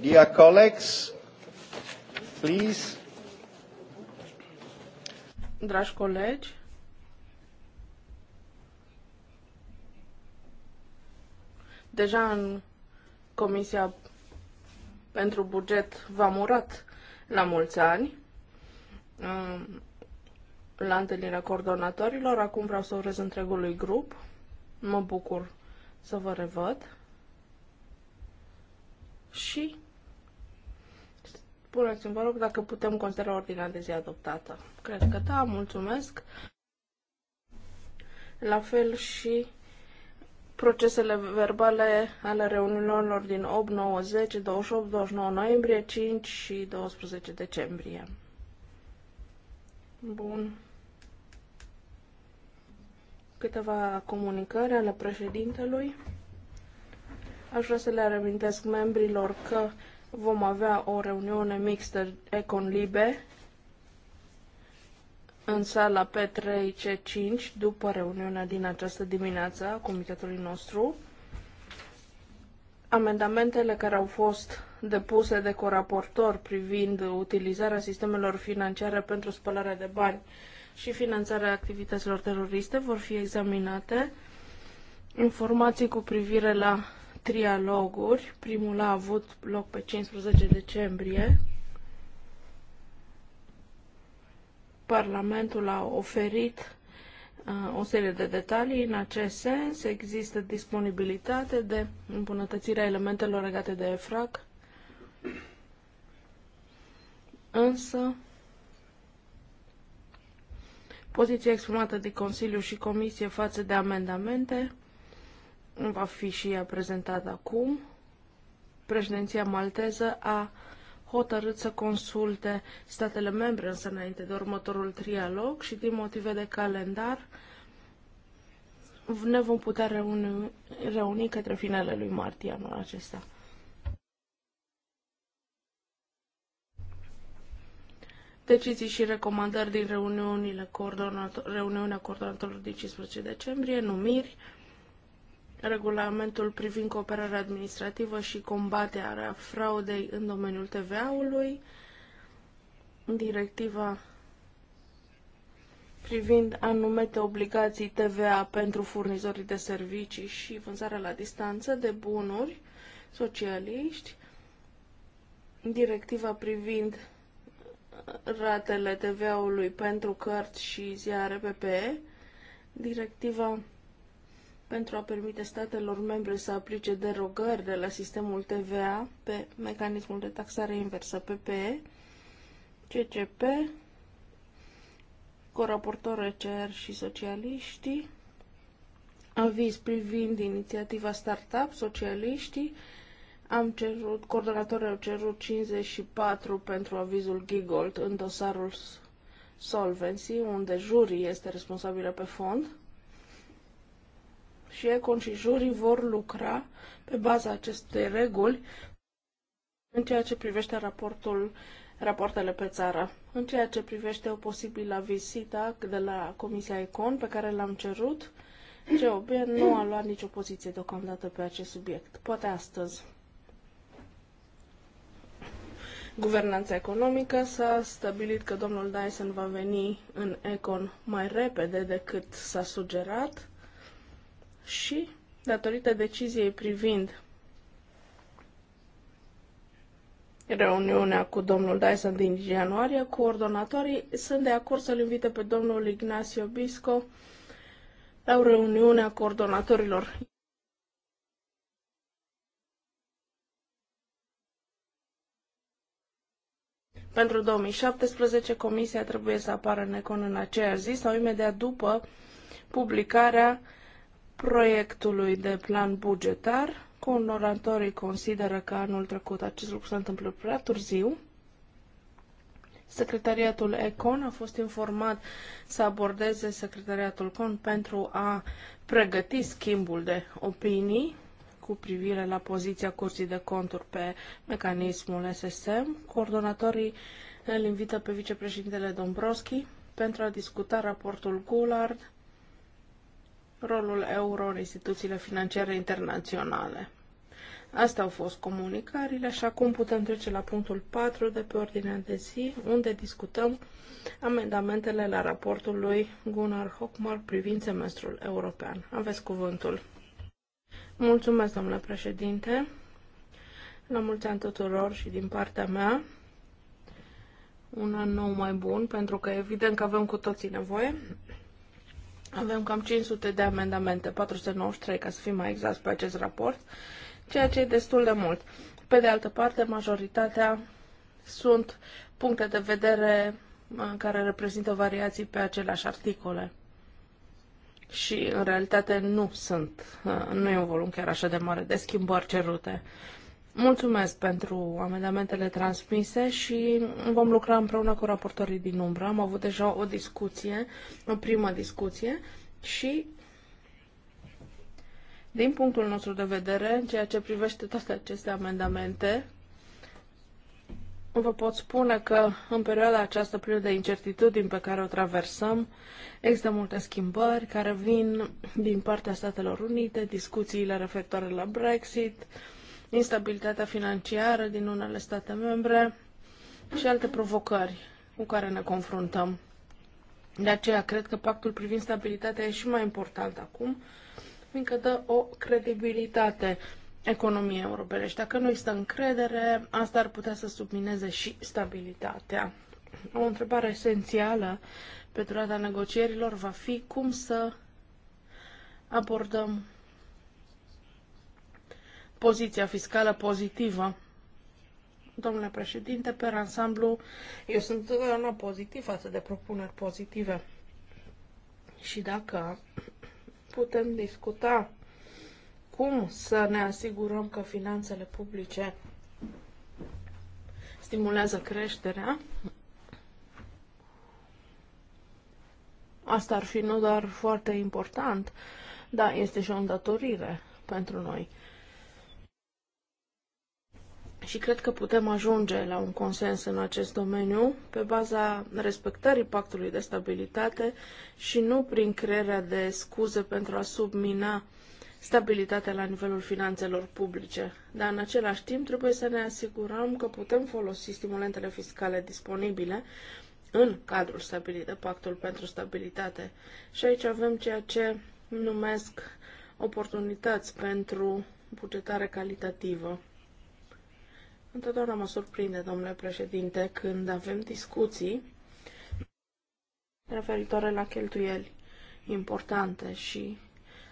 Dear colleagues, please. Dragi colegi, deja în Comisia pentru Buget v-am urat la mulți ani um, la întâlnirea coordonatorilor. Acum vreau să urez întregului grup. Mă bucur să vă revăd și Spuneți-mi, vă rog, dacă putem considera ordinea de zi adoptată. Cred că da, mulțumesc. La fel și procesele verbale ale reuniunilor din 8, 9, 10, 28, 29 noiembrie, 5 și 12 decembrie. Bun. Câteva comunicări ale președintelui. Aș vrea să le reamintesc membrilor că vom avea o reuniune mixtă Econ-Libe în sala P3C5 după reuniunea din această dimineață a comitetului nostru. Amendamentele care au fost depuse de coraportor privind utilizarea sistemelor financiare pentru spălarea de bani și finanțarea activităților teroriste vor fi examinate. Informații cu privire la trialoguri. Primul a avut loc pe 15 decembrie. Parlamentul a oferit uh, o serie de detalii în acest sens. Există disponibilitate de îmbunătățirea elementelor legate de EFRAC, însă poziția exprimată de Consiliu și Comisie față de amendamente va fi și ea prezentată acum. Președinția malteză a hotărât să consulte statele membre însă înainte de următorul trialog și din motive de calendar ne vom putea reuni, reuni către finele lui martie anul acesta. Decizii și recomandări din reuniunile coordonator, reuniunea coordonatorilor din 15 decembrie, numiri, regulamentul privind cooperarea administrativă și combaterea fraudei în domeniul TVA-ului, directiva privind anumite obligații TVA pentru furnizorii de servicii și vânzarea la distanță de bunuri socialiști, directiva privind ratele TVA-ului pentru cărți și ziare PPE, directiva pentru a permite statelor membre să aplice derogări de la sistemul TVA pe mecanismul de taxare inversă PPE, CCP, coraportor ECR și socialiștii, aviz privind inițiativa Startup, socialiștii, am cerut, coordonatorii au cerut 54 pentru avizul Gigold în dosarul Solvency, unde jurii este responsabilă pe fond și Econ și jurii vor lucra pe baza acestei reguli în ceea ce privește raportul, rapoartele pe țară. În ceea ce privește o posibilă vizită de la Comisia Econ pe care l-am cerut, COB nu a luat nicio poziție deocamdată pe acest subiect. Poate astăzi. Guvernanța economică s-a stabilit că domnul Dyson va veni în Econ mai repede decât s-a sugerat și datorită deciziei privind reuniunea cu domnul Dyson din ianuarie, coordonatorii sunt de acord să-l invite pe domnul Ignacio Bisco la reuniunea coordonatorilor. Pentru 2017, comisia trebuie să apară în econ în aceeași zi sau imediat după publicarea proiectului de plan bugetar. Conoratorii consideră că anul trecut acest lucru s-a întâmplat prea târziu. Secretariatul Econ a fost informat să abordeze Secretariatul Con pentru a pregăti schimbul de opinii cu privire la poziția Curții de Conturi pe mecanismul SSM. Coordonatorii îl invită pe vicepreședintele Dombrovski pentru a discuta raportul Goulard rolul euro în instituțiile financiare internaționale. Astea au fost comunicările și acum putem trece la punctul 4 de pe ordinea de zi, unde discutăm amendamentele la raportul lui Gunnar Hochmar privind semestrul european. Aveți cuvântul. Mulțumesc, domnule președinte. La mulți ani tuturor și din partea mea. Un an nou mai bun, pentru că evident că avem cu toții nevoie. Avem cam 500 de amendamente, 493 ca să fim mai exact pe acest raport, ceea ce e destul de mult. Pe de altă parte, majoritatea sunt puncte de vedere uh, care reprezintă variații pe aceleași articole. Și, în realitate, nu sunt, uh, nu e un volum chiar așa de mare de schimbări cerute. Mulțumesc pentru amendamentele transmise și vom lucra împreună cu raportorii din umbră. Am avut deja o discuție, o primă discuție și din punctul nostru de vedere, în ceea ce privește toate aceste amendamente, vă pot spune că în perioada aceasta plină de incertitudini pe care o traversăm, există multe schimbări care vin din partea Statelor Unite, discuțiile referitoare la Brexit, uh, instabilitatea financiară din unele state membre și alte provocări cu care ne confruntăm. De aceea cred că pactul privind stabilitatea e și mai important acum, fiindcă dă o credibilitate economiei europene. Și dacă nu există încredere, asta ar putea să submineze și stabilitatea. O întrebare esențială pe durata negocierilor va fi cum să abordăm poziția fiscală pozitivă. Domnule președinte, pe ansamblu, eu sunt nu pozitiv față de propuneri pozitive. Și dacă putem discuta cum să ne asigurăm că finanțele publice stimulează creșterea, asta ar fi nu doar foarte important, dar este și o îndatorire pentru noi și cred că putem ajunge la un consens în acest domeniu pe baza respectării pactului de stabilitate și nu prin crearea de scuze pentru a submina stabilitatea la nivelul finanțelor publice. Dar în același timp trebuie să ne asigurăm că putem folosi stimulentele fiscale disponibile în cadrul stabilit de pactul pentru stabilitate. Și aici avem ceea ce numesc oportunități pentru bugetare calitativă. Întotdeauna mă surprinde, domnule președinte, când avem discuții referitoare la cheltuieli importante și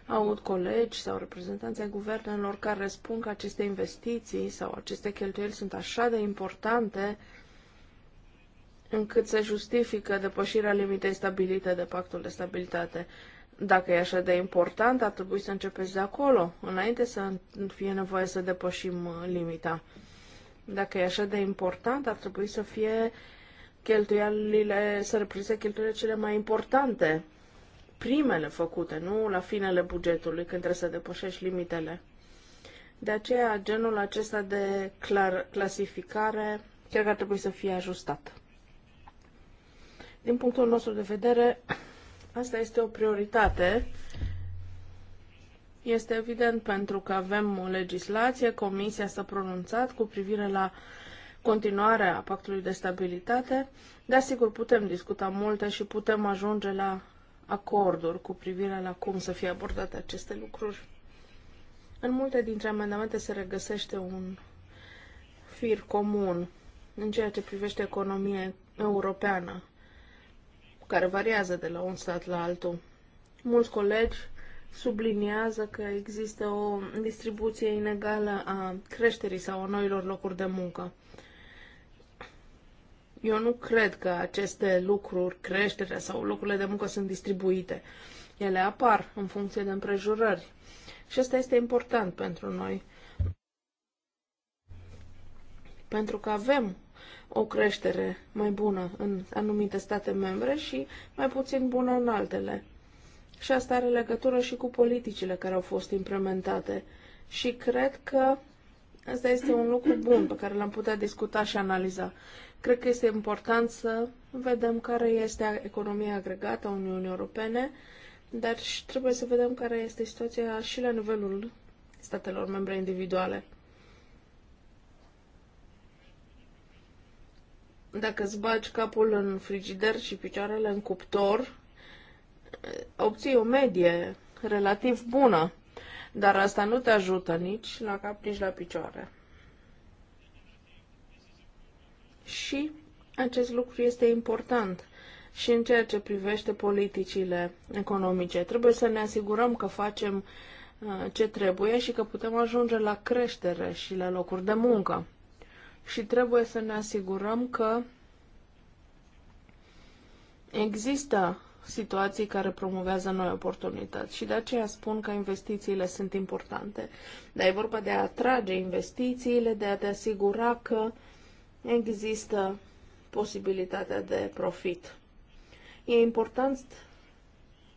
aud colegi sau reprezentanții ai guvernelor care spun că aceste investiții sau aceste cheltuieli sunt așa de importante încât se justifică depășirea limitei stabilite de pactul de stabilitate. Dacă e așa de important, ar trebui să începeți de acolo, înainte să fie nevoie să depășim limita. Dacă e așa de important, ar trebui să fie cheltuielile, să reprezinte cheltuielile cele mai importante, primele făcute, nu la finele bugetului, când trebuie să depășești limitele. De aceea, genul acesta de clar, clasificare cred că ar trebui să fie ajustat. Din punctul nostru de vedere, asta este o prioritate este evident pentru că avem o legislație, Comisia s-a pronunțat cu privire la continuarea pactului de stabilitate, dar sigur putem discuta multe și putem ajunge la acorduri cu privire la cum să fie abordate aceste lucruri. În multe dintre amendamente se regăsește un fir comun în ceea ce privește economia europeană, care variază de la un stat la altul. Mulți colegi subliniază că există o distribuție inegală a creșterii sau a noilor locuri de muncă. Eu nu cred că aceste lucruri, creșterea sau locurile de muncă sunt distribuite. Ele apar în funcție de împrejurări. Și asta este important pentru noi. Pentru că avem o creștere mai bună în anumite state membre și mai puțin bună în altele și asta are legătură și cu politicile care au fost implementate. Și cred că asta este un lucru bun pe care l-am putea discuta și analiza. Cred că este important să vedem care este economia agregată a Uniunii Europene, dar și trebuie să vedem care este situația și la nivelul statelor membre individuale. Dacă îți bagi capul în frigider și picioarele în cuptor, obții o medie relativ bună, dar asta nu te ajută nici la cap, nici la picioare. Și acest lucru este important și în ceea ce privește politicile economice. Trebuie să ne asigurăm că facem uh, ce trebuie și că putem ajunge la creștere și la locuri de muncă. Și trebuie să ne asigurăm că există situații care promovează noi oportunități și de aceea spun că investițiile sunt importante. Dar e vorba de a atrage investițiile, de a te asigura că există posibilitatea de profit. E important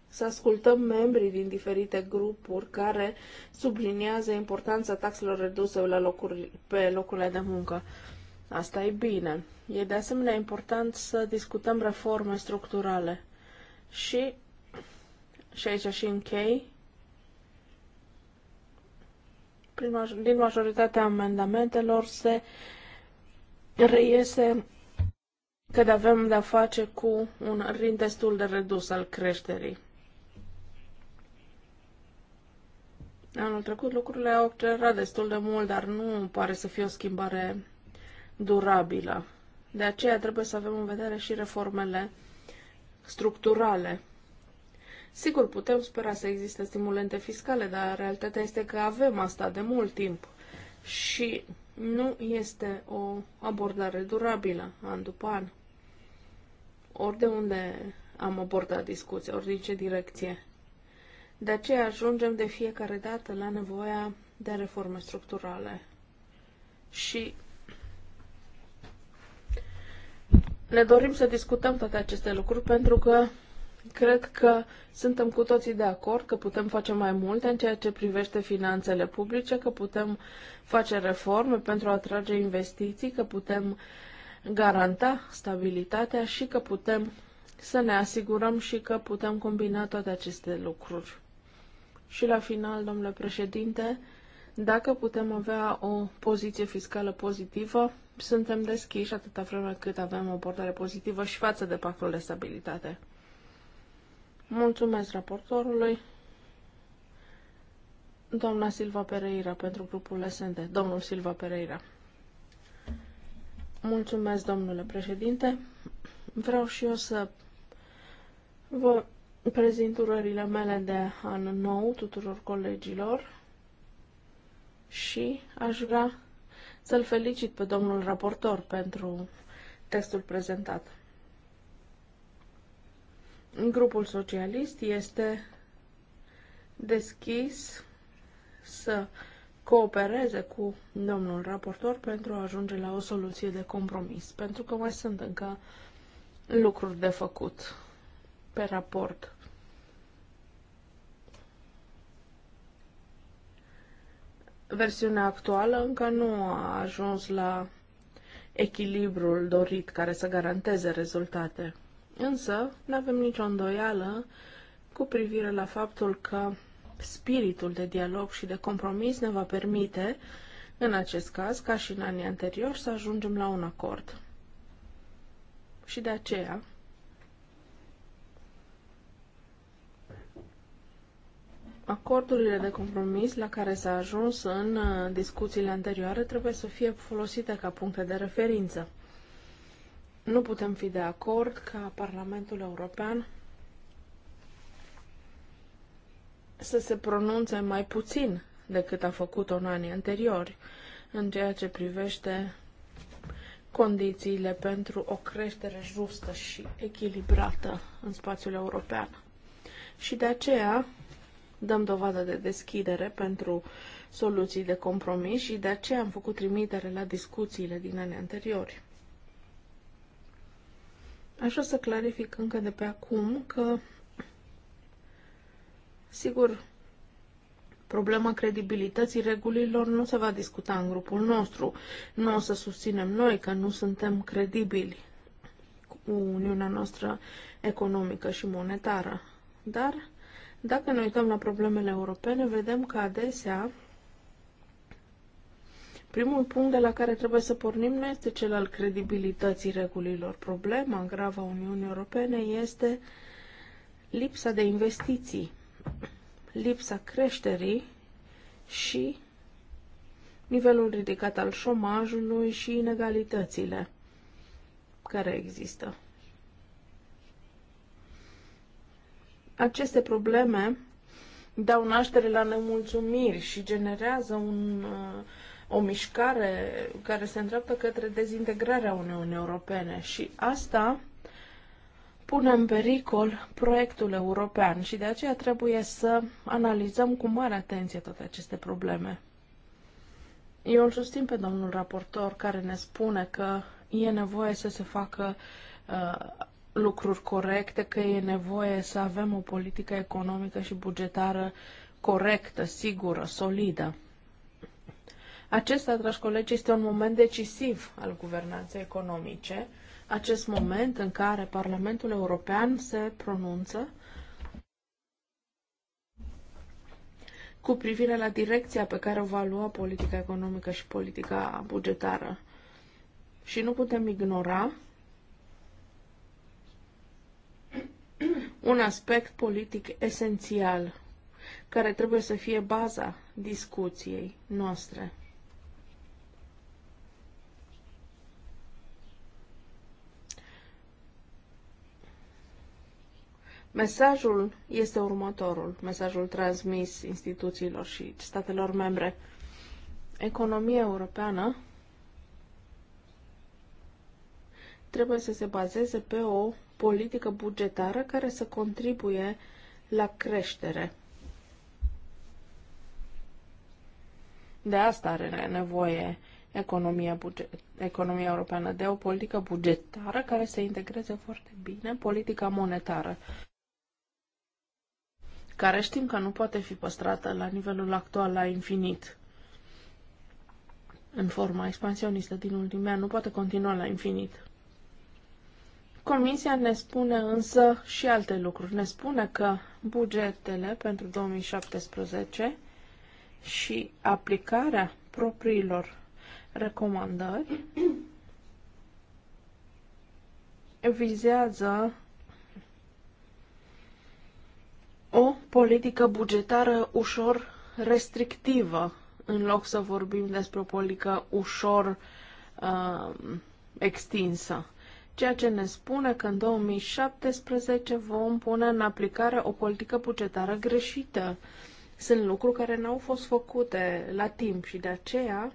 să ascultăm membrii din diferite grupuri care subliniază importanța taxelor reduse la locuri, pe locurile de muncă. Asta e bine. E de asemenea important să discutăm reforme structurale. Și, și aici și închei, prin, din majoritatea amendamentelor se reiese că avem de-a face cu un rind destul de redus al creșterii. Anul trecut lucrurile au accelerat destul de mult, dar nu pare să fie o schimbare durabilă. De aceea trebuie să avem în vedere și reformele structurale. Sigur, putem spera să existe stimulente fiscale, dar realitatea este că avem asta de mult timp și nu este o abordare durabilă an după an. Ori de unde am abordat discuția, ori din ce direcție. De aceea ajungem de fiecare dată la nevoia de reforme structurale. Și ne dorim să discutăm toate aceste lucruri pentru că cred că suntem cu toții de acord că putem face mai multe în ceea ce privește finanțele publice, că putem face reforme pentru a atrage investiții, că putem garanta stabilitatea și că putem să ne asigurăm și că putem combina toate aceste lucruri. Și la final, domnule președinte, dacă putem avea o poziție fiscală pozitivă, suntem deschiși atâta vreme cât avem o portare pozitivă și față de pactul de stabilitate. Mulțumesc raportorului. Doamna Silva Pereira pentru grupul SND. Domnul Silva Pereira. Mulțumesc, domnule președinte. Vreau și eu să vă prezint urările mele de an nou tuturor colegilor și aș vrea să-l felicit pe domnul raportor pentru textul prezentat. Grupul socialist este deschis să coopereze cu domnul raportor pentru a ajunge la o soluție de compromis, pentru că mai sunt încă lucruri de făcut pe raport. Versiunea actuală încă nu a ajuns la echilibrul dorit care să garanteze rezultate. Însă, nu avem nicio îndoială cu privire la faptul că spiritul de dialog și de compromis ne va permite, în acest caz, ca și în anii anteriori, să ajungem la un acord. Și de aceea, Acordurile de compromis la care s-a ajuns în uh, discuțiile anterioare trebuie să fie folosite ca puncte de referință. Nu putem fi de acord ca Parlamentul European să se pronunțe mai puțin decât a făcut-o în anii anteriori în ceea ce privește condițiile pentru o creștere justă și echilibrată în spațiul european. Și de aceea dăm dovadă de deschidere pentru soluții de compromis și de aceea am făcut trimitere la discuțiile din anii anteriori. Aș vrea să clarific încă de pe acum că, sigur, Problema credibilității regulilor nu se va discuta în grupul nostru. Nu o să susținem noi că nu suntem credibili cu Uniunea noastră economică și monetară. Dar dacă ne uităm la problemele europene, vedem că adesea primul punct de la care trebuie să pornim nu este cel al credibilității regulilor. Problema gravă a Uniunii Europene este lipsa de investiții, lipsa creșterii și nivelul ridicat al șomajului și inegalitățile care există. Aceste probleme dau naștere la nemulțumiri și generează un, uh, o mișcare care se îndreaptă către dezintegrarea Uniunii Europene și asta pune în pericol proiectul european și de aceea trebuie să analizăm cu mare atenție toate aceste probleme. Eu îl susțin pe domnul raportor care ne spune că e nevoie să se facă uh, lucruri corecte, că e nevoie să avem o politică economică și bugetară corectă, sigură, solidă. Acesta, dragi colegi, este un moment decisiv al guvernanței economice, acest moment în care Parlamentul European se pronunță cu privire la direcția pe care o va lua politica economică și politica bugetară. Și nu putem ignora un aspect politic esențial care trebuie să fie baza discuției noastre. Mesajul este următorul, mesajul transmis instituțiilor și statelor membre. Economia europeană trebuie să se bazeze pe o politică bugetară care să contribuie la creștere. De asta are nevoie economia, buget, economia europeană, de o politică bugetară care să integreze foarte bine politica monetară, care știm că nu poate fi păstrată la nivelul actual la infinit. În forma expansionistă din ultimii ani nu poate continua la infinit. Comisia ne spune însă și alte lucruri. Ne spune că bugetele pentru 2017 și aplicarea propriilor recomandări vizează o politică bugetară ușor restrictivă, în loc să vorbim despre o politică ușor uh, extinsă ceea ce ne spune că în 2017 vom pune în aplicare o politică bugetară greșită. Sunt lucruri care n-au fost făcute la timp și de aceea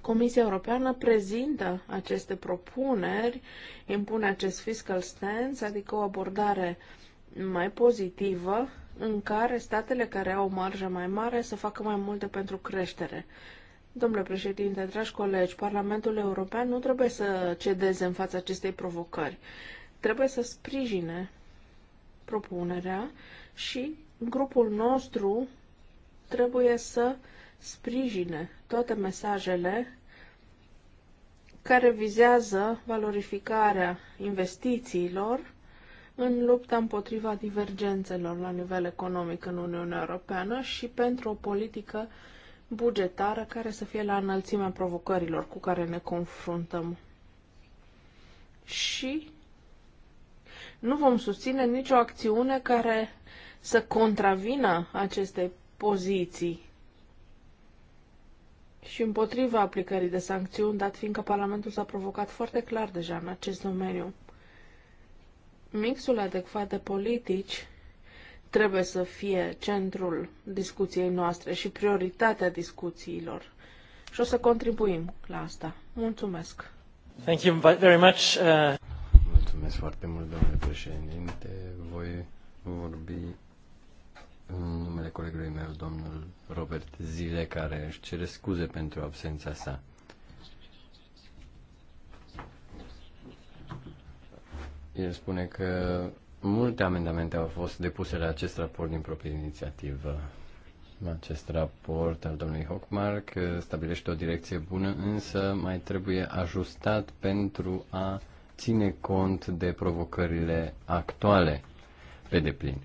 Comisia Europeană prezintă aceste propuneri, impune acest fiscal stance, adică o abordare mai pozitivă, în care statele care au o marjă mai mare să facă mai multe pentru creștere. Domnule președinte, dragi colegi, Parlamentul European nu trebuie să cedeze în fața acestei provocări. Trebuie să sprijine propunerea și grupul nostru trebuie să sprijine toate mesajele care vizează valorificarea investițiilor în lupta împotriva divergențelor la nivel economic în Uniunea Europeană și pentru o politică bugetară care să fie la înălțimea provocărilor cu care ne confruntăm. Și nu vom susține nicio acțiune care să contravină aceste poziții și împotriva aplicării de sancțiuni, dat fiindcă Parlamentul s-a provocat foarte clar deja în acest domeniu. Mixul adecvat de politici trebuie să fie centrul discuției noastre și prioritatea discuțiilor. Și o să contribuim la asta. Mulțumesc! Thank you very much. Uh... Mulțumesc foarte mult, domnule președinte. Voi vorbi în numele colegului meu, domnul Robert Zile, care își cere scuze pentru absența sa. El spune că Multe amendamente au fost depuse la acest raport din proprie inițiativă. Acest raport al domnului Hockmark uh, stabilește o direcție bună, însă mai trebuie ajustat pentru a ține cont de provocările actuale pe deplin.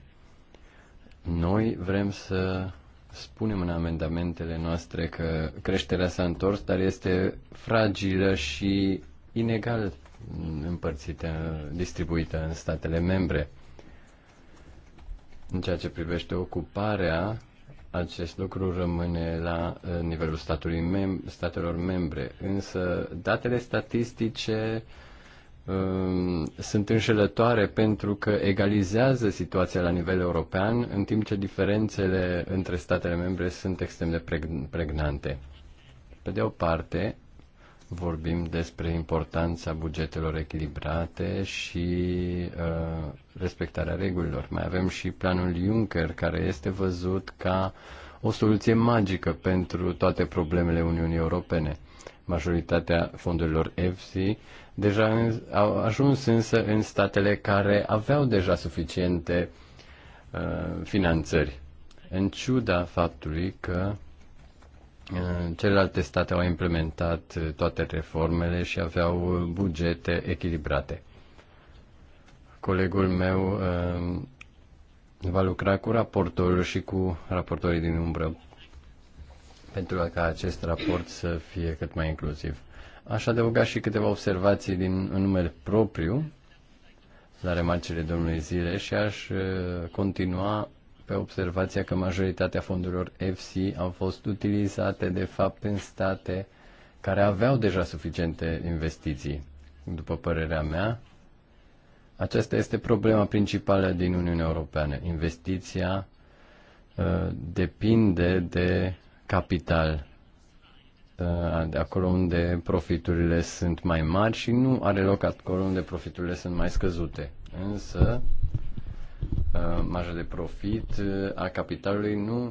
Noi vrem să spunem în amendamentele noastre că creșterea s-a întors, dar este fragilă și inegal împărțite, distribuite în statele membre. În ceea ce privește ocuparea, acest lucru rămâne la uh, nivelul statului mem- statelor membre, însă datele statistice um, sunt înșelătoare pentru că egalizează situația la nivel european, în timp ce diferențele între statele membre sunt extrem de pregnante. Pe de o parte, vorbim despre importanța bugetelor echilibrate și uh, respectarea regulilor. Mai avem și planul Juncker, care este văzut ca o soluție magică pentru toate problemele Uniunii Europene. Majoritatea fondurilor EFSI deja au ajuns însă în statele care aveau deja suficiente uh, finanțări. În ciuda faptului că Celelalte state au implementat toate reformele și aveau bugete echilibrate. Colegul meu um, va lucra cu raportorul și cu raportorii din umbră pentru ca acest raport să fie cât mai inclusiv. Aș adăuga și câteva observații din în numele propriu la remarcile domnului Zile și aș uh, continua pe observația că majoritatea fondurilor EFSI au fost utilizate de fapt în state care aveau deja suficiente investiții. După părerea mea, aceasta este problema principală din Uniunea Europeană. Investiția uh, depinde de capital, uh, de acolo unde profiturile sunt mai mari și nu are loc acolo unde profiturile sunt mai scăzute. Însă, Uh, marja de profit uh, a capitalului nu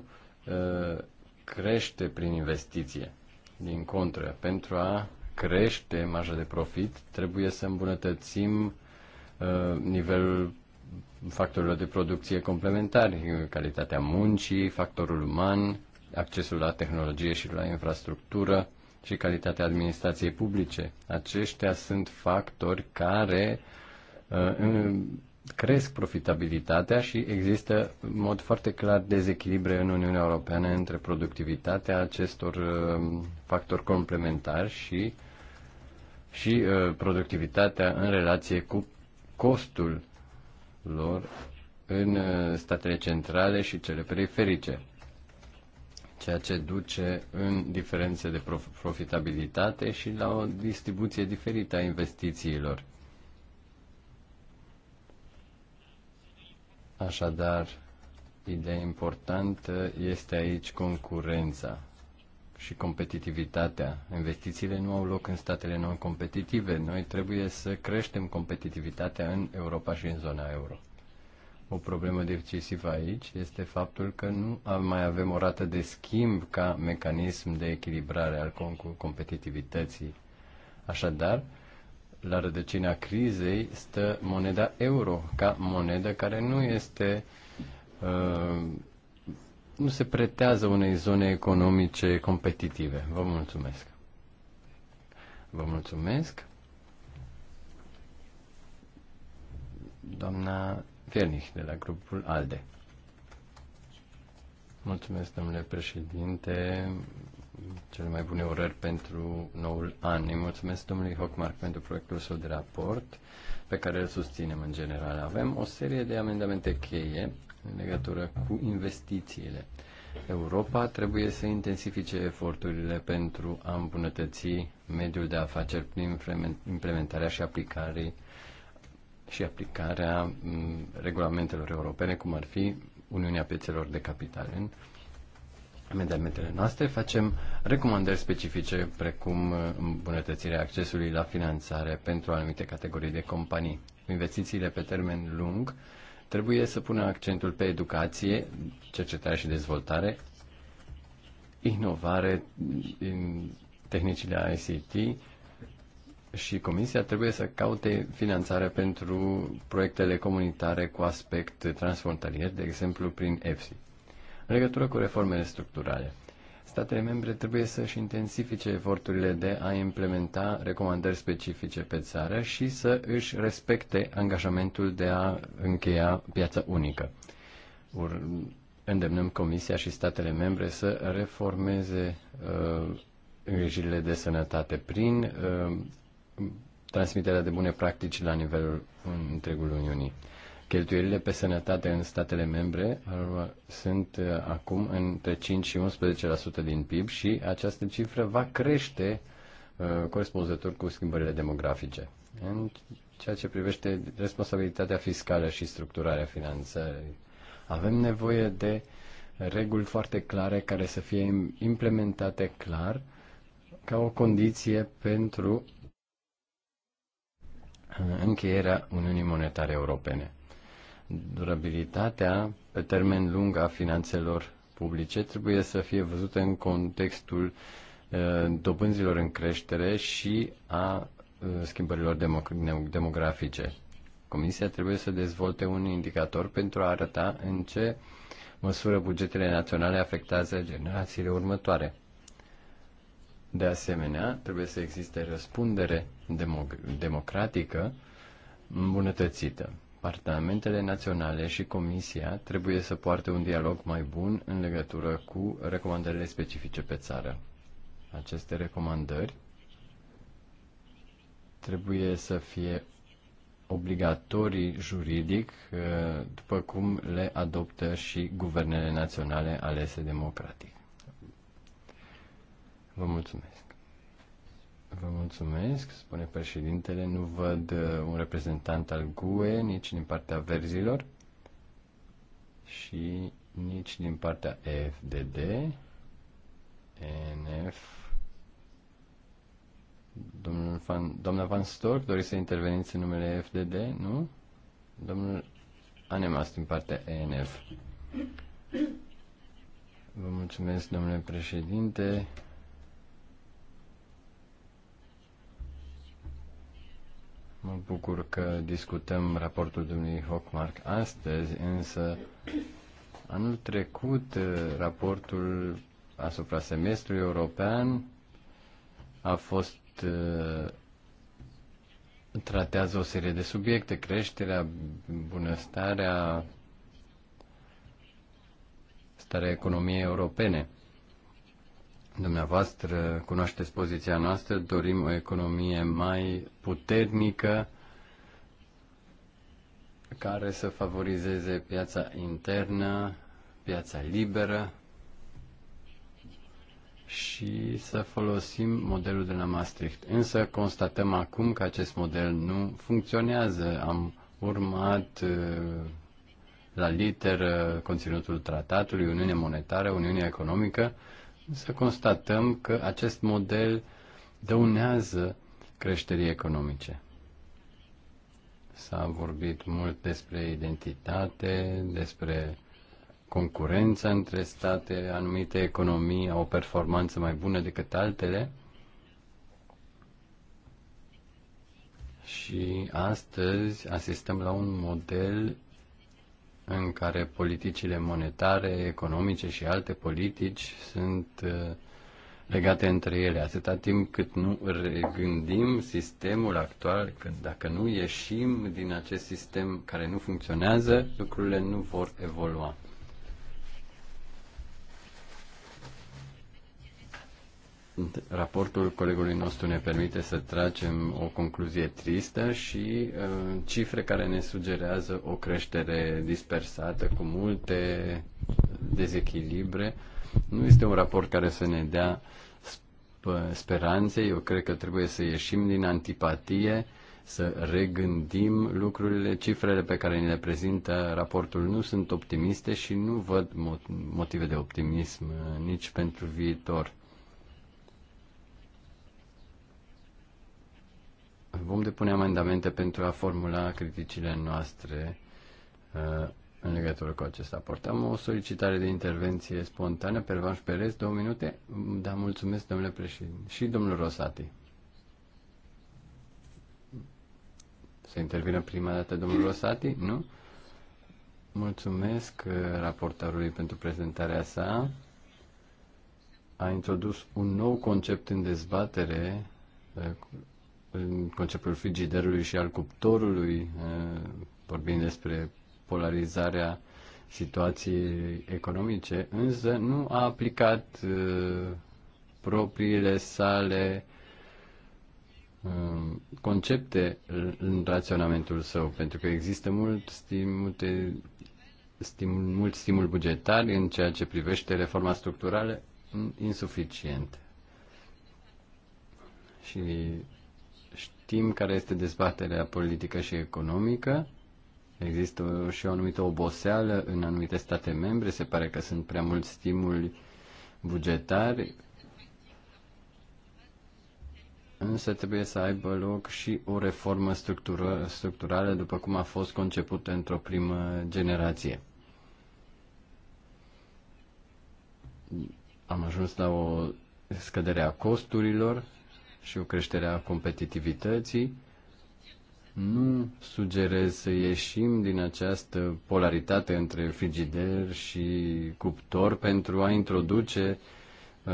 uh, crește prin investiție. Din contră, pentru a crește marja de profit, trebuie să îmbunătățim nivelul factorilor de producție complementari, calitatea muncii, factorul uman, accesul la tehnologie și la infrastructură și calitatea administrației publice. Aceștia sunt factori care cresc profitabilitatea și există în mod foarte clar dezechilibre în Uniunea Europeană între productivitatea acestor uh, factori complementari și, și uh, productivitatea în relație cu costul lor în uh, statele centrale și cele periferice, ceea ce duce în diferențe de profitabilitate și la o distribuție diferită a investițiilor Așadar, ideea importantă este aici concurența și competitivitatea. Investițiile nu au loc în statele non-competitive. Noi trebuie să creștem competitivitatea în Europa și în zona euro. O problemă decisivă aici este faptul că nu mai avem o rată de schimb ca mecanism de echilibrare al competitivității. Așadar, la rădăcina crizei stă moneda euro, ca monedă care nu este uh, nu se pretează unei zone economice competitive. Vă mulțumesc. Vă mulțumesc. Doamna Fernich de la grupul ALDE. Mulțumesc, domnule președinte cele mai bune urări pentru noul an. Îi mulțumesc domnului Hockmark pentru proiectul său de raport pe care îl susținem în general. Avem o serie de amendamente cheie în legătură cu investițiile. Europa trebuie să intensifice eforturile pentru a îmbunătăți mediul de afaceri prin implementarea și aplicarea și aplicarea mm, regulamentelor europene, cum ar fi Uniunea Piețelor de Capital. În amendamentele noastre, facem recomandări specifice precum uh, îmbunătățirea accesului la finanțare pentru anumite categorii de companii. Investițiile pe termen lung trebuie să pună accentul pe educație, cercetare și dezvoltare, inovare în tehnicile ICT și Comisia trebuie să caute finanțare pentru proiectele comunitare cu aspect transfrontalier, de exemplu prin EFSI. În legătură cu reformele structurale, statele membre trebuie să-și intensifice eforturile de a implementa recomandări specifice pe țară și să își respecte angajamentul de a încheia piața unică. Ur- îndemnăm Comisia și statele membre să reformeze uh, îngrijirile de sănătate prin uh, transmiterea de bune practici la nivelul întregului Uniunii. Cheltuielile pe sănătate în statele membre sunt uh, acum între 5 și 11% din PIB și această cifră va crește uh, corespunzător cu schimbările demografice. În ceea ce privește responsabilitatea fiscală și structurarea finanțării, avem nevoie de reguli foarte clare care să fie implementate clar ca o condiție pentru uh, încheierea Uniunii Monetare Europene. Durabilitatea pe termen lung a finanțelor publice trebuie să fie văzută în contextul uh, dobânzilor în creștere și a uh, schimbărilor demografice. Comisia trebuie să dezvolte un indicator pentru a arăta în ce măsură bugetele naționale afectează generațiile următoare. De asemenea, trebuie să existe răspundere democratică îmbunătățită. Parlamentele naționale și Comisia trebuie să poarte un dialog mai bun în legătură cu recomandările specifice pe țară. Aceste recomandări trebuie să fie obligatorii juridic, ă, după cum le adoptă și guvernele naționale alese democratic. Vă mulțumesc. Vă mulțumesc, spune președintele. Nu văd uh, un reprezentant al GUE, nici din partea verzilor și nici din partea FDD, NF. Domnul Van, doamna Van Stork, doriți să interveniți în numele FDD, nu? Domnul Anemas din partea ENF. Vă mulțumesc, domnule președinte. Mă bucur că discutăm raportul domnului Hockmark astăzi, însă anul trecut eh, raportul asupra semestrului european a fost eh, tratează o serie de subiecte, creșterea, bunăstarea, starea economiei europene. Dumneavoastră cunoașteți poziția noastră, dorim o economie mai puternică care să favorizeze piața internă, piața liberă și să folosim modelul de la Maastricht. Însă constatăm acum că acest model nu funcționează. Am urmat uh, la literă conținutul tratatului, Uniune Monetară, Uniune Economică să constatăm că acest model dăunează creșterii economice. S-a vorbit mult despre identitate, despre concurența între state, anumite economii au o performanță mai bună decât altele. Și astăzi asistăm la un model în care politicile monetare, economice și alte politici sunt uh, legate între ele. Atâta timp cât nu regândim sistemul actual, când dacă nu ieșim din acest sistem care nu funcționează, lucrurile nu vor evolua. raportul colegului nostru ne permite să tragem o concluzie tristă și uh, cifre care ne sugerează o creștere dispersată cu multe dezechilibre. Nu este un raport care să ne dea speranțe. Eu cred că trebuie să ieșim din antipatie, să regândim lucrurile. Cifrele pe care ni le prezintă raportul nu sunt optimiste și nu văd motive de optimism uh, nici pentru viitor Vom depune amendamente pentru a formula criticile noastre uh, în legătură cu acest raport. Am o solicitare de intervenție spontană. Pervanș Perez, două minute. Da, mulțumesc, domnule președinte. Și domnul Rosati. Să intervină prima dată domnul Rosati, nu? Mulțumesc uh, raportarului pentru prezentarea sa. A introdus un nou concept în dezbatere uh, conceptul frigiderului și al cuptorului, eh, vorbim despre polarizarea situației economice, însă nu a aplicat eh, propriile sale eh, concepte în raționamentul său, pentru că există mult multe stimul, mult stimul bugetar în ceea ce privește reforma structurală insuficient. Și Știm care este dezbaterea politică și economică. Există și o anumită oboseală în anumite state membre. Se pare că sunt prea mulți stimuli bugetari. Însă trebuie să aibă loc și o reformă structură, structurală, după cum a fost concepută într-o primă generație. Am ajuns la o scădere a costurilor, și o creștere a competitivității. Nu sugerez să ieșim din această polaritate între frigider și cuptor pentru a introduce uh,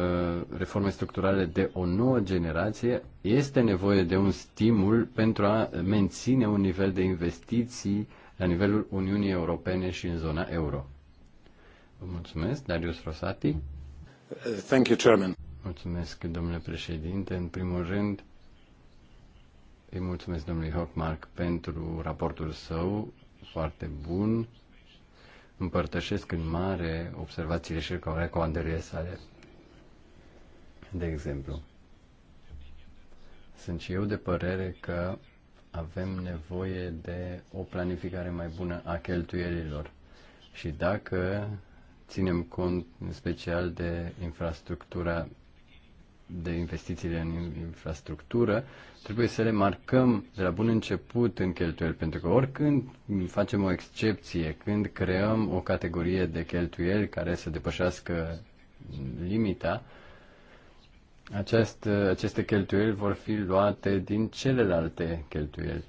reforme structurale de o nouă generație, este nevoie de un stimul pentru a menține un nivel de investiții la nivelul Uniunii Europene și în zona euro. Vă mulțumesc, Darius Rosati. Thank you, Chairman. Mulțumesc, domnule președinte. În primul rând, îi mulțumesc domnului Hockmark pentru raportul său foarte bun. Împărtășesc în mare observațiile și recomandările sale. De exemplu, sunt și eu de părere că avem nevoie de o planificare mai bună a cheltuielilor. Și dacă ținem cont în special de infrastructura de investițiile în infrastructură, trebuie să le marcăm de la bun început în cheltuieli, pentru că oricând facem o excepție, când creăm o categorie de cheltuieli care să depășească limita, aceast, aceste cheltuieli vor fi luate din celelalte cheltuieli.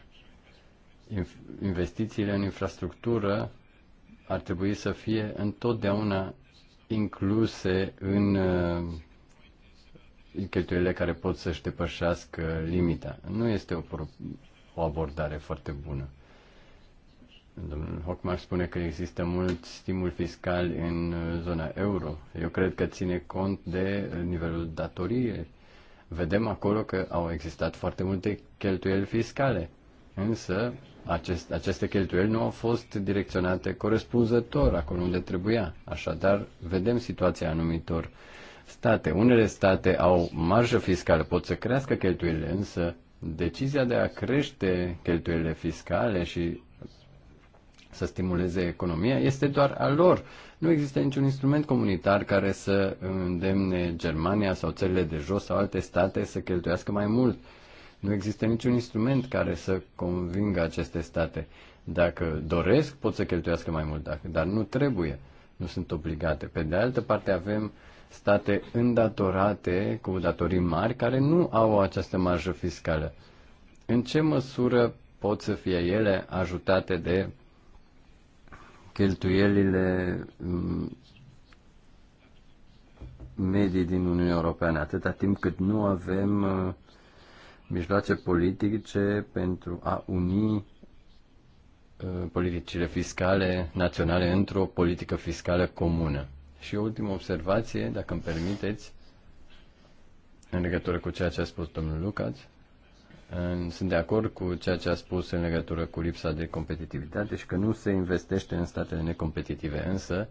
Investițiile în infrastructură ar trebui să fie întotdeauna incluse în uh, cheltuielile care pot să-și depășească limita. Nu este o, o abordare foarte bună. Domnul Hocmar spune că există mult stimul fiscal în zona euro. Eu cred că ține cont de nivelul datoriei. Vedem acolo că au existat foarte multe cheltuieli fiscale, însă acest, aceste cheltuieli nu au fost direcționate corespunzător acolo unde trebuia. Așadar, vedem situația anumitor uh, state. Unele state au marjă fiscală, pot să crească cheltuielile, însă decizia de a crește cheltuielile fiscale și să stimuleze economia este doar a lor. Nu există niciun instrument comunitar care să îndemne Germania sau țările de jos sau alte state să cheltuiască mai mult. Nu există niciun instrument care să convingă aceste state. Dacă doresc, pot să cheltuiască mai mult, dar nu trebuie. Nu sunt obligate. Pe de altă parte avem uh, state îndatorate cu datorii mari care nu au această marjă fiscală. În ce măsură pot să fie ele ajutate de cheltuielile mm, medii din Uniunea Europeană, atâta timp cât nu avem uh, mijloace politice pentru a uni uh, politicile fiscale naționale într-o politică fiscală comună. Și o ultimă observație, dacă îmi permiteți, în legătură cu ceea ce a spus domnul Lucaț. Sunt de acord cu ceea ce a spus în legătură cu lipsa de competitivitate și că nu se investește în statele necompetitive, însă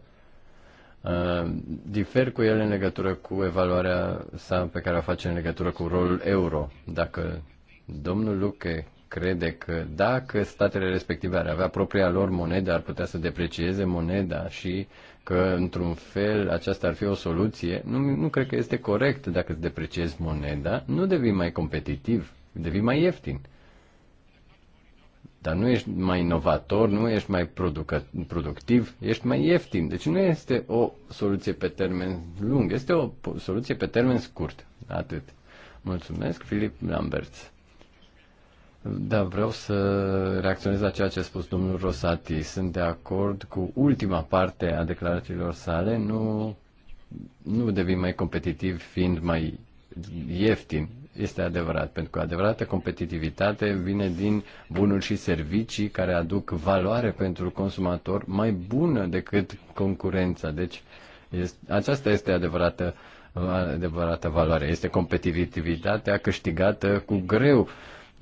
uh, difer cu el în legătură cu evaluarea sa pe care o face în legătură cu rolul euro. Dacă domnul Luche crede că dacă statele respective ar avea propria lor monedă, ar putea să deprecieze moneda și că, într-un fel, aceasta ar fi o soluție, nu, nu cred că este corect dacă îți depreciezi moneda, nu devii mai competitiv, devii mai ieftin. Dar nu ești mai inovator, nu ești mai productiv, ești mai ieftin. Deci nu este o soluție pe termen lung, este o soluție pe termen scurt. Atât. Mulțumesc, Filip Lamberts. Da, vreau să reacționez la ceea ce a spus domnul Rosati. Sunt de acord cu ultima parte a declarațiilor sale. Nu, nu devin mai competitiv fiind mai ieftin. Este adevărat, pentru că adevărată competitivitate vine din bunuri și servicii care aduc valoare pentru consumator mai bună decât concurența. Deci este, aceasta este adevărată, adevărată valoare. Este competitivitatea câștigată cu greu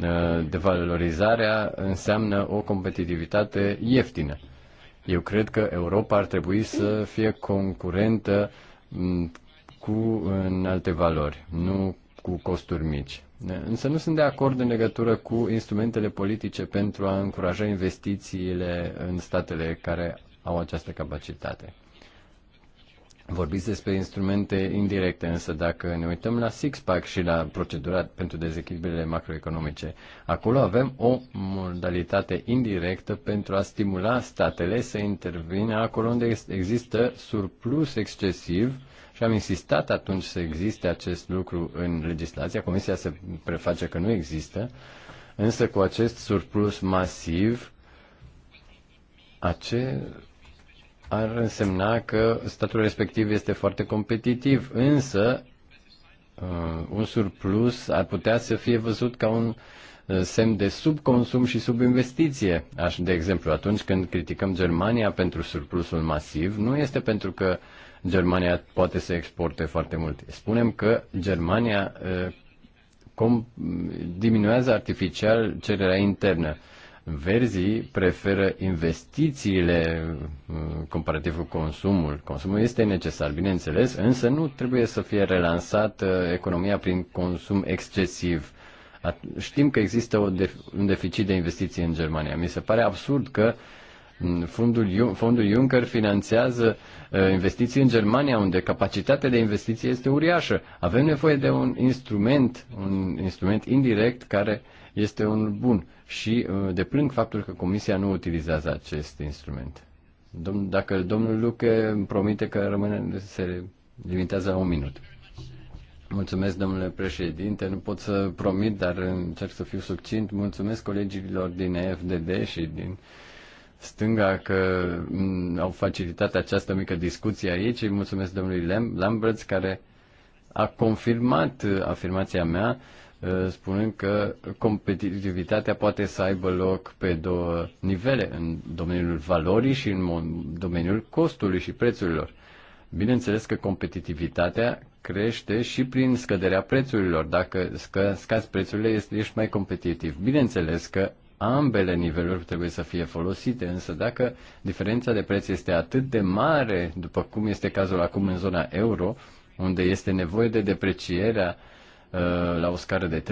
Eh, devalorizarea înseamnă o competitivitate ieftină. Eu cred că Europa ar trebui să fie concurentă mm, cu în alte valori, nu cu costuri mici. Eh, însă nu sunt de acord în legătură cu instrumentele politice pentru a încuraja investițiile în statele care au această capacitate. Vorbiți despre instrumente indirecte, însă dacă ne uităm la six-pack și la procedura pentru dezechilibrele macroeconomice, acolo avem o modalitate indirectă pentru a stimula statele să intervină acolo unde există surplus excesiv și am insistat atunci să existe acest lucru în legislația. Comisia se preface că nu există, însă cu acest surplus masiv, acest ar însemna că statul respectiv este foarte competitiv, însă uh, un surplus ar putea să fie văzut ca un uh, semn de subconsum și subinvestiție. Aș, de exemplu, atunci când criticăm Germania pentru surplusul masiv, nu este pentru că Germania poate să exporte foarte mult. Spunem că Germania uh, diminuează artificial cererea internă. Verzii preferă investițiile uh, comparativ cu consumul. Consumul este necesar, bineînțeles, însă nu trebuie să fie relansată uh, economia prin consum excesiv. Știm că există un deficit de investiții în Germania. Mi se pare absurd că mm, Fondul, fondul Juncker finanțează uh, investiții în Germania, unde capacitatea de investiție este uriașă. Avem nevoie de un instrument, un instrument indirect care este unul bun și uh, deplâng faptul că Comisia nu utilizează acest instrument. Domn, dacă domnul Luke îmi promite că rămâne, se limitează la un minut. Mulțumesc, domnule președinte. Nu pot să promit, dar încerc să fiu succint. Mulțumesc colegilor din FDD și din stânga că mm, au facilitat această mică discuție aici. Îi mulțumesc domnului Lamberts care a confirmat uh, afirmația mea Eh, spunând că competitivitatea poate să aibă loc pe două nivele, în domeniul valorii și în domeniul costului și prețurilor. Bineînțeles că competitivitatea crește și prin scăderea prețurilor. Dacă scă, scazi prețurile, ești mai competitiv. Bineînțeles că ambele niveluri trebuie să fie folosite, însă dacă diferența de preț este atât de mare, după cum este cazul acum în zona euro, unde este nevoie de deprecierea Uh, la o scară de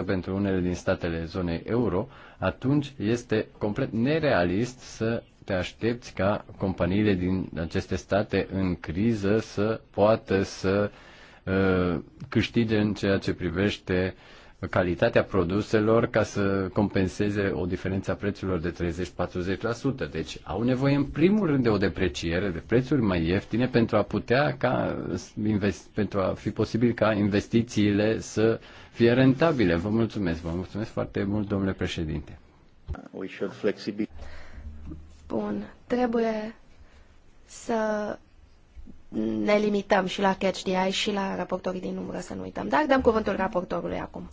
30-40% pentru unele din statele zonei euro, atunci este complet nerealist să te aștepți ca companiile din aceste state în criză să poată să uh, câștige în ceea ce privește uh, calitatea produselor ca să compenseze o diferență a prețurilor de 30-40%. Deci au nevoie în primul rând de o depreciere de prețuri mai ieftine pentru a putea ca pentru a fi posibil ca investițiile să fie rentabile. Vă mulțumesc, vă mulțumesc foarte mult, domnule președinte. We should flexibil. Bun, trebuie să ne limităm și la Catch the Eye și la raportorii din umbră, să nu uităm. Dar dăm cuvântul raportorului acum.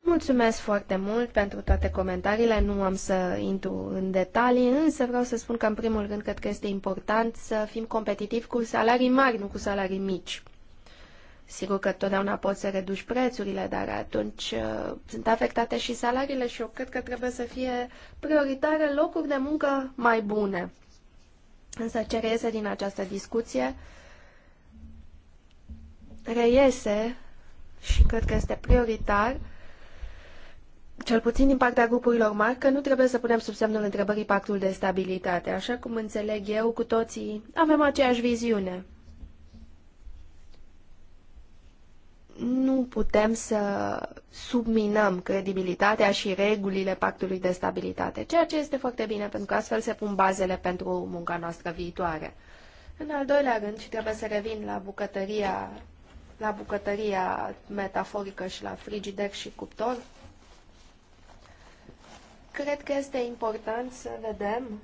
Mulțumesc foarte mult pentru toate comentariile, nu am să intru în detalii, însă vreau să spun că în primul rând cred că este important să fim competitivi cu salarii mari, nu cu salarii mici. Sigur că totdeauna poți să reduci prețurile, dar atunci uh, sunt afectate și salariile și eu cred că trebuie să fie prioritare locuri de muncă mai bune. Însă ce reiese din această discuție reiese și cred că este prioritar cel puțin din partea grupurilor mari, că nu trebuie să punem sub semnul întrebării pactul de stabilitate. Așa cum înțeleg eu, cu toții avem aceeași viziune. nu putem să subminăm credibilitatea și regulile pactului de stabilitate, ceea ce este foarte bine, pentru că astfel se pun bazele pentru munca noastră viitoare. În al doilea rând, și trebuie să revin la bucătăria, la bucătăria metaforică și la frigider și cuptor, cred că este important să vedem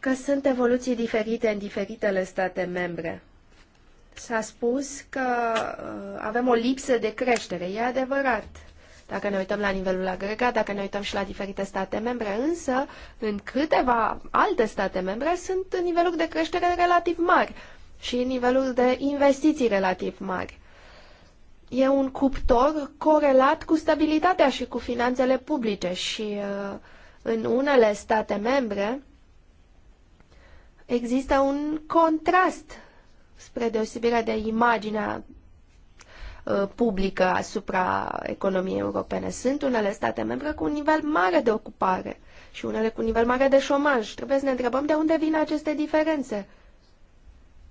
că sunt evoluții diferite în diferitele state membre. S-a spus că uh, avem o lipsă de creștere. E adevărat. Dacă ne uităm la nivelul agregat, dacă ne uităm și la diferite state membre, însă în câteva alte state membre sunt niveluri de creștere relativ mari și niveluri de investiții relativ mari. E un cuptor corelat cu stabilitatea și cu finanțele publice și uh, în unele state membre există un contrast spre deosebire de imaginea uh, publică asupra economiei europene. Sunt unele state membre cu un nivel mare de ocupare și unele cu un nivel mare de șomaj. Trebuie să ne întrebăm de unde vin aceste diferențe.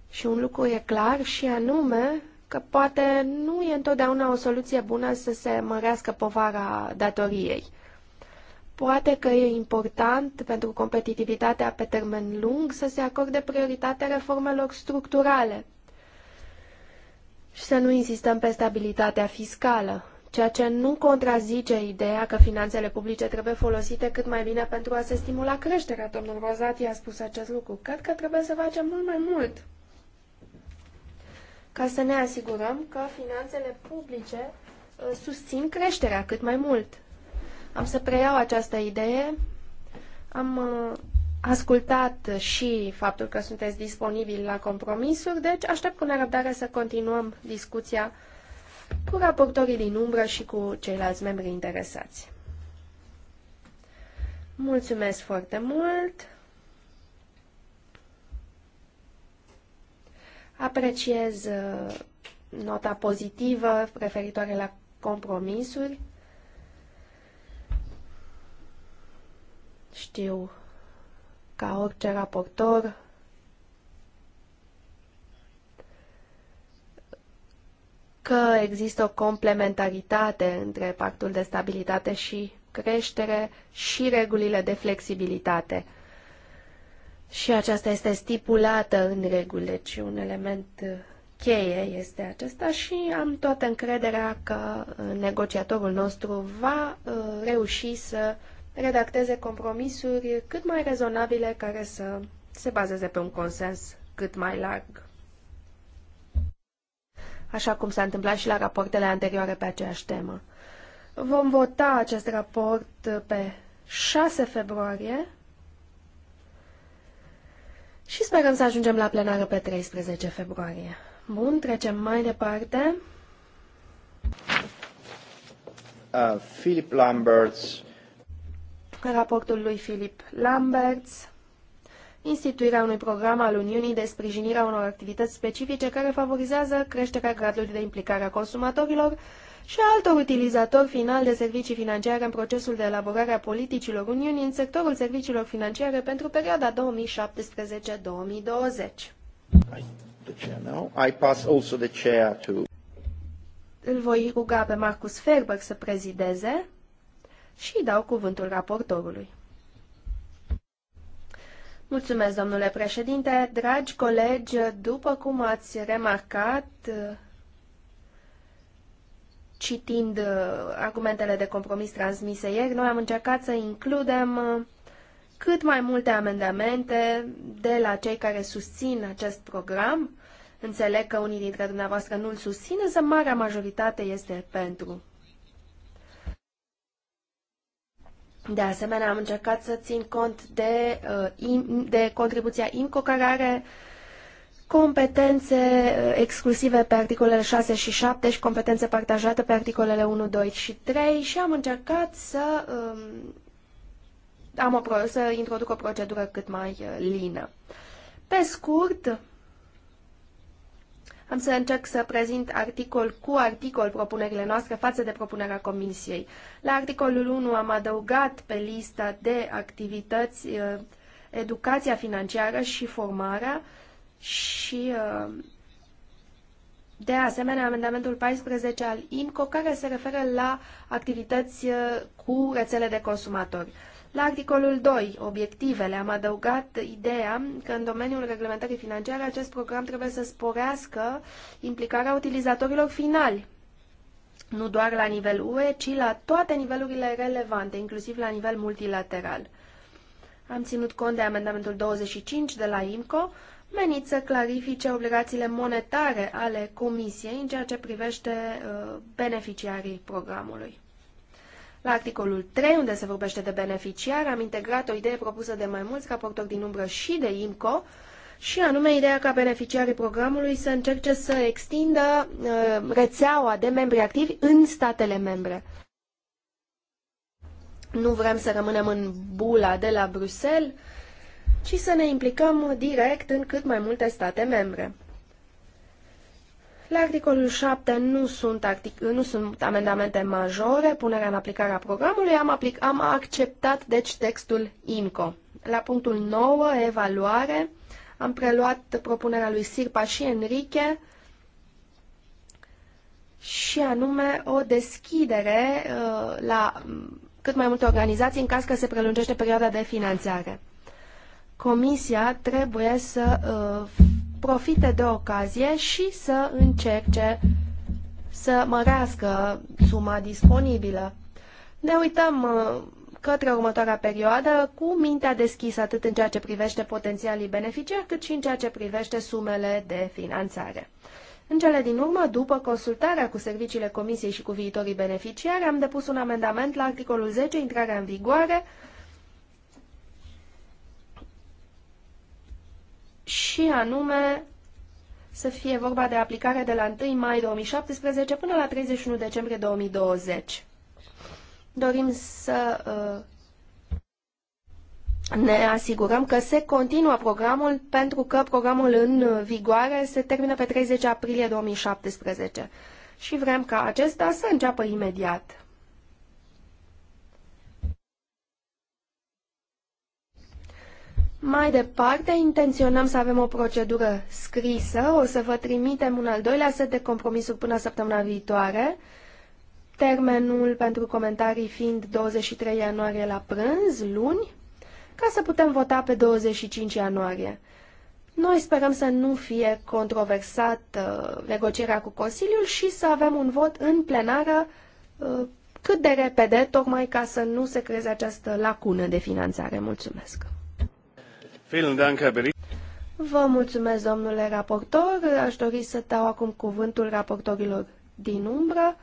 Și un lucru e clar și anume că poate nu e întotdeauna o soluție bună să se mărească povara datoriei. Poate că e important pentru competitivitatea pe termen lung să se acorde prioritate reformelor structurale și să nu insistăm pe stabilitatea fiscală, ceea ce nu contrazice ideea că finanțele publice trebuie folosite cât mai bine pentru a se stimula creșterea. Domnul Rozati a spus acest lucru. Cred că trebuie să facem mult mai mult ca să ne asigurăm că finanțele publice uh, susțin creșterea cât mai mult. Am să preiau această idee. Am uh, ascultat și faptul că sunteți disponibili la compromisuri, deci aștept cu nerăbdare să continuăm discuția cu raportorii din umbră și cu ceilalți membri interesați. Mulțumesc foarte mult! Apreciez uh, nota pozitivă referitoare la compromisuri. Știu ca orice raportor că există o complementaritate între pactul de stabilitate și creștere și regulile de flexibilitate. Și aceasta este stipulată în reguli, deci un element cheie este acesta și am toată încrederea că negociatorul nostru va uh, reuși să redacteze compromisuri cât mai rezonabile care să se bazeze pe un consens cât mai larg. Așa cum s-a întâmplat și la rapoartele anterioare pe aceeași temă. Vom vota acest raport pe 6 februarie și sperăm să ajungem la plenară pe 13 februarie. Bun, trecem mai departe. Uh, Philip Lamberts raportul lui Philip Lamberts, instituirea unui program al Uniunii de sprijinire a unor activități specifice care favorizează creșterea gradului de implicare a consumatorilor și a altor utilizatori final de servicii financiare în procesul de elaborare a politicilor Uniunii în sectorul serviciilor financiare pentru perioada 2017-2020. Îl voi ruga pe Marcus Ferber să prezideze și dau cuvântul raportorului. Mulțumesc, domnule președinte. Dragi colegi, după cum ați remarcat, citind argumentele de compromis transmise ieri, noi am încercat să includem cât mai multe amendamente de la cei care susțin acest program. Înțeleg că unii dintre dumneavoastră nu îl susțin, însă marea majoritate este pentru. De asemenea, am încercat să țin cont de, uh, de contribuția IMCO, care are competențe uh, exclusive pe articolele 6 și 7 și competențe partajate pe articolele 1, 2 și 3 și am încercat să, um, am o, să introduc o procedură cât mai uh, lină. Pe scurt, am să încerc să prezint articol cu articol propunerile noastre față de propunerea Comisiei. La articolul 1 am adăugat pe lista de activități uh, educația financiară și formarea și uh, de asemenea amendamentul 14 al IMCO care se referă la activități uh, cu rețele de consumatori. La articolul 2, obiectivele, am adăugat ideea că în domeniul reglementării financiare acest program trebuie să sporească implicarea utilizatorilor finali, nu doar la nivel UE, ci la toate nivelurile relevante, inclusiv la nivel multilateral. Am ținut cont de amendamentul 25 de la IMCO, menit să clarifice obligațiile monetare ale Comisiei în ceea ce privește uh, beneficiarii programului. La articolul 3, unde se vorbește de beneficiar, am integrat o idee propusă de mai mulți raportori din umbră și de IMCO, și anume ideea ca beneficiarii programului să încerce să extindă uh, rețeaua de membri activi în statele membre. Nu vrem să rămânem în bula de la Bruxelles, ci să ne implicăm direct în cât mai multe state membre. La articolul 7 nu sunt, artic nu sunt amendamente majore, punerea în aplicare a programului, am, aplic am acceptat deci textul INCO. La punctul 9, evaluare, am preluat propunerea lui Sirpa și Enrique și anume o deschidere uh, la mm, cât mai multe organizații în caz că se prelungește perioada de finanțare. Comisia trebuie să uh, profite de ocazie și să încerce să mărească suma disponibilă. Ne uităm uh, către următoarea perioadă cu mintea deschisă atât în ceea ce privește potențialii beneficiari, cât și în ceea ce privește sumele de finanțare. În cele din urmă, după consultarea cu serviciile Comisiei și cu viitorii beneficiari, am depus un amendament la articolul 10, intrarea în vigoare, și anume să fie vorba de aplicare de la 1 mai 2017 până la 31 decembrie 2020. Dorim să uh, ne asigurăm că se continuă programul pentru că programul în vigoare se termină pe 30 aprilie 2017 și vrem ca acesta să înceapă imediat. Mai departe, intenționăm să avem o procedură scrisă. O să vă trimitem un al doilea set de compromisuri până săptămâna viitoare, termenul pentru comentarii fiind 23 ianuarie la prânz, luni, ca să putem vota pe 25 ianuarie. Noi sperăm să nu fie controversat uh, negocierea cu Consiliul și să avem un vot în plenară uh, cât de repede, tocmai ca să nu se creeze această lacună de finanțare. Mulțumesc! Vă mulțumesc, domnule raportor. Aș dori să dau acum cuvântul raportorilor din umbră,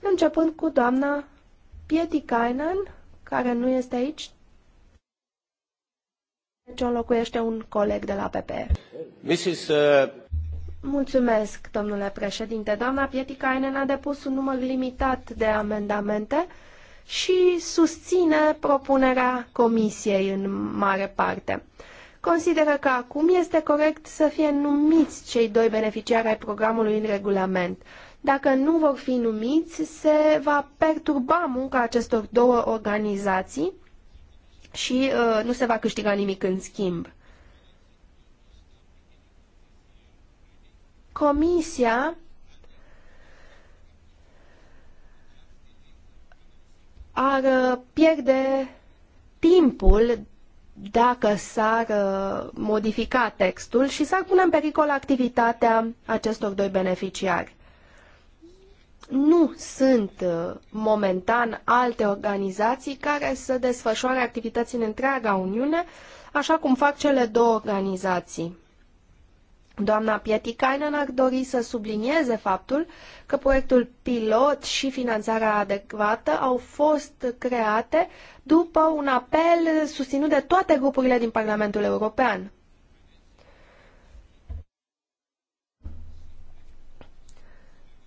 începând cu doamna Pietikainen, care nu este aici, deci o înlocuiește un coleg de la PP. Mrs. Uh... Mulțumesc, domnule președinte. Doamna Pietikainen a depus un număr limitat de amendamente și susține propunerea comisiei în mare parte consideră că acum este corect să fie numiți cei doi beneficiari ai programului în regulament. Dacă nu vor fi numiți, se va perturba munca acestor două organizații și uh, nu se va câștiga nimic în schimb. Comisia ar pierde timpul dacă s-ar uh, modifica textul și s-ar pune în pericol activitatea acestor doi beneficiari. Nu sunt uh, momentan alte organizații care să desfășoare activități în întreaga Uniune, așa cum fac cele două organizații. Doamna Pietikainen ar dori să sublinieze faptul că proiectul pilot și finanțarea adecvată au fost create după un apel susținut de toate grupurile din Parlamentul European.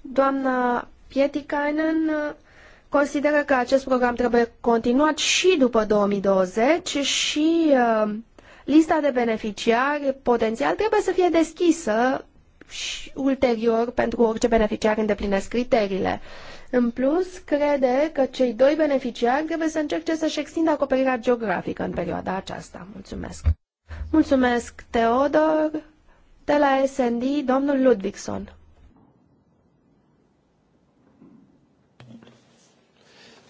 Doamna Pietikainen consideră că acest program trebuie continuat și după 2020 și uh, Lista de beneficiari potențial trebuie să fie deschisă și ulterior pentru orice beneficiar îndeplinesc criteriile. În plus, crede că cei doi beneficiari trebuie să încerce să-și extindă acoperirea geografică în perioada aceasta. Mulțumesc! Mulțumesc, Teodor, de la SND, domnul Ludvigson.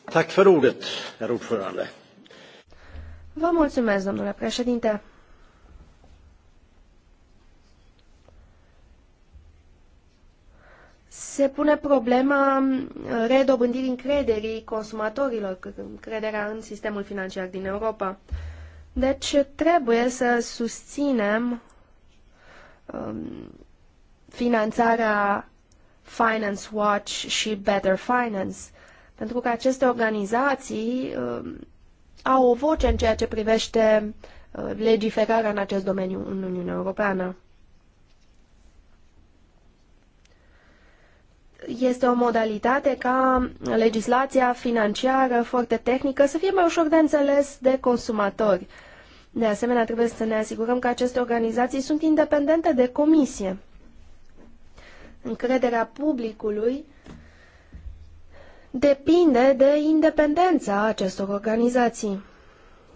Tack för ordet, herr ordförande. Vă mulțumesc, domnule președinte. se pune problema redobândirii încrederii consumatorilor, încrederea în sistemul financiar din Europa. Deci trebuie să susținem um, finanțarea Finance Watch și Better Finance, pentru că aceste organizații um, au o voce în ceea ce privește uh, legiferarea în acest domeniu în Uniunea Europeană. Este o modalitate ca legislația financiară foarte tehnică să fie mai ușor de înțeles de consumatori. De asemenea, trebuie să ne asigurăm că aceste organizații sunt independente de comisie. Încrederea publicului depinde de independența acestor organizații.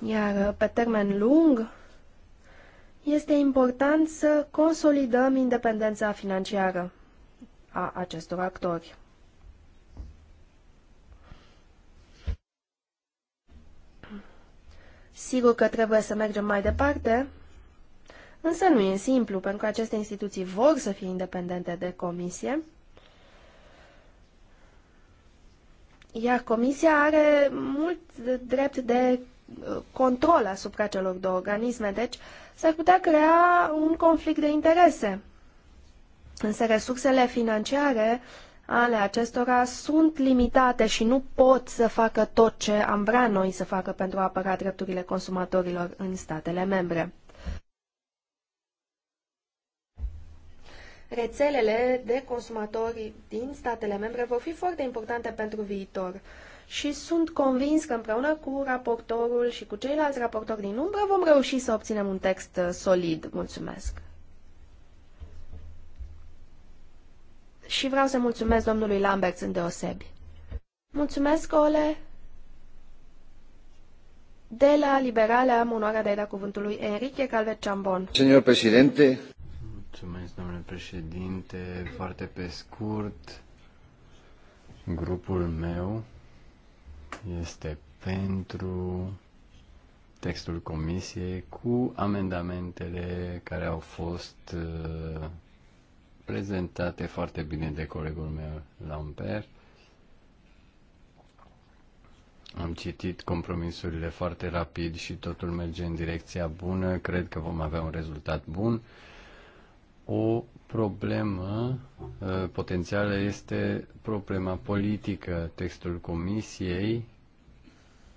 Iar pe termen lung, este important să consolidăm independența financiară a acestor actori. Sigur că trebuie să mergem mai departe, însă nu e simplu, pentru că aceste instituții vor să fie independente de comisie Iar Comisia are mult drept de uh, control asupra celor două organisme, deci s-ar putea crea un conflict de interese. Însă resursele financiare ale acestora sunt limitate și nu pot să facă tot ce am vrea noi să facă pentru a apăra drepturile consumatorilor în statele membre. rețelele de consumatori din statele membre vor fi foarte importante pentru viitor. Și sunt convins că împreună cu raportorul și cu ceilalți raportori din umbră vom reuși să obținem un text uh, solid. Mulțumesc! Și vreau să mulțumesc domnului Lambert deosebi. Mulțumesc, Ole! De la Liberale am onoarea de a da cuvântul lui Enrique Calvet Ciambon. Senor președinte, Mulțumesc, domnule președinte. Foarte pe scurt, grupul meu este pentru textul comisiei cu amendamentele care au fost uh, prezentate foarte bine de colegul meu, Lambert. Am citit compromisurile foarte rapid și totul merge în direcția bună. Cred că vom avea un rezultat bun. O problemă ă, potențială este problema politică. Textul Comisiei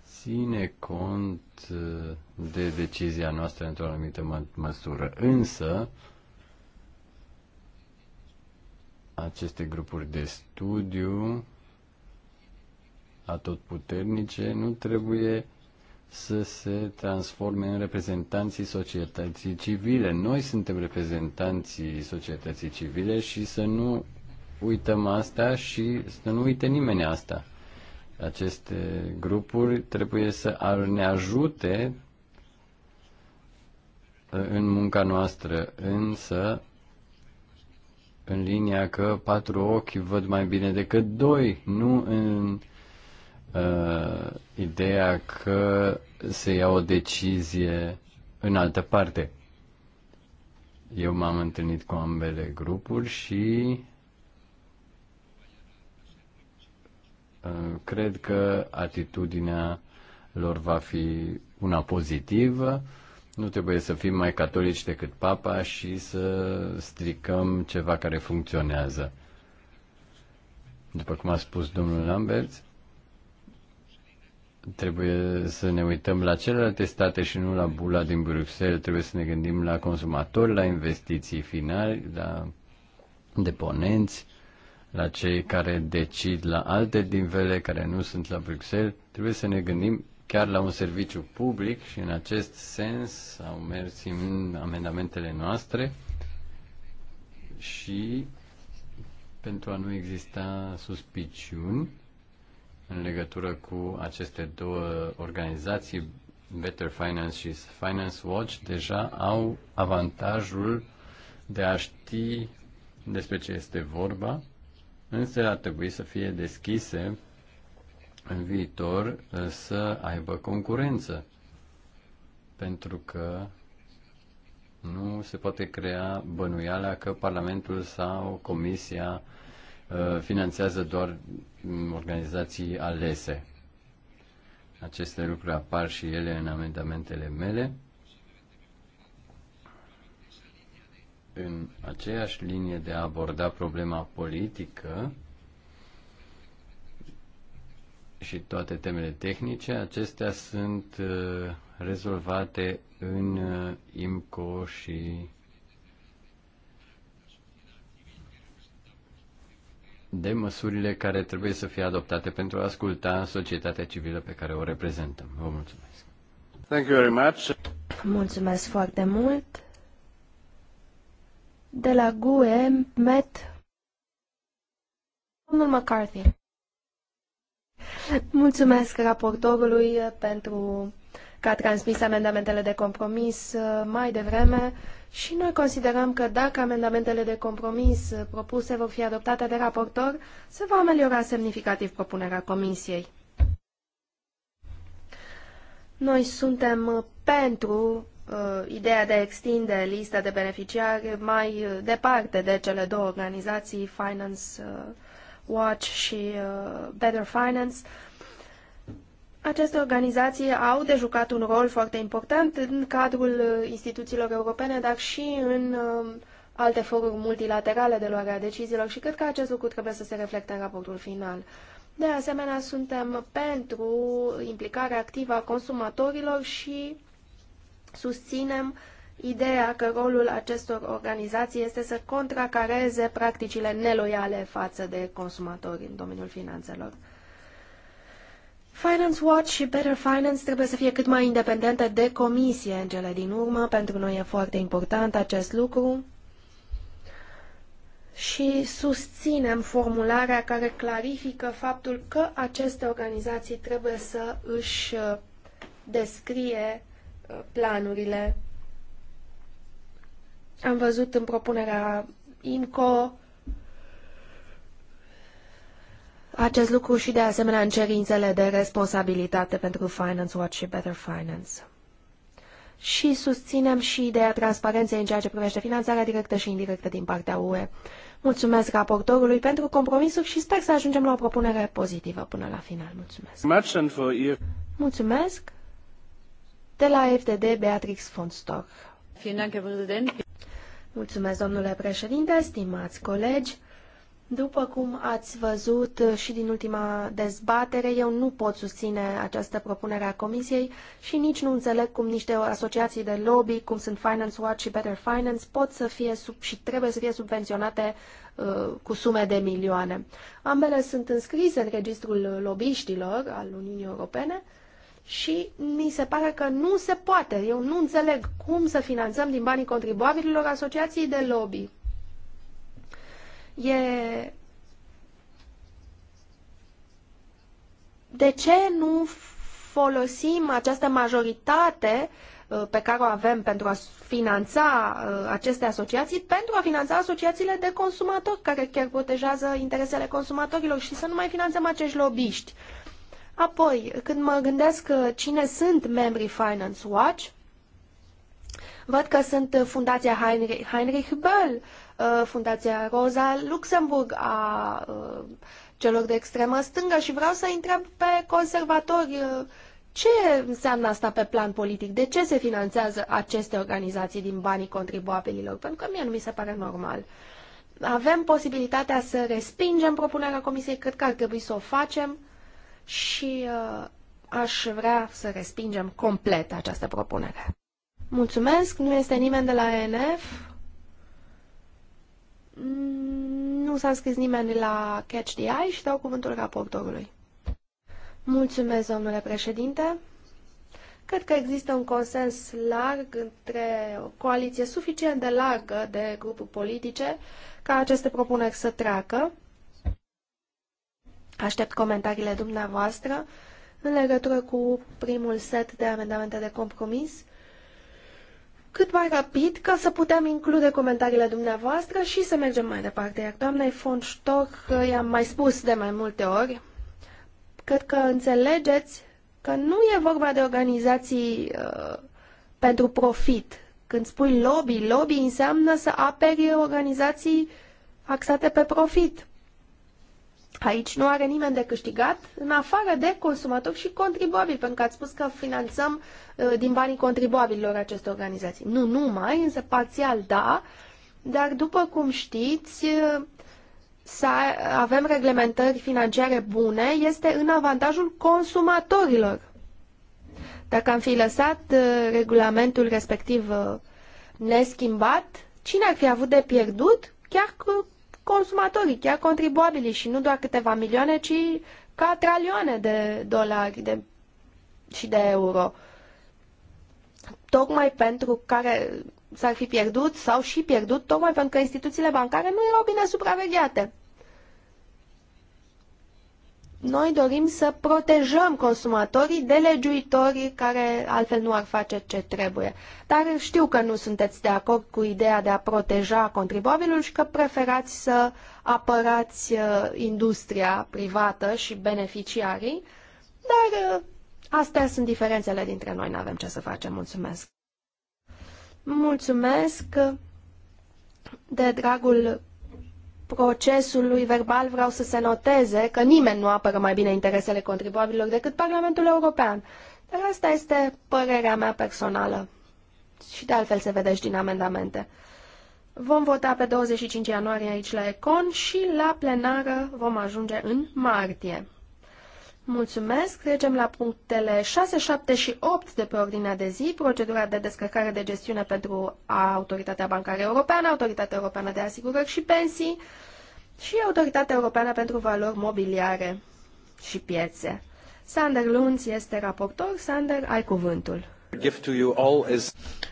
ține cont ă, de decizia noastră într-o anumită măsură, însă aceste grupuri de studiu atotputernice nu trebuie să se transforme în reprezentanții societății civile. Noi suntem reprezentanții societății civile și să nu uităm asta și să nu uite nimeni asta. Aceste grupuri trebuie să ne ajute uh, în munca noastră, însă în linia că patru ochi văd mai bine decât doi, nu în uh, ideea că se ia o decizie în altă parte. Eu m-am întâlnit cu ambele grupuri și uh, cred că atitudinea lor va fi una pozitivă. Nu trebuie să fim mai catolici decât papa și să stricăm ceva care funcționează. După cum a spus domnul Lambert, trebuie să ne uităm la celelalte state și nu la bula din Bruxelles, trebuie să ne gândim la consumatori, la investiții finali, la deponenți, la cei care decid la alte nivele care nu sunt la Bruxelles, trebuie să ne gândim chiar la un serviciu public și în acest sens au mers în amendamentele noastre și pentru a nu exista suspiciuni în legătură cu aceste două organizații, Better Finance și Finance Watch, deja au avantajul de a ști despre ce este vorba, însă ar trebui să fie deschise în viitor uh, să aibă concurență, pentru că nu se poate crea bănuiala că Parlamentul sau Comisia Uh, finanțează doar mm, organizații alese. Aceste lucruri apar și ele în amendamentele mele. În aceeași linie de a aborda problema politică și toate temele tehnice, acestea sunt uh, rezolvate în uh, IMCO și de măsurile care trebuie să fie adoptate pentru a asculta societatea civilă pe care o reprezentăm. Vă mulțumesc. Thank you very much. Mulțumesc foarte mult. De la GUE, MET, domnul McCarthy. Mulțumesc raportorului pentru că a transmis amendamentele de compromis uh, mai devreme și noi considerăm că dacă amendamentele de compromis uh, propuse vor fi adoptate de raportor, se va ameliora semnificativ propunerea Comisiei. Noi suntem uh, pentru uh, ideea de a extinde lista de beneficiari mai departe de cele două organizații, Finance Watch și uh, Better Finance, uh, aceste organizații au de jucat un rol foarte important în cadrul uh, instituțiilor europene, dar și în um, alte foruri multilaterale de luare a deciziilor și cred că acest lucru trebuie să se reflecte în raportul final. De asemenea, suntem pentru implicarea activă a consumatorilor și susținem ideea că rolul acestor organizații este să contracareze practicile neloiale față de consumatori în domeniul finanțelor. Finance Watch și Better Finance trebuie să fie cât mai independente de comisie în cele din urmă. Pentru noi e foarte important acest lucru și susținem formularea care clarifică faptul că aceste organizații trebuie să își uh, descrie uh, planurile. Am văzut în propunerea IMCO acest lucru și de asemenea în cerințele de responsabilitate pentru Finance Watch și Better Finance. Și susținem și ideea transparenței în ceea ce privește finanțarea directă și indirectă din partea UE. Mulțumesc raportorului pentru compromisuri și sper să ajungem la o propunere pozitivă până la final. Mulțumesc! Mulțumesc! De la FDD, Beatrix von Storch. Mulțumesc, domnule președinte, stimați colegi! După cum ați văzut și din ultima dezbatere, eu nu pot susține această propunere a Comisiei și nici nu înțeleg cum niște asociații de lobby, cum sunt Finance Watch și Better Finance, pot să fie sub, și trebuie să fie subvenționate uh, cu sume de milioane. Ambele sunt înscrise în registrul lobbyștilor al Uniunii Europene și mi se pare că nu se poate. Eu nu înțeleg cum să finanțăm din banii contribuabililor asociații de lobby E... De ce nu folosim această majoritate uh, pe care o avem pentru a finanța uh, aceste asociații, pentru a finanța asociațiile de consumatori, care chiar protejează interesele consumatorilor și să nu mai finanțăm acești lobiști. Apoi, când mă gândesc uh, cine sunt membrii Finance Watch, văd că sunt Fundația Heinrich, Heinrich Böll, Uh, Fundația Rosa Luxemburg a uh, celor de extremă stângă și vreau să întreb pe conservatori uh, ce înseamnă asta pe plan politic? De ce se finanțează aceste organizații din banii contribuabililor? Pentru că mie nu mi se pare normal. Avem posibilitatea să respingem propunerea Comisiei, cred că ar trebui să o facem și uh, aș vrea să respingem complet această propunere. Mulțumesc, nu este nimeni de la ENF. Mm, nu s-a scris nimeni la Catch the Eye și dau cuvântul raportorului. Mulțumesc, domnule președinte. Cred că există un consens larg între o coaliție suficient de largă de grupuri politice ca aceste propuneri să treacă. Aștept comentariile dumneavoastră în legătură cu primul set de amendamente de compromis cât mai rapid ca să putem include comentariile dumneavoastră și să mergem mai departe. Iar doamnei von Stock, i-am mai spus de mai multe ori, cred că înțelegeți că nu e vorba de organizații uh, pentru profit. Când spui lobby, lobby înseamnă să aperi organizații axate pe profit. Aici nu are nimeni de câștigat, în afară de consumatori și contribuabili, pentru că ați spus că finanțăm uh, din banii contribuabililor aceste organizații. Nu numai, însă parțial da, dar după cum știți, uh, să avem reglementări financiare bune este în avantajul consumatorilor. Dacă am fi lăsat uh, regulamentul respectiv neschimbat, cine ar fi avut de pierdut? Chiar consumatorii, chiar contribuabilii și nu doar câteva milioane, ci ca de dolari de, și de euro. Tocmai pentru care s-ar fi pierdut sau și pierdut, tocmai pentru că instituțiile bancare nu erau bine supravegheate. Noi dorim să protejăm consumatorii de legiuitorii care altfel nu ar face ce trebuie. Dar știu că nu sunteți de acord cu ideea de a proteja contribuabilul și că preferați să apărați uh, industria privată și beneficiarii, dar uh, astea sunt diferențele dintre noi, nu avem ce să facem. Mulțumesc! Mulțumesc! De dragul procesului verbal vreau să se noteze că nimeni nu apără mai bine interesele contribuabililor decât Parlamentul European. Dar asta este părerea mea personală. Și de altfel se vede și din amendamente. Vom vota pe 25 ianuarie aici la Econ și la plenară vom ajunge în martie. Mulțumesc. Trecem la punctele 6, 7 și 8 de pe ordinea de zi, procedura de descărcare de gestiune pentru Autoritatea Bancară Europeană, Autoritatea Europeană de Asigurări și Pensii și Autoritatea Europeană pentru Valori Mobiliare și Piețe. Sander Lunț este raportor. Sander, ai cuvântul.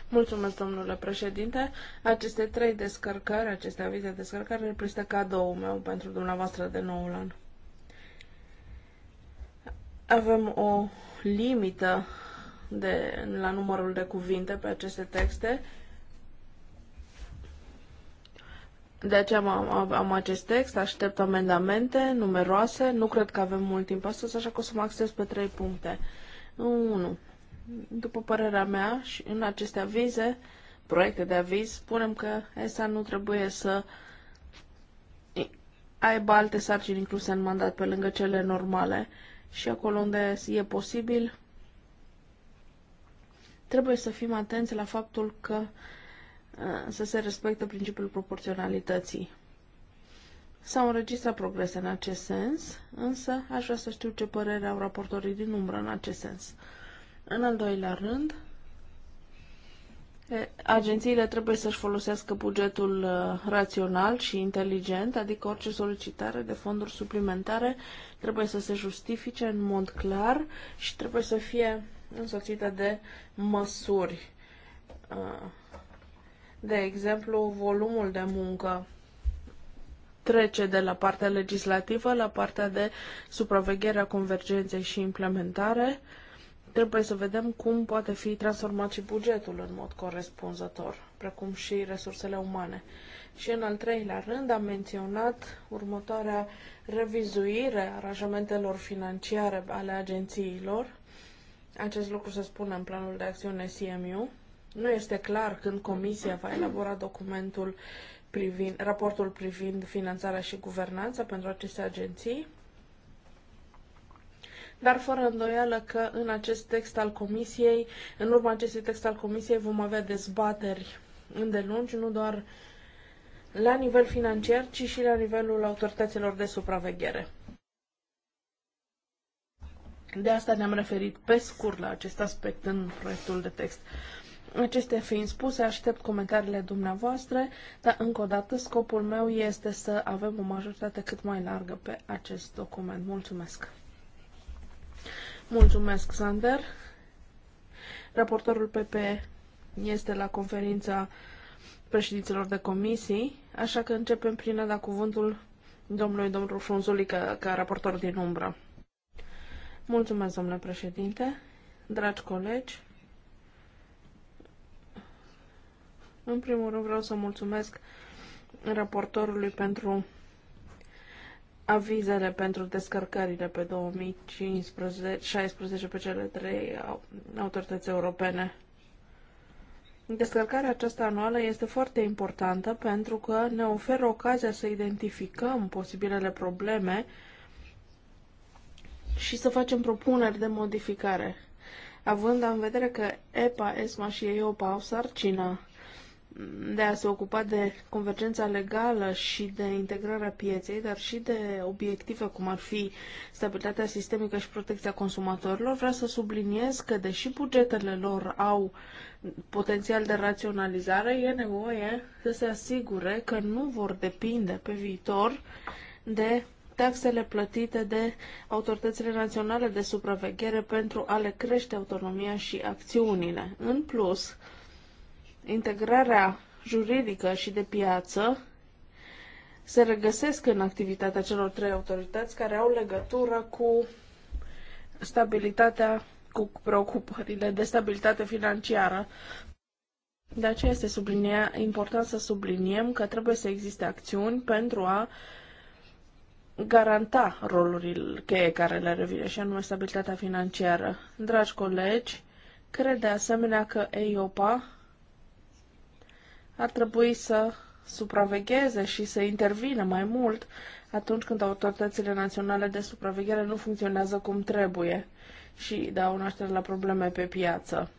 Mulțumesc, domnule președinte. Aceste trei descărcări, aceste avize de descărcare, reprezintă cadoul meu pentru dumneavoastră de noul an. Avem o limită de, la numărul de cuvinte pe aceste texte. De aceea am, am acest text, aștept amendamente numeroase, nu cred că avem mult timp astăzi, așa că o să mă acces pe trei puncte. 1. După părerea mea, și în aceste avize, proiecte de aviz, spunem că ESA nu trebuie să aibă alte sarcini incluse în mandat pe lângă cele normale și acolo unde e posibil, trebuie să fim atenți la faptul că să se respectă principiul proporționalității. S-au înregistrat progrese în acest sens, însă aș vrea să știu ce părere au raportorii din umbră în acest sens. În al doilea rând, Agențiile trebuie să-și folosească bugetul uh, rațional și inteligent, adică orice solicitare de fonduri suplimentare trebuie să se justifice în mod clar și trebuie să fie însoțită de măsuri. Uh, de exemplu, volumul de muncă trece de la partea legislativă la partea de supraveghere a convergenței și implementare trebuie să vedem cum poate fi transformat și bugetul în mod corespunzător, precum și resursele umane. Și în al treilea rând am menționat următoarea revizuire a aranjamentelor financiare ale agențiilor. Acest lucru se spune în planul de acțiune CMU. Nu este clar când Comisia va elabora documentul privind, raportul privind finanțarea și guvernanța pentru aceste agenții dar fără îndoială că în acest text al Comisiei, în urma acestui text al Comisiei vom avea dezbateri îndelungi, nu doar la nivel financiar, ci și la nivelul autorităților de supraveghere. De asta ne-am referit pe scurt la acest aspect în proiectul de text. Acestea fiind spuse, aștept comentariile dumneavoastră, dar încă o dată scopul meu este să avem o majoritate cât mai largă pe acest document. Mulțumesc! Mulțumesc, Sander. Raportorul PP este la conferința președinților de comisii, așa că începem prin a da cuvântul domnului domnul Frunzulică ca raportor din umbră. Mulțumesc, domnule președinte, dragi colegi. În primul rând vreau să mulțumesc raportorului pentru avizele pentru descărcările pe 2016 pe cele trei autorități europene. Descărcarea aceasta anuală este foarte importantă pentru că ne oferă ocazia să identificăm posibilele probleme și să facem propuneri de modificare, având în vedere că EPA, ESMA și EIOPA au sarcina de a se ocupa de convergența legală și de integrarea pieței, dar și de obiective cum ar fi stabilitatea sistemică și protecția consumatorilor, vreau să subliniez că deși bugetele lor au potențial de raționalizare, e nevoie să se asigure că nu vor depinde pe viitor de taxele plătite de autoritățile naționale de supraveghere pentru a le crește autonomia și acțiunile. În plus, integrarea juridică și de piață se regăsesc în activitatea celor trei autorități care au legătură cu stabilitatea, cu preocupările de stabilitate financiară. De aceea este sublinia, important să subliniem că trebuie să existe acțiuni pentru a garanta rolurile cheie care le revine, și anume stabilitatea financiară. Dragi colegi, cred de asemenea că EIOPA ar trebui să supravegheze și să intervină mai mult atunci când autoritățile naționale de supraveghere nu funcționează cum trebuie și dau naștere la probleme pe piață.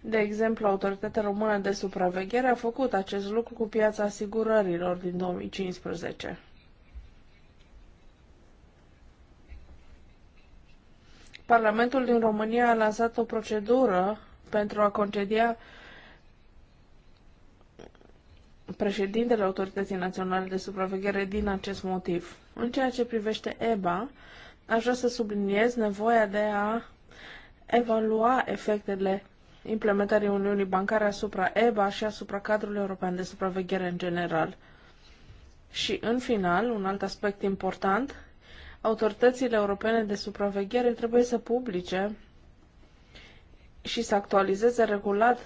De exemplu, Autoritatea Română de Supraveghere a făcut acest lucru cu piața asigurărilor din 2015. Parlamentul din România a lansat o procedură pentru a concedia președintele Autorității Naționale de Supraveghere din acest motiv. În ceea ce privește EBA, aș vrea să subliniez nevoia de a evalua efectele implementării Uniunii Bancare asupra EBA și asupra cadrului european de supraveghere în general. Și, în final, un alt aspect important, autoritățile europene de supraveghere trebuie să publice și să actualizeze regulat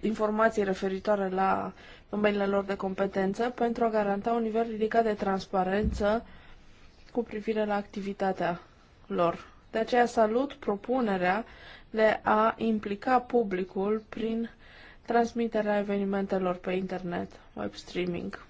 informații referitoare la domeniile lor de competență pentru a garanta un nivel ridicat de transparență cu privire la activitatea lor. De aceea salut propunerea de a implica publicul prin transmiterea evenimentelor pe internet, web streaming.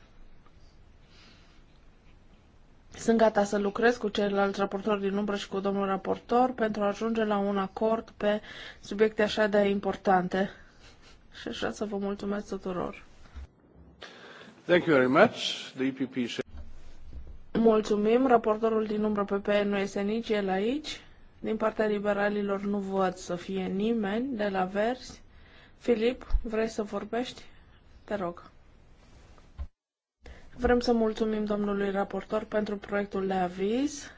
Sunt gata să lucrez cu ceilalți raportori din umbră și cu domnul raportor pentru a ajunge la un acord pe subiecte așa de importante. Și așa să vă mulțumesc tuturor. Thank you very much. The EPP... Mulțumim. Raportorul din umbră PPE nu este nici el aici. Din partea liberalilor nu văd să fie nimeni de la Verzi. Filip, vrei să vorbești? Te rog. Vrem să mulțumim domnului raportor pentru proiectul de aviz.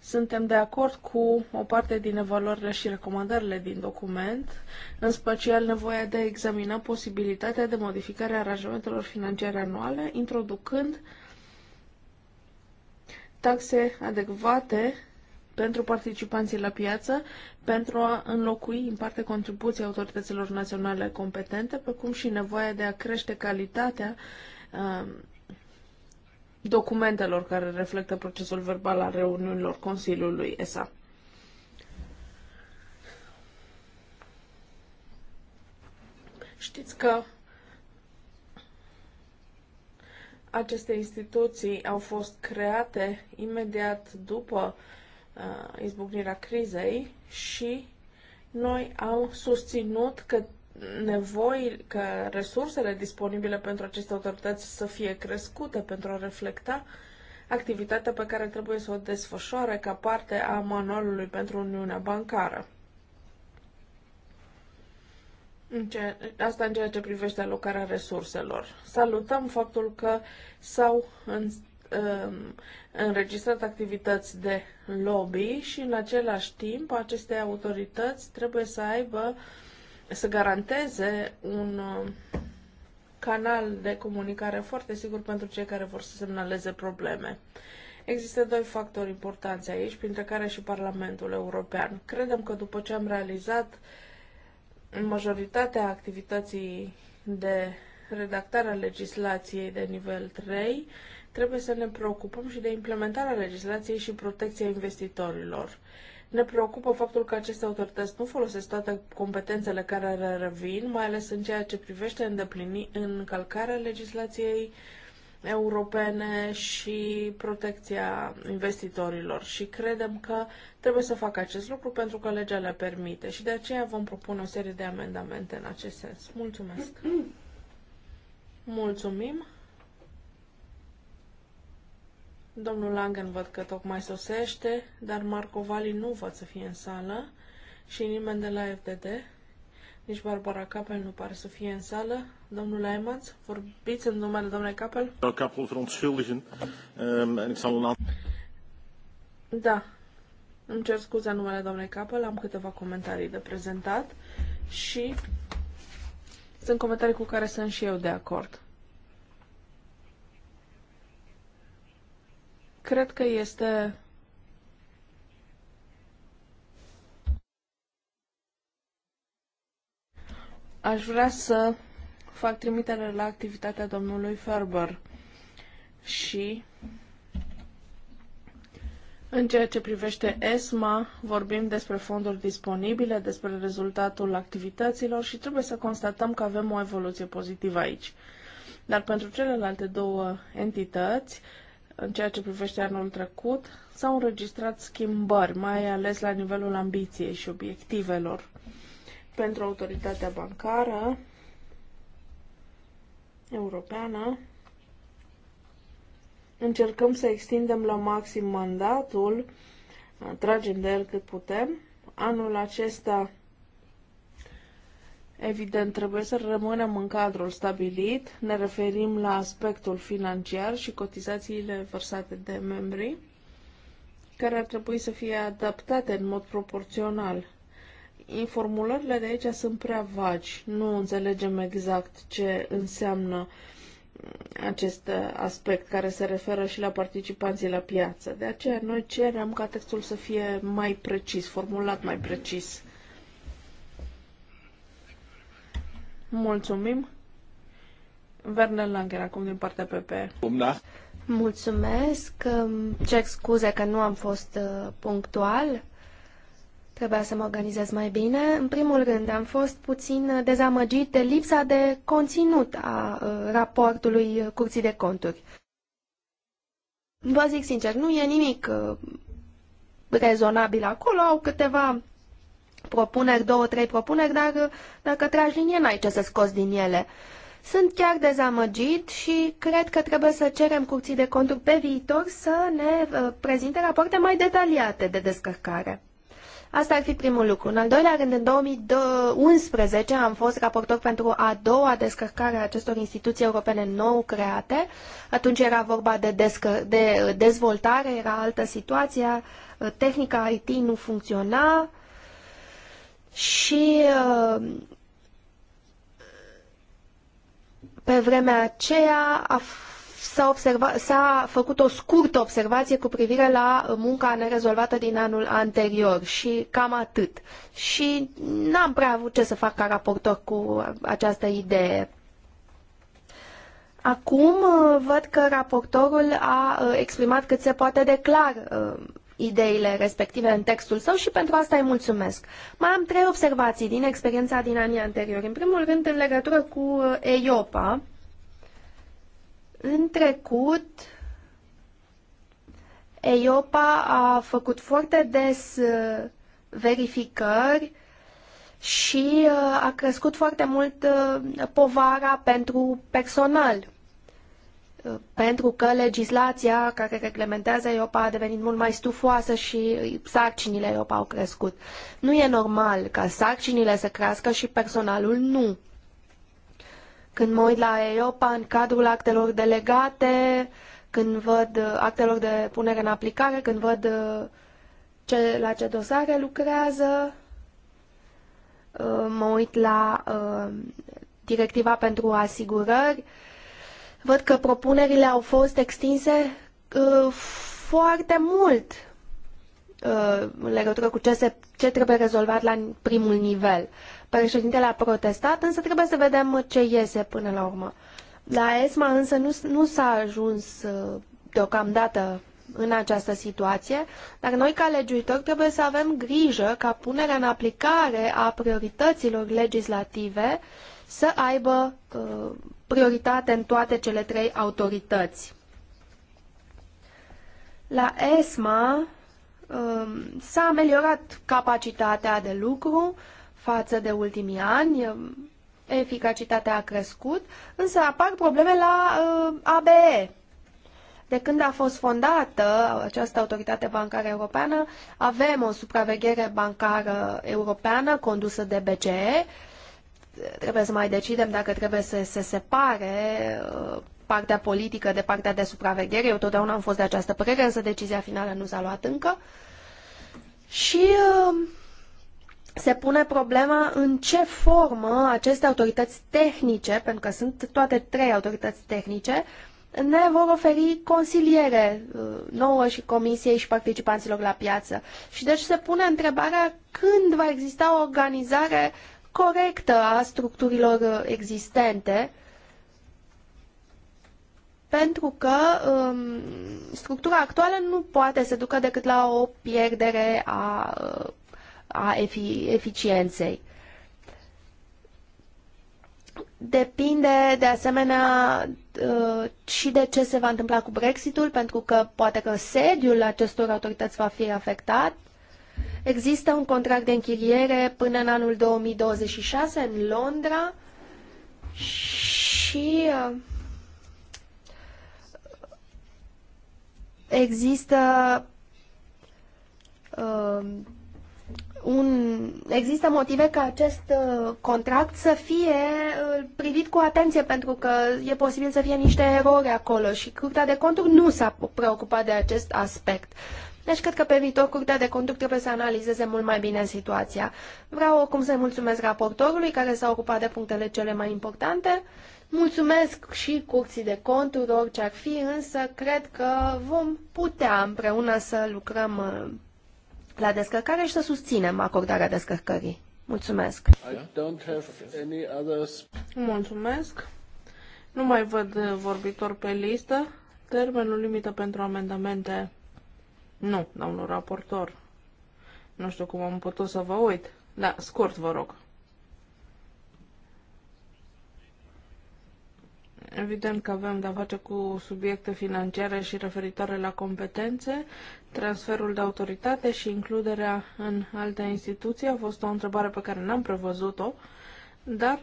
Suntem de acord cu o parte din evaluările și recomandările din document, în special nevoia de a examina posibilitatea de modificare a aranjamentelor financiare anuale, introducând taxe adecvate pentru participanții la piață, pentru a înlocui în parte contribuții autorităților naționale competente, precum și nevoia de a crește calitatea uh, documentelor care reflectă procesul verbal al reuniunilor Consiliului ESA. Știți că aceste instituții au fost create imediat după uh, izbucnirea crizei și noi am susținut că nevoi, ca resursele disponibile pentru aceste autorități să fie crescute pentru a reflecta activitatea pe care trebuie să o desfășoare ca parte a manualului pentru Uniunea Bancară. Asta în ceea ce privește alocarea resurselor. Salutăm faptul că s-au um, înregistrat activități de lobby și în același timp aceste autorități trebuie să aibă uh, să garanteze un uh, canal de comunicare foarte sigur pentru cei care vor să semnaleze probleme. Există doi factori importanți aici, printre care și Parlamentul European. Credem că după ce am realizat majoritatea activității de redactare a legislației de nivel 3, trebuie să ne preocupăm și de implementarea legislației și protecția investitorilor. Ne preocupă faptul că aceste autorități nu folosesc toate competențele care le revin, mai ales în ceea ce privește îndeplini încălcarea legislației europene și protecția investitorilor și credem că trebuie să facă acest lucru pentru că legea le permite și de aceea vom propune o serie de amendamente în acest sens. Mulțumesc! Mulțumim! Domnul Langen văd că tocmai sosește, dar Marco Vali nu văd să fie în sală și nimeni de la FDD. Nici Barbara Capel nu pare să fie în sală. Domnul Leimans, vorbiți în numele domnului Capel? Capel ehm, Da. Îmi cer scuze în numele domnului Capel, am câteva comentarii de prezentat și sunt comentarii cu care sunt și eu de acord. Cred că este Aș vrea să fac trimitere la activitatea domnului Ferber și în ceea ce privește ESMA, vorbim despre fonduri disponibile, despre rezultatul activităților și trebuie să constatăm că avem o evoluție pozitivă aici. Dar pentru celelalte două entități, în ceea ce privește anul trecut, s-au înregistrat schimbări, mai ales la nivelul ambiției și obiectivelor. Pentru autoritatea bancară europeană, încercăm să extindem la maxim mandatul, tragem de el cât putem. Anul acesta Evident, trebuie să rămânem în cadrul stabilit. Ne referim la aspectul financiar și cotizațiile vărsate de membri, care ar trebui să fie adaptate în mod proporțional. Informulările de aici sunt prea vagi. Nu înțelegem exact ce înseamnă acest aspect care se referă și la participanții la piață. De aceea noi cerem ca textul să fie mai precis, formulat mai precis. Mulțumim. Werner Langer, acum din partea PP. Mulțumesc. Cer scuze că nu am fost uh, punctual. Trebuia să mă organizez mai bine. În primul rând, am fost puțin dezamăgit de lipsa de conținut a uh, raportului Curții de Conturi. Vă zic sincer, nu e nimic uh, rezonabil acolo, au câteva propuneri, două, trei propuneri, dar uh, dacă tragi linie, n-ai ce să scoți din ele. Sunt chiar dezamăgit și cred că trebuie să cerem curții de conturi pe viitor să ne uh, prezinte rapoarte mai detaliate de descărcare. Asta ar fi primul lucru. În al doilea rând, în 2011 am fost raportor pentru a doua descărcare a acestor instituții europene nou create. Atunci era vorba de, de dezvoltare, era altă situație, tehnica IT nu funcționa, și uh, pe vremea aceea a s-a, observa, s-a făcut o scurtă observație cu privire la munca nerezolvată din anul anterior și cam atât. Și n-am prea avut ce să fac ca raportor cu această idee. Acum uh, văd că raportorul a uh, exprimat cât se poate de clar ideile respective în textul său și pentru asta îi mulțumesc. Mai am trei observații din experiența din anii anteriori. În primul rând, în legătură cu uh, EIOPA, în trecut, EIOPA a făcut foarte des uh, verificări și uh, a crescut foarte mult povara pentru personal pentru că legislația care reglementează EIOPA a devenit mult mai stufoasă și sarcinile EIOPA au crescut. Nu e normal ca sarcinile să crească și personalul nu. Când mă uit la EIOPA în cadrul actelor delegate, când văd uh, actelor de punere în aplicare, când văd uh, ce, la ce dosare lucrează, uh, mă uit la directiva pentru asigurări, Văd că propunerile au fost extinse uh, foarte mult uh, în legătură cu ce, se, ce trebuie rezolvat la primul nivel. Președintele a protestat, însă trebuie să vedem ce iese până la urmă. La ESMA însă nu, nu s-a ajuns uh, deocamdată în această situație, dar noi ca legiuitori trebuie să avem grijă ca punerea în aplicare a priorităților legislative să aibă uh, prioritate în toate cele trei autorități. La ESMA um, s-a ameliorat capacitatea de lucru față de ultimii ani, um, eficacitatea a crescut, însă apar probleme la um, ABE. De când a fost fondată această autoritate bancară europeană, avem o supraveghere bancară europeană condusă de BCE trebuie să mai decidem dacă trebuie să se separe uh, partea politică de partea de supraveghere. Eu totdeauna am fost de această părere, însă decizia finală nu s-a luat încă. Și uh, se pune problema în ce formă aceste autorități tehnice, pentru că sunt toate trei autorități tehnice, ne vor oferi consiliere uh, nouă și comisiei și participanților la piață. Și deci se pune întrebarea când va exista o organizare corectă a structurilor uh, existente, pentru că um, structura actuală nu poate să ducă decât la o pierdere a, uh, a efi, eficienței. Depinde, de asemenea, uh, și de ce se va întâmpla cu Brexitul, pentru că poate că sediul acestor autorități va fi afectat Există un contract de închiriere până în anul 2026 în Londra și uh, există uh, un, există motive ca acest uh, contract să fie privit cu atenție pentru că e posibil să fie niște erori acolo și Curtea de Conturi nu s-a preocupat de acest aspect. Deci cred că pe viitor Curtea de Conduct trebuie să analizeze mult mai bine situația. Vreau oricum să-i mulțumesc raportorului care s-a ocupat de punctele cele mai importante. Mulțumesc și curții de conturi, orice ar fi, însă cred că vom putea împreună să lucrăm uh, la descărcare și să susținem acordarea descărcării. Mulțumesc. Mulțumesc. Nu mai văd vorbitor pe listă. Termenul limită pentru amendamente nu, domnul raportor. Nu știu cum am putut să vă uit. Da, scurt, vă rog. Evident că avem de-a face cu subiecte financiare și referitoare la competențe, transferul de autoritate și includerea în alte instituții. A fost o întrebare pe care n-am prevăzut-o, dar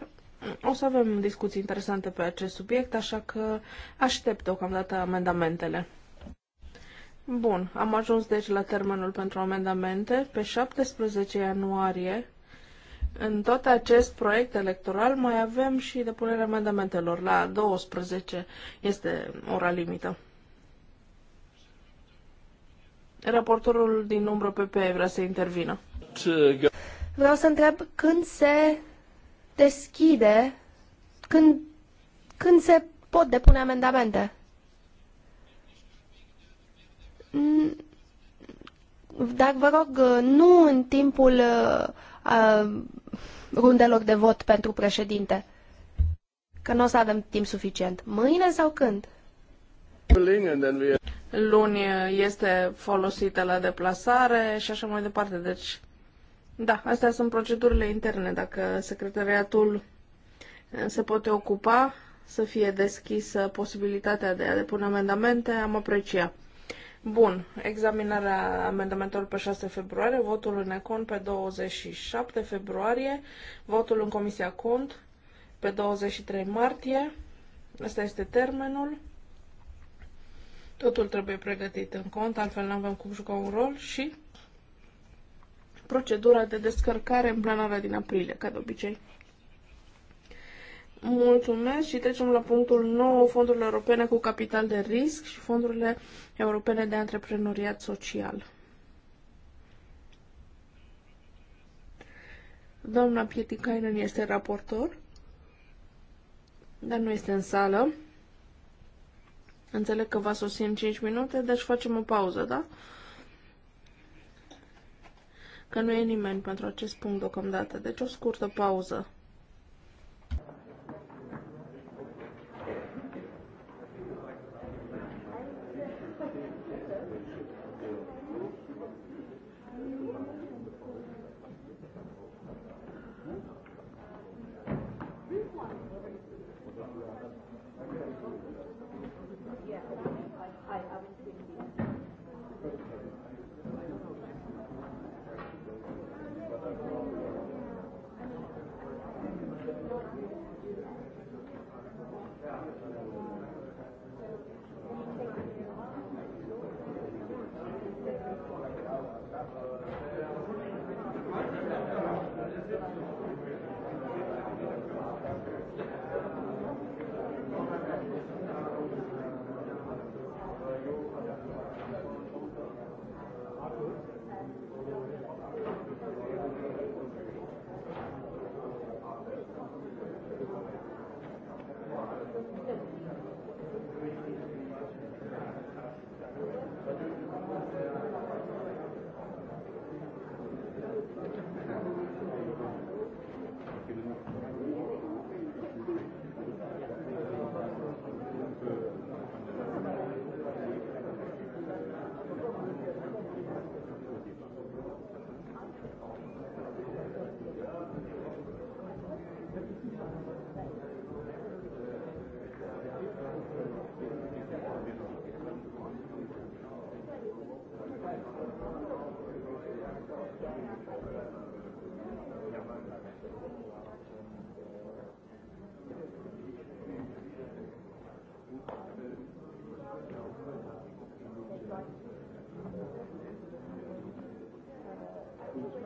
o să avem discuții interesante pe acest subiect, așa că aștept deocamdată amendamentele. Bun, am ajuns deci la termenul pentru amendamente. Pe 17 ianuarie, în tot acest proiect electoral, mai avem și depunerea amendamentelor. La 12 este ora limită. Raportorul din umbră PP vrea să intervină. Vreau să întreb când se deschide, când, când se pot depune amendamente. Dar vă rog, nu în timpul uh, rundelor de vot pentru președinte. Că nu o să avem timp suficient. Mâine sau când? Luni este folosită la deplasare și așa mai departe. Deci, da, astea sunt procedurile interne. Dacă secretariatul uh, se poate ocupa, să fie deschisă posibilitatea de a depune amendamente, am aprecia. Bun, examinarea amendamentelor pe 6 februarie, votul în Econ pe 27 februarie, votul în Comisia Cont pe 23 martie. Asta este termenul. Totul trebuie pregătit în cont, altfel nu avem cum juca un rol și procedura de descărcare în planarea din aprilie, ca de obicei. Mulțumesc și trecem la punctul 9, fondurile europene cu capital de risc și fondurile europene de antreprenoriat social. Doamna Pietikainen este raportor, dar nu este în sală. Înțeleg că va sosi în 5 minute, deci facem o pauză, da? Că nu e nimeni pentru acest punct deocamdată, deci o scurtă pauză.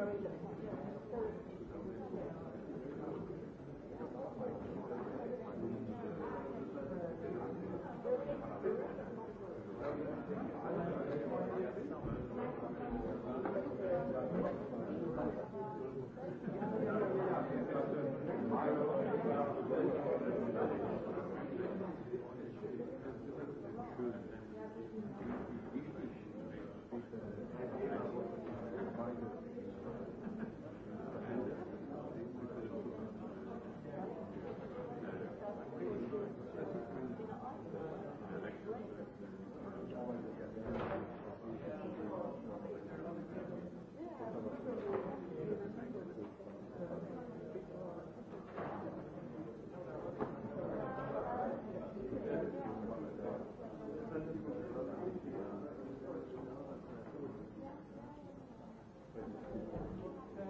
Thank you.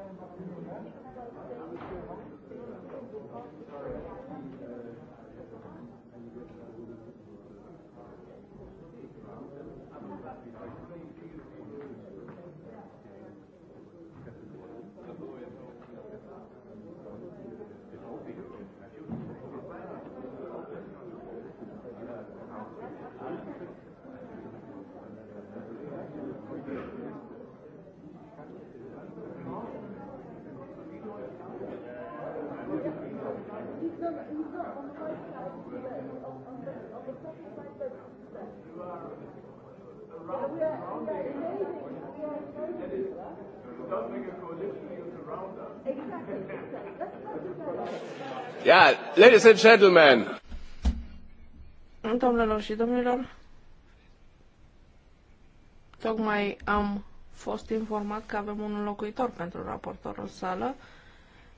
Sorry. Yeah, ladies and gentlemen. Domnilor și domnilor, tocmai am fost informat că avem un locuitor pentru raportorul sală.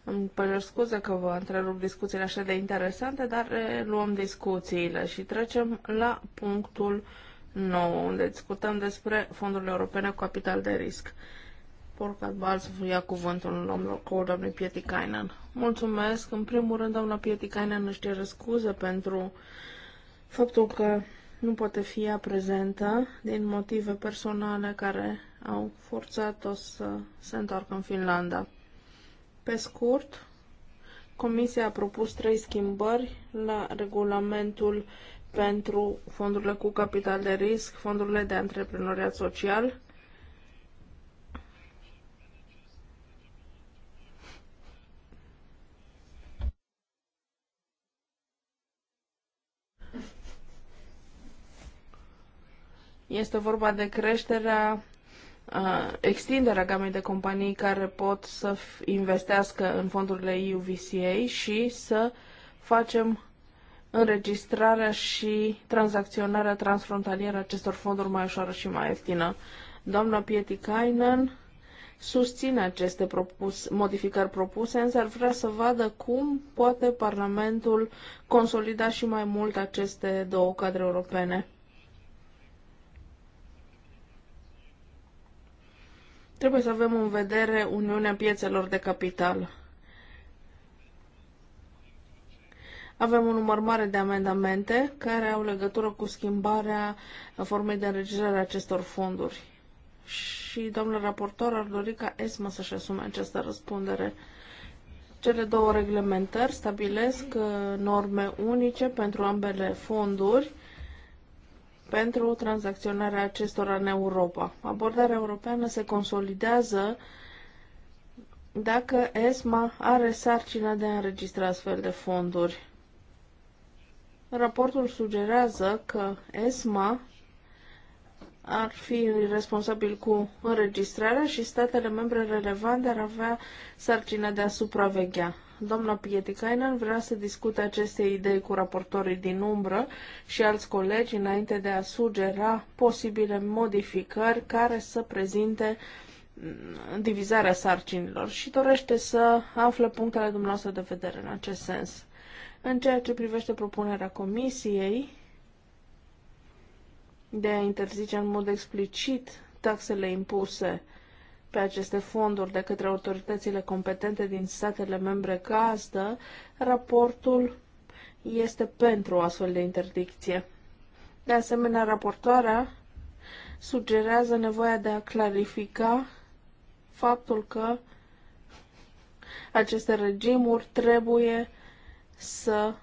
Îmi părere scuze că vă întrerup discuțiile așa de interesante, dar luăm discuțiile și trecem la punctul 9, unde discutăm despre fondurile europene cu capital de risc. Porcat Balsuf ia cuvântul în locul doamnei Pietikainen. Mulțumesc. În primul rând, doamna Pietikainen își cere scuze pentru faptul că nu poate fi ea prezentă din motive personale care au forțat-o să se întoarcă în Finlanda. Pe scurt, Comisia a propus trei schimbări la regulamentul pentru fondurile cu capital de risc, fondurile de antreprenoriat social. Este vorba de creșterea, extinderea gamei de companii care pot să investească în fondurile EUVCA și să facem înregistrarea și tranzacționarea transfrontalieră a acestor fonduri mai ușoară și mai ieftină. Doamna Pietikainen susține aceste propus, modificări propuse, însă ar vrea să vadă cum poate Parlamentul consolida și mai mult aceste două cadre europene. Trebuie să avem în vedere Uniunea Piețelor de Capital Avem un număr mare de amendamente care au legătură cu schimbarea formei de înregistrare a acestor fonduri. Și domnul raportor ar dori ca ESMA să-și asume această răspundere. Cele două reglementări stabilesc uh, norme unice pentru ambele fonduri pentru tranzacționarea acestora în Europa. Abordarea europeană se consolidează dacă ESMA are sarcina de a înregistra astfel de fonduri. Raportul sugerează că ESMA ar fi responsabil cu înregistrarea și statele membre relevante ar avea sarcina de a supraveghea. Doamna Pietikainen vrea să discute aceste idei cu raportorii din umbră și alți colegi înainte de a sugera posibile modificări care să prezinte mm, divizarea sarcinilor și dorește să afle punctele dumneavoastră de vedere în acest sens. În ceea ce privește propunerea Comisiei de a interzice în mod explicit taxele impuse pe aceste fonduri de către autoritățile competente din statele membre gazdă, raportul este pentru o astfel de interdicție. De asemenea, raportoarea sugerează nevoia de a clarifica faptul că aceste regimuri trebuie să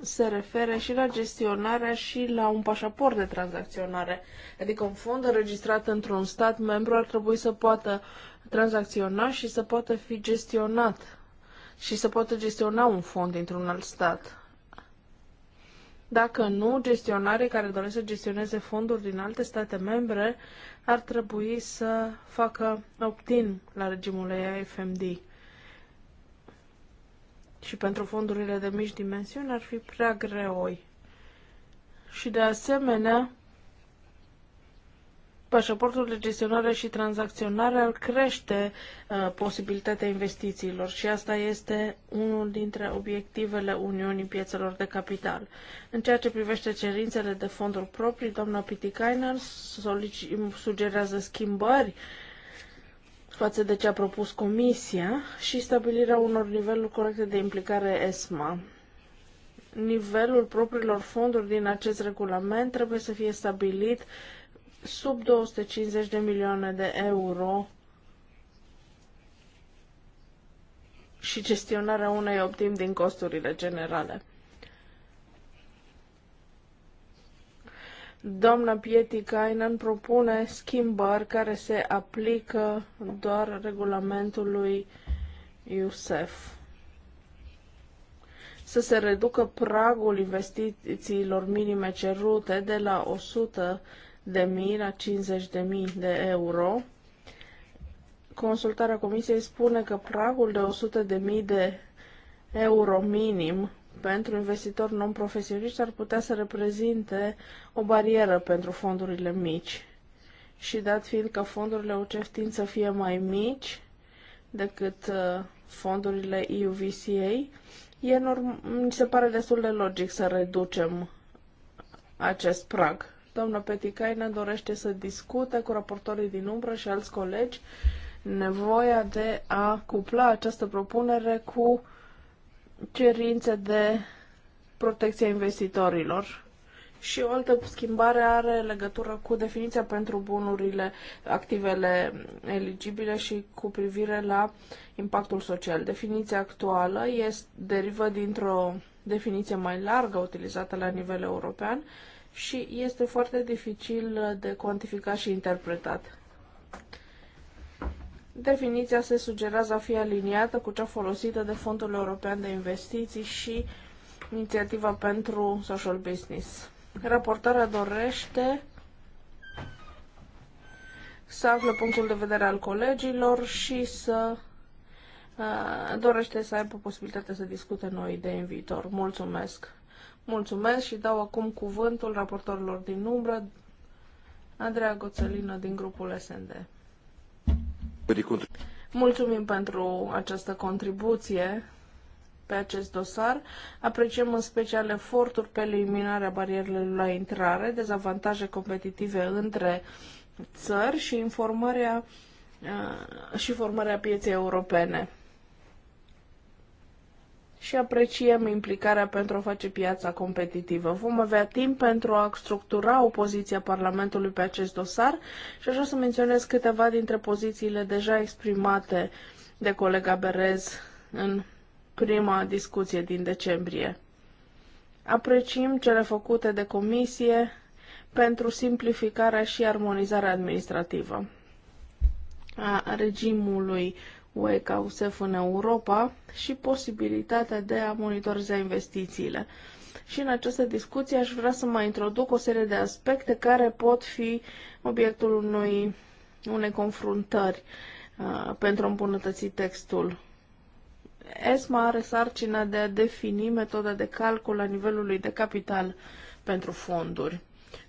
se refere și la gestionarea și la un pașaport de tranzacționare. Adică un fond înregistrat într-un stat membru ar trebui să poată tranzacționa și să poată fi gestionat și să poată gestiona un fond dintr-un alt stat. Dacă nu, gestionare care doresc să gestioneze fonduri din alte state membre ar trebui să facă opt-in la regimul AIFMD și pentru fondurile de mici dimensiuni ar fi prea greoi. Și de asemenea, pașaportul de gestionare și tranzacționare ar crește uh, posibilitatea investițiilor și asta este unul dintre obiectivele Uniunii Piețelor de Capital. În ceea ce privește cerințele de fonduri proprii, doamna Pitikainen sugerează schimbări uh, față de ce a propus Comisia și stabilirea unor niveluri corecte de implicare ESMA. Nivelul propriilor fonduri din acest regulament trebuie să fie stabilit sub 250 de milioane de euro și gestionarea unei optim din costurile generale. Doamna Pietikainen propune schimbări care se aplică doar regulamentului IUSEF. Să se reducă pragul investițiilor minime cerute de la 100 de mii la 50 de mii de euro. Consultarea Comisiei spune că pragul de 100 de mii de euro minim pentru investitori non-profesioniști ar putea să reprezinte o barieră pentru fondurile mici. Și dat fiind că fondurile UCF tind să fie mai mici decât uh, fondurile EUVCA, e norm- mi se pare destul de logic să reducem acest prag. Doamna Peticaina dorește să discute cu raportorii din umbră și alți colegi nevoia de a cupla această propunere cu cerințe de protecție a investitorilor. Și o altă schimbare are legătură cu definiția pentru bunurile, activele eligibile și cu privire la impactul social. Definiția actuală este, derivă dintr-o definiție mai largă utilizată la nivel european și este foarte dificil de cuantificat și interpretat. Definiția se sugerează a fi aliniată cu cea folosită de Fondul European de Investiții și Inițiativa pentru Social Business. Raportarea dorește să află punctul de vedere al colegilor și să uh, dorește să aibă posibilitatea să discute noi idei în viitor. Mulțumesc! Mulțumesc și dau acum cuvântul raportorilor din umbră, Andreea Goțelină din grupul SND. Mulțumim pentru această contribuție pe acest dosar. Apreciem în special eforturi pe eliminarea barierelor la intrare, dezavantaje competitive între țări și informarea uh, și formarea pieței europene și apreciem implicarea pentru a face piața competitivă. Vom avea timp pentru a structura o poziție a Parlamentului pe acest dosar și așa să menționez câteva dintre pozițiile deja exprimate de colega Berez în prima discuție din decembrie. Apreciem cele făcute de comisie pentru simplificarea și armonizarea administrativă a regimului WECAUSEF în Europa și posibilitatea de a monitoriza investițiile. Și în această discuție aș vrea să mai introduc o serie de aspecte care pot fi obiectul unui, unei confruntări uh, pentru a îmbunătăți textul. ESMA are sarcina de a defini metoda de calcul a nivelului de capital pentru fonduri.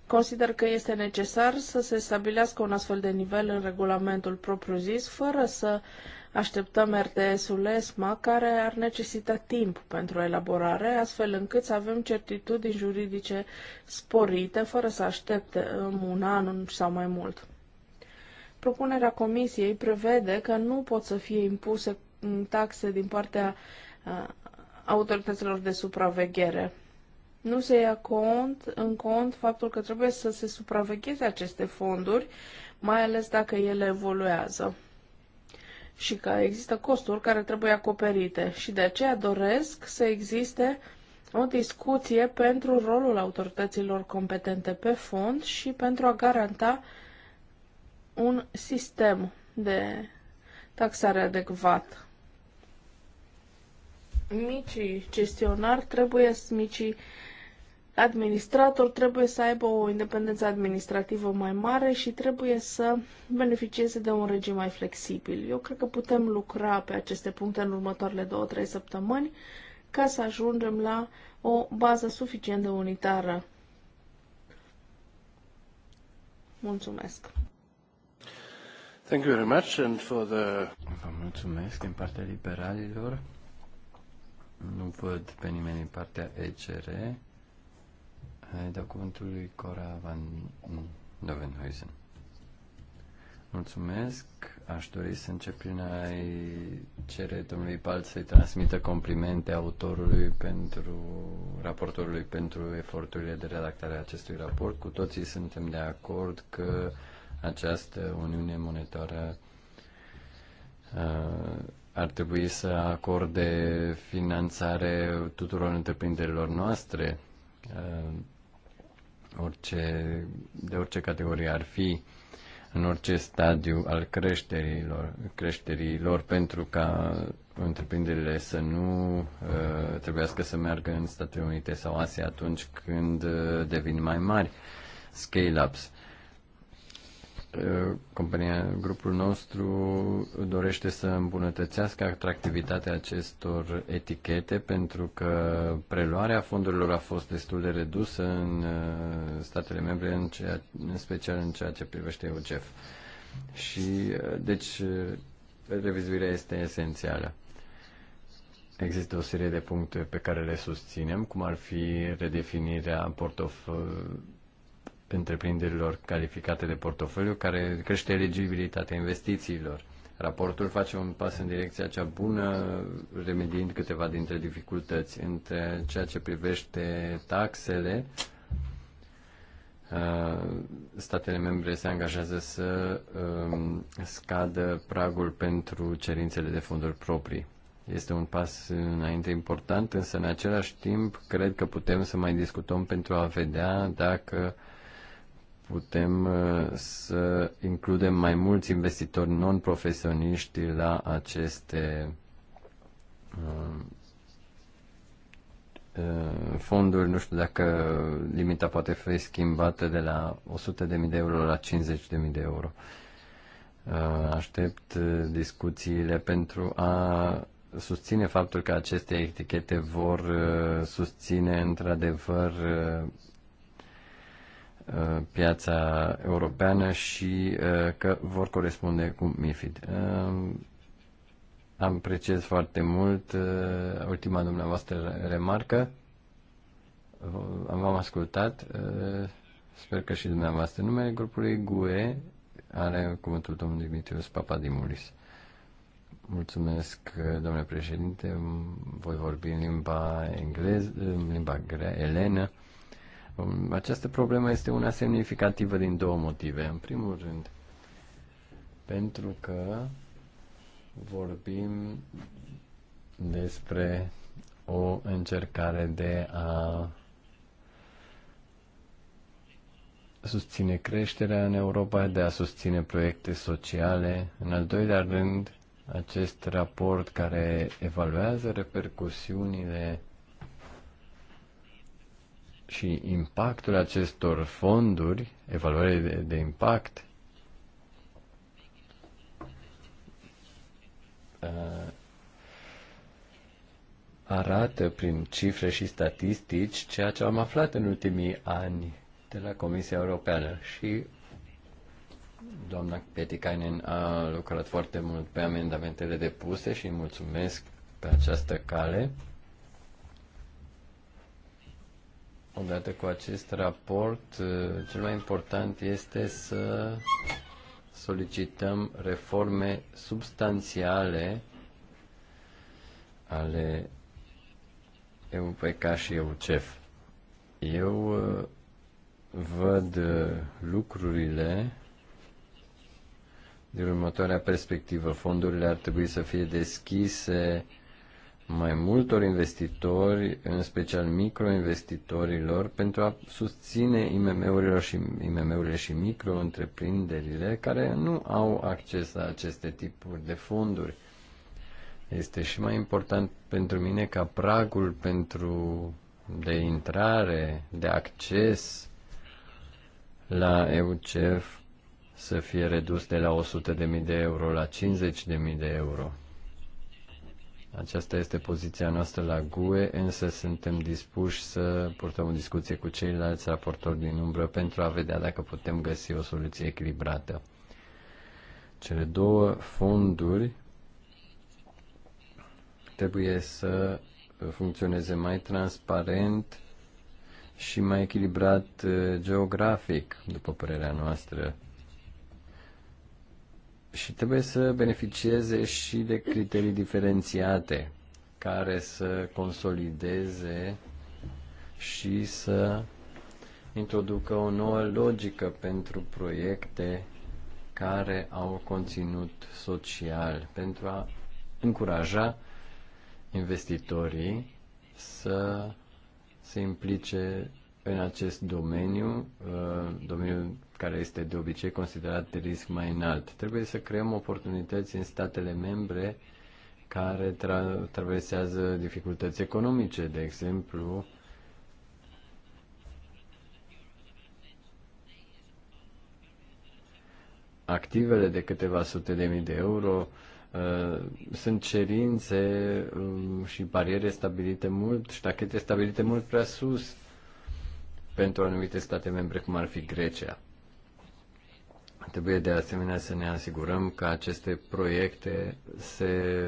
Consider că este necesar să se stabilească un astfel de nivel în regulamentul propriu-zis, fără să Așteptăm RTS-ul ESMA, care ar necesita timp pentru elaborare, astfel încât să avem certitudini juridice sporite, fără să așteptăm um, un an sau mai mult. Propunerea Comisiei prevede că nu pot să fie impuse um, taxe din partea uh, autorităților de supraveghere. Nu se ia cont, în cont faptul că trebuie să se supravegheze aceste fonduri, mai ales dacă ele evoluează și că există costuri care trebuie acoperite și de aceea doresc să existe o discuție pentru rolul autorităților competente pe fond și pentru a garanta un sistem de taxare adecvat. Micii gestionari trebuie, să micii administrator trebuie să aibă o independență administrativă mai mare și trebuie să beneficieze de un regim mai flexibil. Eu cred că putem lucra pe aceste puncte în următoarele 2-3 săptămâni ca să ajungem la o bază suficient de unitară. Mulțumesc! Thank you very much and for the... Vă mulțumesc din partea liberalilor. Nu văd pe nimeni din partea ECR. Dau cuvântul lui Cora Van Dovenhuizen. Mulțumesc. Aș dori să încep prin a cere domnului Pal să-i transmită complimente autorului pentru raportorului pentru eforturile de redactare a acestui raport. Cu toții suntem de acord că această Uniune Monetară uh, ar trebui să acorde finanțare tuturor întreprinderilor noastre uh, orice, de orice categorie ar fi, în orice stadiu al creșterilor, creșterilor pentru ca întreprinderile să nu uh, trebuiască să meargă în Statele Unite sau Asia atunci când uh, devin mai mari scale-ups compania, grupul nostru dorește să îmbunătățească atractivitatea acestor etichete pentru că preluarea fondurilor a fost destul de redusă în uh, statele membre, în, ceea, în special în ceea ce privește UCEF. Și uh, deci uh, revizuirea este esențială. Există o serie de puncte pe care le susținem, cum ar fi redefinirea portofoliului întreprinderilor calificate de portofoliu, care crește eligibilitatea investițiilor. Raportul face un pas în direcția cea bună, remediind câteva dintre dificultăți. Între ceea ce privește taxele, uh, statele membre se angajează să um, scadă pragul pentru cerințele de fonduri proprii. Este un pas înainte important, însă în același timp cred că putem să mai discutăm pentru a vedea dacă putem uh, să includem mai mulți investitori non-profesioniști la aceste uh, uh, fonduri, nu știu dacă limita poate fi schimbată de la 100.000 de euro la 50.000 de euro. Aștept discuțiile pentru a susține faptul că aceste etichete vor susține într-adevăr Uh, piața europeană și uh, că vor corespunde cu MIFID. Am uh, Apreciez foarte mult ultima dumneavoastră remarcă. V-am ascultat. Sper că și dumneavoastră. Numele grupului GUE are cuvântul domnul Dimitrios Papadimulis. Mulțumesc, domnule președinte. Voi vorbi în limba engleză, în limba grea, elenă. Această problemă este una semnificativă din două motive. În primul rând, pentru că vorbim despre o încercare de a susține creșterea în Europa, de a susține proiecte sociale. În al doilea rând, acest raport care evaluează repercusiunile și impactul acestor fonduri, evaluare de, de impact, uh, arată prin cifre și statistici ceea ce am aflat în ultimii ani de la Comisia Europeană și doamna Petikainen a lucrat foarte mult pe amendamentele depuse și mulțumesc pe această cale. odată cu acest raport, uh, cel mai important este să solicităm reforme substanțiale ale EUPK și EUCEF. Eu uh, văd uh, lucrurile din următoarea perspectivă. Fondurile ar trebui să fie deschise mai multor investitori, în special microinvestitorilor, pentru a susține IMM-urile și, IMM-urile și micro-întreprinderile care nu au acces la aceste tipuri de fonduri. Este și mai important pentru mine ca pragul pentru de intrare, de acces la EUCEF să fie redus de la 100.000 de euro la 50.000 de euro. Aceasta este poziția noastră la GUE, însă suntem dispuși să purtăm o discuție cu ceilalți raportori din umbră pentru a vedea dacă putem găsi o soluție echilibrată. Cele două fonduri trebuie să funcționeze mai transparent și mai echilibrat eh, geografic, după părerea noastră și trebuie să beneficieze și de criterii diferențiate care să consolideze și să introducă o nouă logică pentru proiecte care au conținut social pentru a încuraja investitorii să se implice în acest domeniu, uh, domeniul care este de obicei considerat de risc mai înalt. Trebuie să creăm oportunități în statele membre care tra- traversează dificultăți economice, de exemplu, activele de câteva sute de mii de euro uh, sunt cerințe uh, și bariere stabilite mult, ștachete stabilite mult prea sus pentru anumite state membre, cum ar fi Grecia. Trebuie de asemenea să ne asigurăm că aceste proiecte se,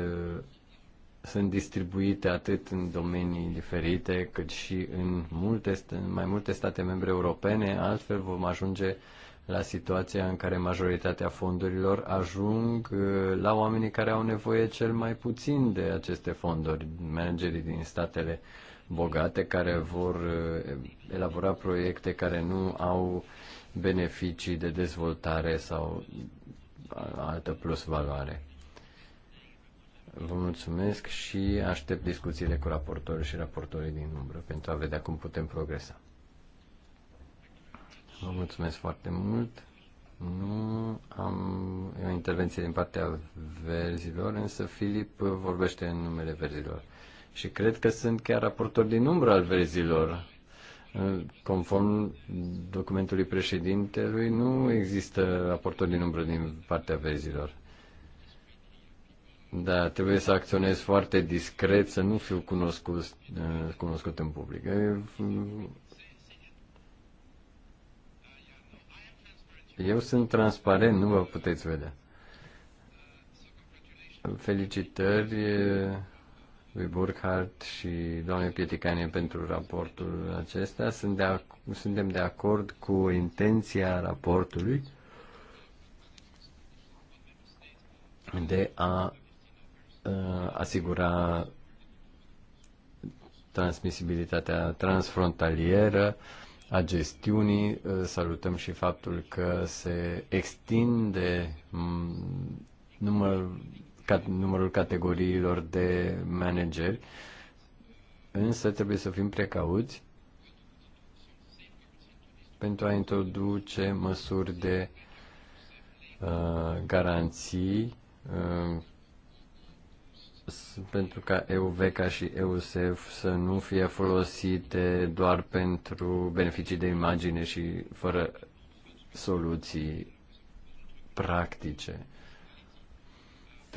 sunt distribuite atât în domenii diferite, cât și în, multe, în mai multe state membre europene, altfel vom ajunge la situația în care majoritatea fondurilor ajung uh, la oamenii care au nevoie cel mai puțin de aceste fonduri, managerii din statele uh, bogate care vor uh, elabora proiecte care nu au beneficii de dezvoltare sau altă plus valoare. Vă mulțumesc și aștept discuțiile cu raportorii și raportorii din umbră pentru a vedea cum putem progresa. Vă mulțumesc foarte mult. Nu am o intervenție din partea verzilor, însă Filip vorbește în numele verzilor și cred că sunt chiar raportor din umbră al verzilor. Conform documentului președintelui, nu există raportor din umbră din partea verzilor. Da, trebuie să acționez foarte discret, să nu fiu cunoscut, eh, cunoscut în public. Eu sunt transparent, nu vă puteți vedea. Felicitări eh, lui Burkhardt și doamnei Pieticane pentru raportul acesta. Sunt de suntem de acord cu intenția raportului de a uh, asigura transmisibilitatea transfrontalieră a gestiunii. Salutăm și faptul că se extinde numărul numărul categoriilor de manageri, însă trebuie să fim precauți pentru a introduce măsuri de uh, garanții uh, pentru ca EUVECA și EUSEF să nu fie folosite doar pentru beneficii de imagine și fără soluții practice.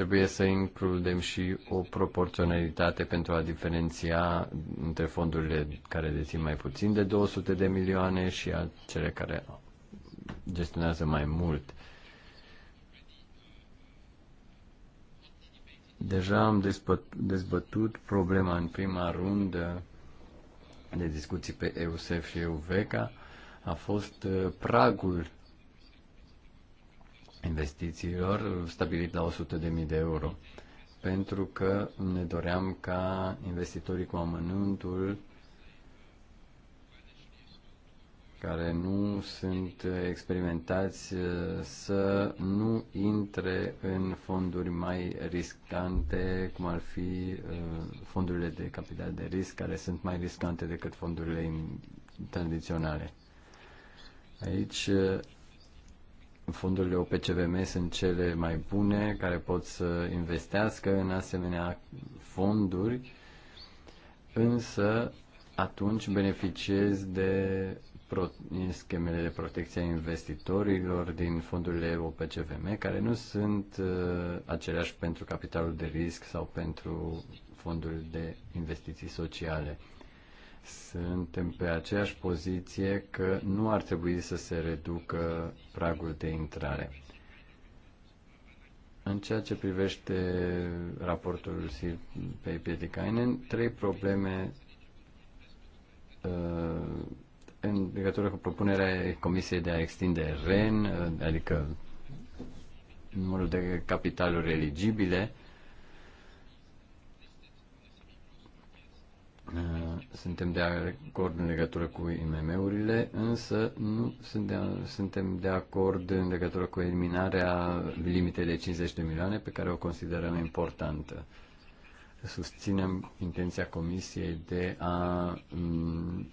Trebuie să includem și o proporționalitate pentru a diferenția între fondurile care dețin mai puțin de 200 de milioane și a cele care gestionează mai mult. Deja am dezbătut problema în prima rundă de discuții pe EUSEF și EUVECA. A fost uh, pragul investițiilor stabilit la 100.000 de euro, pentru că ne doream ca investitorii cu amănuntul care nu sunt experimentați să nu intre în fonduri mai riscante, cum ar fi uh, fondurile de capital de risc, care sunt mai riscante decât fondurile tradiționale. Aici uh, fondurile OPCVM sunt cele mai bune care pot să investească în asemenea fonduri, însă atunci beneficiezi de schemele de protecție a investitorilor din fondurile OPCVM, care nu sunt uh, aceleași pentru capitalul de risc sau pentru fonduri de investiții sociale suntem pe aceeași poziție că nu ar trebui să se reducă pragul de intrare. În ceea ce privește raportul pe Pietikainen, trei probleme uh, în legătură cu propunerea Comisiei de a extinde REN, uh, adică numărul de capitaluri eligibile, Uh, suntem de acord în legătură cu IMM-urile, însă nu suntem de acord în legătură cu eliminarea limitei de 50 de milioane pe care o considerăm importantă. Susținem intenția Comisiei de a mm,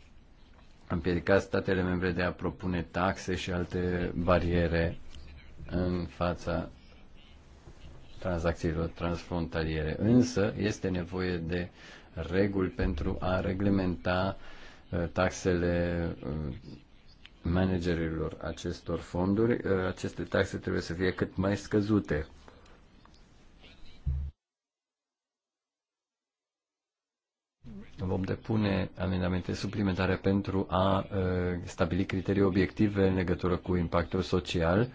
împiedica statele membre de a propune taxe și alte bariere în fața tranzacțiilor transfrontaliere. Însă este nevoie de uh, reguli pentru a reglementa uh, taxele uh, managerilor acestor fonduri. Uh, aceste taxe trebuie să fie cât mai scăzute. Vom depune amendamente suplimentare pentru a stabili criterii obiective în legătură cu impactul social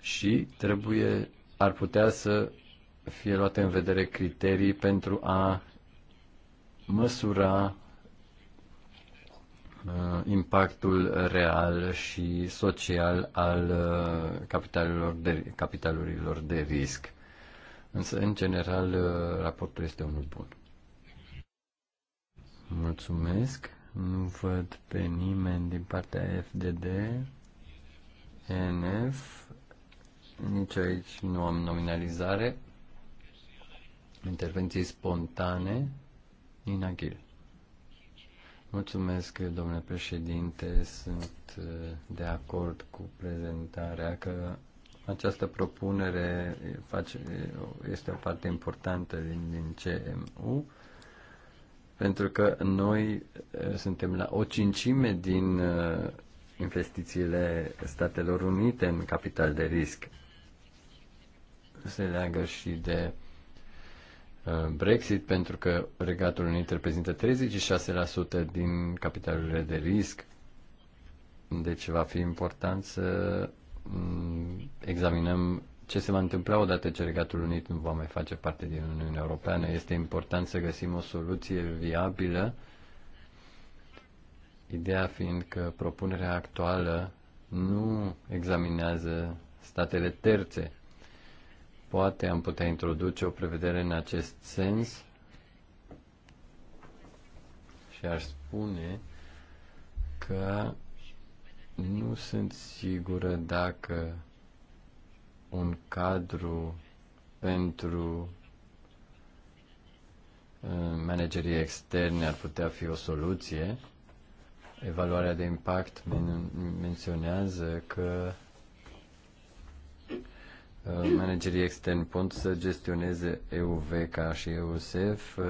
și trebuie ar putea să fie luate în vedere criterii pentru a măsura uh, impactul real și social al uh, capitalurilor de, capitalurilor de risc. Însă, în general, uh, raportul este unul bun. Mulțumesc. Nu văd pe nimeni din partea FDD, NF. Nici aici nu am nominalizare intervenții spontane. Nina Ghil. Mulțumesc, domnule președinte. Sunt uh, de acord cu prezentarea că această propunere face, este o parte importantă din, din CMU pentru că noi uh, suntem la o cincime din uh, investițiile Statelor Unite în capital de risc. Se leagă și de Uh, Brexit pentru că Regatul Unit reprezintă 36% din capitalurile de risc. Deci va fi important să mm, examinăm ce se va întâmpla odată ce Regatul Unit nu va mai face parte din Uniunea Europeană. Este important să găsim o soluție viabilă, ideea fiind că propunerea actuală nu examinează statele terțe Poate am putea introduce o prevedere în acest sens și aș spune că nu sunt sigură dacă un cadru pentru uh, managerii externe ar putea fi o soluție. Evaluarea de impact men- menționează că Uh, managerii externi pot să gestioneze EUVK și EUSEF, uh,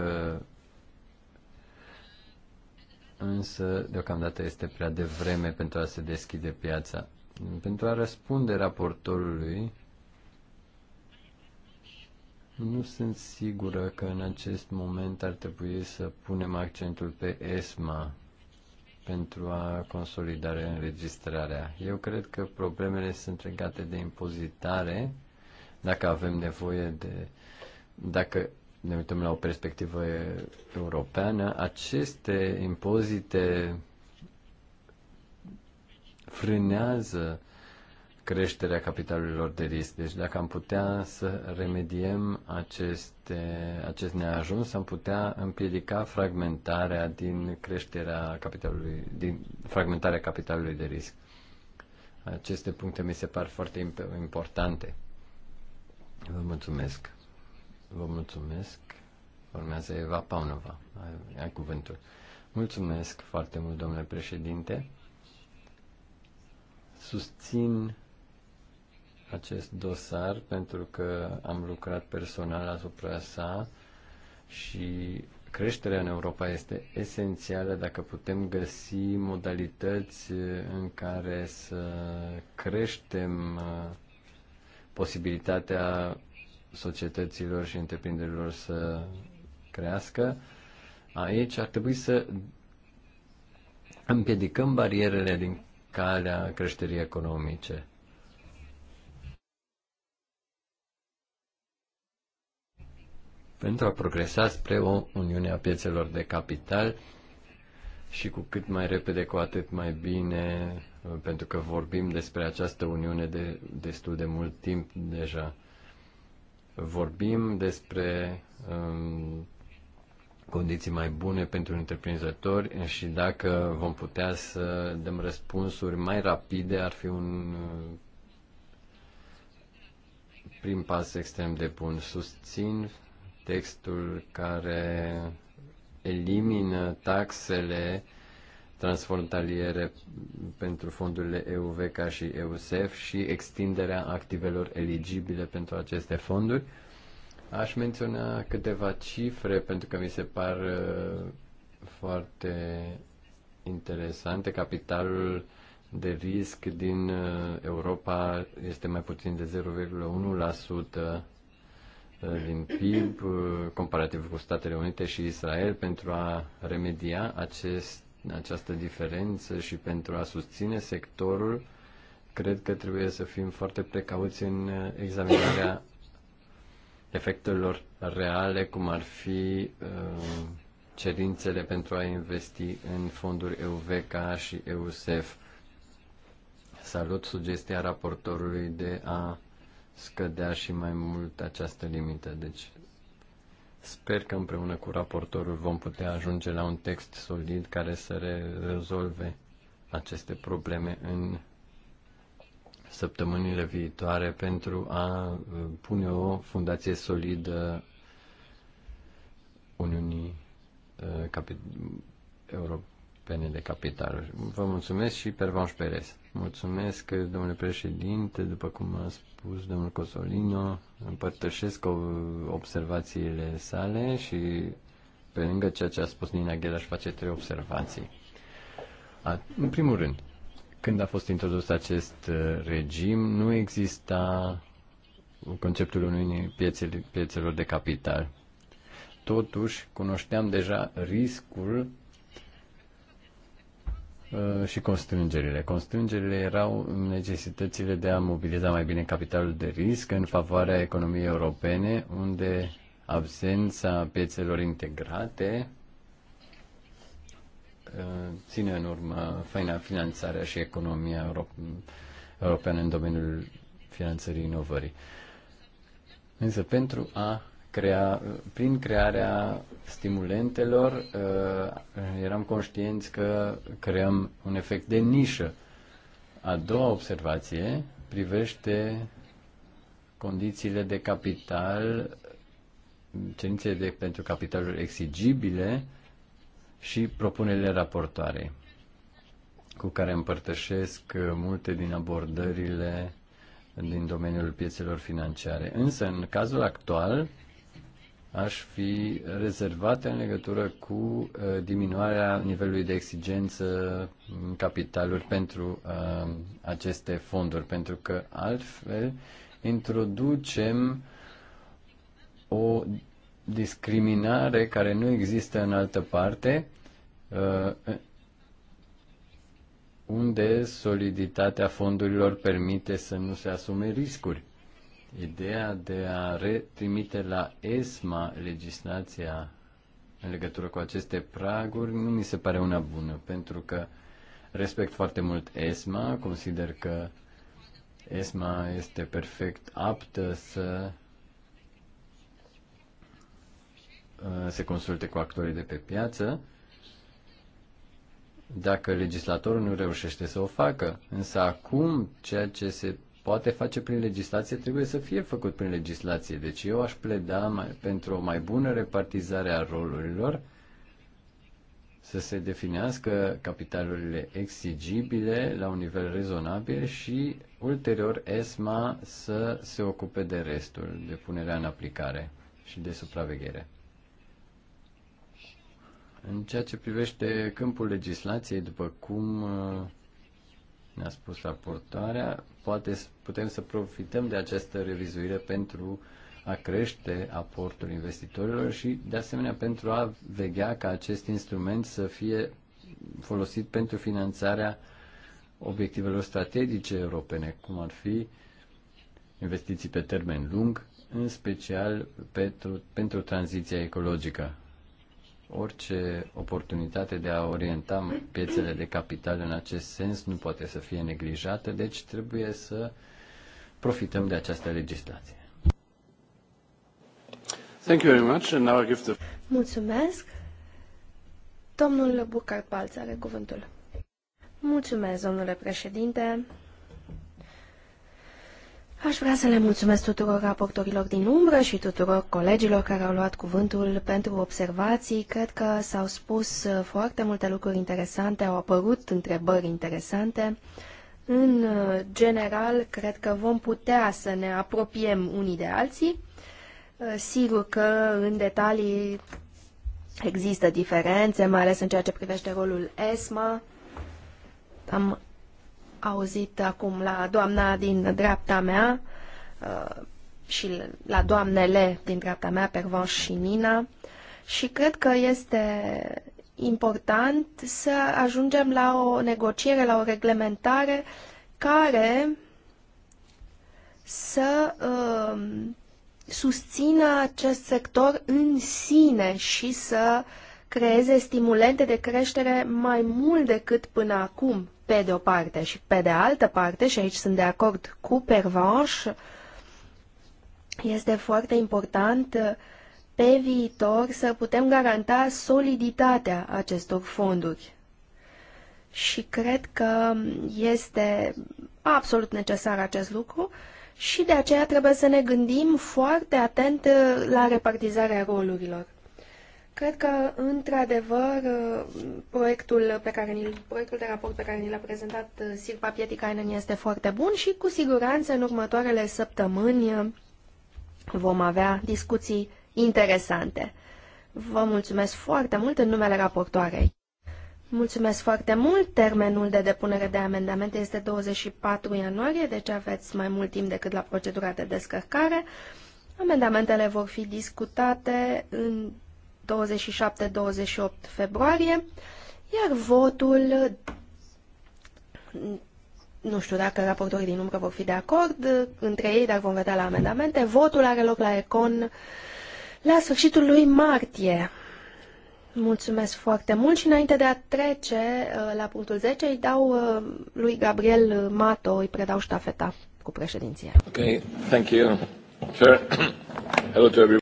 însă deocamdată este prea devreme pentru a se deschide piața. Pentru a răspunde raportorului, nu sunt sigură că în acest moment ar trebui să punem accentul pe ESMA pentru a consolida înregistrarea. Eu cred că problemele sunt legate de impozitare, dacă avem nevoie de. dacă ne uităm la o perspectivă europeană, aceste impozite frânează creșterea capitalurilor de risc. Deci dacă am putea să remediem aceste, acest neajuns, am putea împiedica fragmentarea din creșterea capitalului, din fragmentarea capitalului de risc. Aceste puncte mi se par foarte importante. Vă mulțumesc. Vă mulțumesc. Urmează Eva Paunova. Ai cuvântul. Mulțumesc foarte mult, domnule președinte. Susțin acest dosar pentru că am lucrat personal asupra sa și creșterea în Europa este esențială dacă putem găsi modalități în care să creștem uh, posibilitatea societăților și întreprinderilor să crească. Aici ar trebui să împiedicăm barierele din calea creșterii economice. pentru a progresa spre o uniune a piețelor de capital și cu cât mai repede, cu atât mai bine, pentru că vorbim despre această uniune de destul de mult timp deja. Vorbim despre um, condiții mai bune pentru întreprinzători și dacă vom putea să dăm răspunsuri mai rapide, ar fi un uh, prim pas extrem de bun. Susțin textul care elimină taxele transfrontaliere pentru fondurile EUVK și EUSEF și extinderea activelor eligibile pentru aceste fonduri. Aș menționa câteva cifre pentru că mi se par uh, foarte interesante. Capitalul de risc din uh, Europa este mai puțin de Uh, din PIB uh, comparativ cu Statele Unite și Israel pentru a remedia acest, această diferență și pentru a susține sectorul, cred că trebuie să fim foarte precauți în uh, examinarea efectelor reale, cum ar fi cerințele pentru a investi în fonduri EUVK și EUSEF. Salut sugestia raportorului de a scădea și mai mult această limită. Deci sper că împreună cu raportorul vom putea ajunge la un text solid care să re- rezolve aceste probleme în săptămânile viitoare pentru a uh, pune o fundație solidă Uniunii uh, Europene pene de capital. Vă mulțumesc și vanș Perez. Mulțumesc, domnule președinte, după cum a spus domnul Cosolino, împărtășesc observațiile sale și pe lângă ceea ce a spus Nina Ghel, aș face trei observații. A, în primul rând, când a fost introdus acest uh, regim, nu exista conceptul unui piețelor de capital. Totuși, cunoșteam deja riscul Uh, și constrângerile. Constrângerile erau necesitățile de a mobiliza mai bine capitalul de risc în favoarea economiei europene, unde absența piețelor integrate uh, ține în urmă finanțarea și economia europeană în domeniul finanțării inovării. Însă pentru a crea, prin crearea stimulentelor uh, eram conștienți că creăm un efect de nișă. A doua observație privește condițiile de capital, cerințele de, pentru capitalul exigibile și propunerile raportoare cu care împărtășesc multe din abordările din domeniul piețelor financiare. Însă, în cazul actual, aș fi rezervate în legătură cu uh, diminuarea nivelului de exigență capitaluri pentru uh, aceste fonduri, pentru că altfel introducem o discriminare care nu există în altă parte, uh, unde soliditatea fondurilor permite să nu se asume riscuri. Ideea de a retrimite la ESMA legislația în legătură cu aceste praguri nu mi se pare una bună, pentru că respect foarte mult ESMA, consider că ESMA este perfect aptă să uh, se consulte cu actorii de pe piață, dacă legislatorul nu reușește să o facă. Însă acum ceea ce se poate face prin legislație, trebuie să fie făcut prin legislație. Deci eu aș pleda mai, pentru o mai bună repartizare a rolurilor, să se definească capitalurile exigibile la un nivel rezonabil și ulterior ESMA să se ocupe de restul, de punerea în aplicare și de supraveghere. În ceea ce privește câmpul legislației, după cum uh, ne-a spus raportarea, poate putem să profităm de această revizuire pentru a crește aportul investitorilor și, de asemenea, pentru a vegea ca acest instrument să fie folosit pentru finanțarea obiectivelor strategice europene, cum ar fi investiții pe termen lung, în special pentru, pentru tranziția ecologică orice oportunitate de a orienta piețele de capital în acest sens nu poate să fie neglijată, deci trebuie să profităm de această legislație. Thank you very much. And now I give the... Mulțumesc. Domnul Bucar Palț are cuvântul. Mulțumesc, domnule președinte. Aș vrea să le mulțumesc tuturor raportorilor din umbră și tuturor colegilor care au luat cuvântul pentru observații. Cred că s-au spus foarte multe lucruri interesante, au apărut întrebări interesante. În general, cred că vom putea să ne apropiem unii de alții. Sigur că în detalii există diferențe, mai ales în ceea ce privește rolul ESMA. Am auzit acum la doamna din dreapta mea uh, și la doamnele din dreapta mea, Pervan și Nina, și cred că este important să ajungem la o negociere, la o reglementare care să uh, susțină acest sector în sine și să creeze stimulente de creștere mai mult decât până acum pe de o parte și pe de altă parte, și aici sunt de acord cu Pervanș, este foarte important pe viitor să putem garanta soliditatea acestor fonduri. Și cred că este absolut necesar acest lucru și de aceea trebuie să ne gândim foarte atent la repartizarea rolurilor. Cred că, într-adevăr, proiectul, pe care, proiectul de raport pe care ni l-a prezentat uh, Sirpa Pietikainen este foarte bun și, cu siguranță, în următoarele săptămâni uh, vom avea discuții interesante. Vă mulțumesc foarte mult în numele raportoarei. Mulțumesc foarte mult. Termenul de depunere de amendamente este 24 ianuarie, deci aveți mai mult timp decât la procedura de descărcare. Amendamentele vor fi discutate în 27-28 februarie, iar votul, nu știu dacă raportorii din umbră vor fi de acord între ei, dar vom vedea la amendamente, votul are loc la Econ la sfârșitul lui martie. Mulțumesc foarte mult și înainte de a trece uh, la punctul 10, îi dau uh, lui Gabriel Mato, îi predau ștafeta cu președinția. Ok, thank you. Sure. Hello to everybody.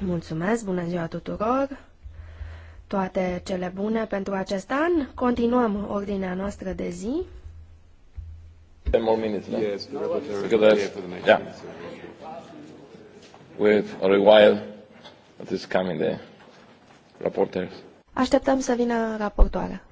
Mulțumesc, bună ziua tuturor! Toate cele bune pentru acest an. Continuăm ordinea noastră de zi. 10 more minutes now. Yes, the rapporteur is yeah. minutes. Wait a while. that is coming there? Reporters. Așteptăm să vină raportoarea.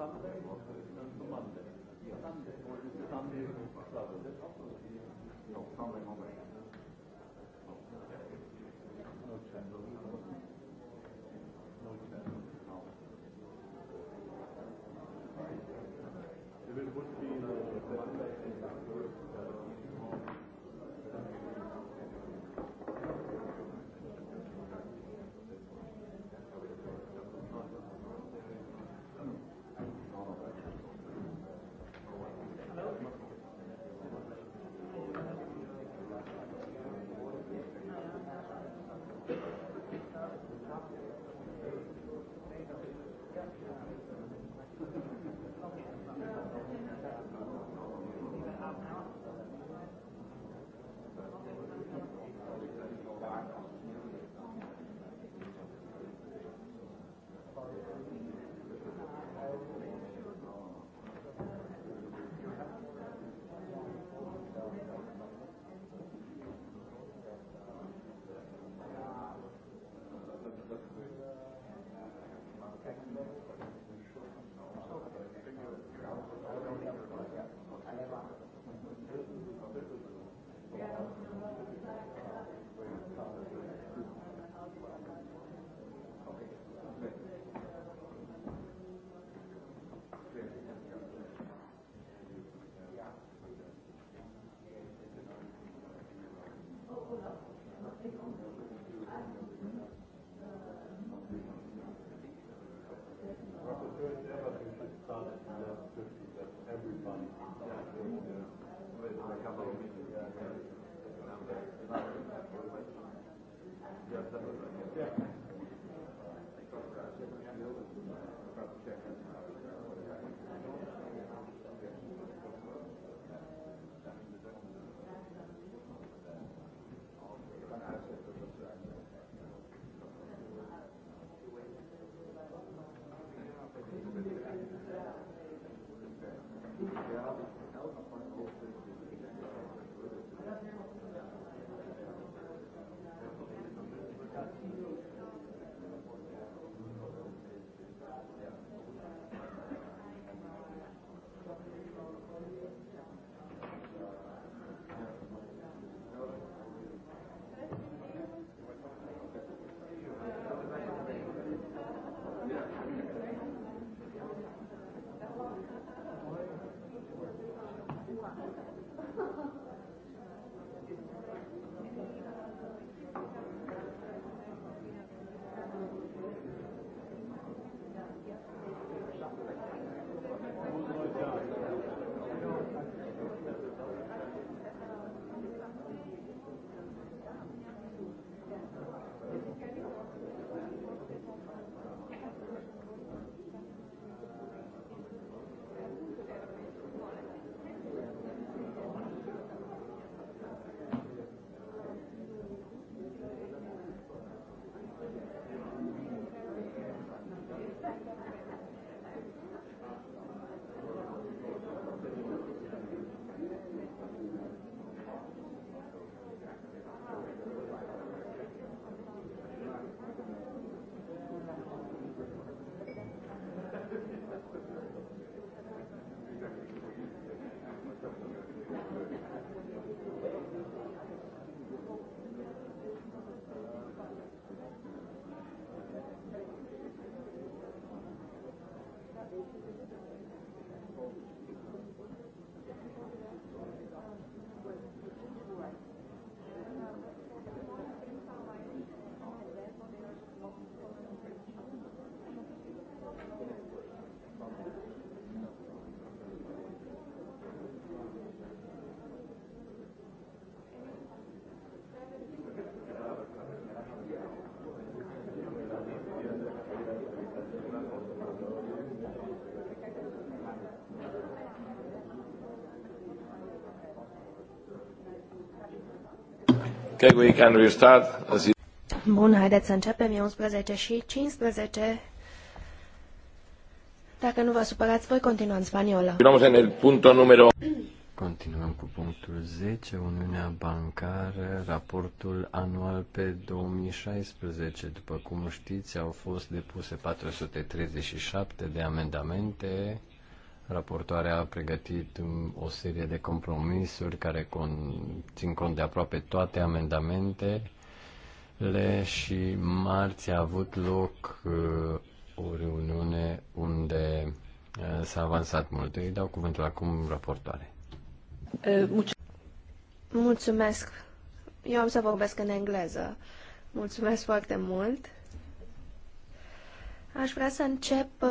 Sunday, not the, the Monday. Yeah. Sunday, or is it Sunday? Saturday, no, Sunday morning. Yeah. Okay, we can restart. Bun, haideți să începem. E 11 și 15. Dacă nu vă supărați, voi continua în spaniolă. Continuăm în punctul Continuăm cu punctul 10, Uniunea Bancară, raportul anual pe 2016. După cum știți, au fost depuse 437 de amendamente Raportoarea a pregătit o serie de compromisuri care con, țin cont de aproape toate amendamentele și marți a avut loc uh, o reuniune unde uh, s-a avansat mult. Îi dau cuvântul acum raportoare. Uh, Mulțumesc. Eu am să vorbesc în engleză. Mulțumesc foarte mult. Aș vrea să încep uh,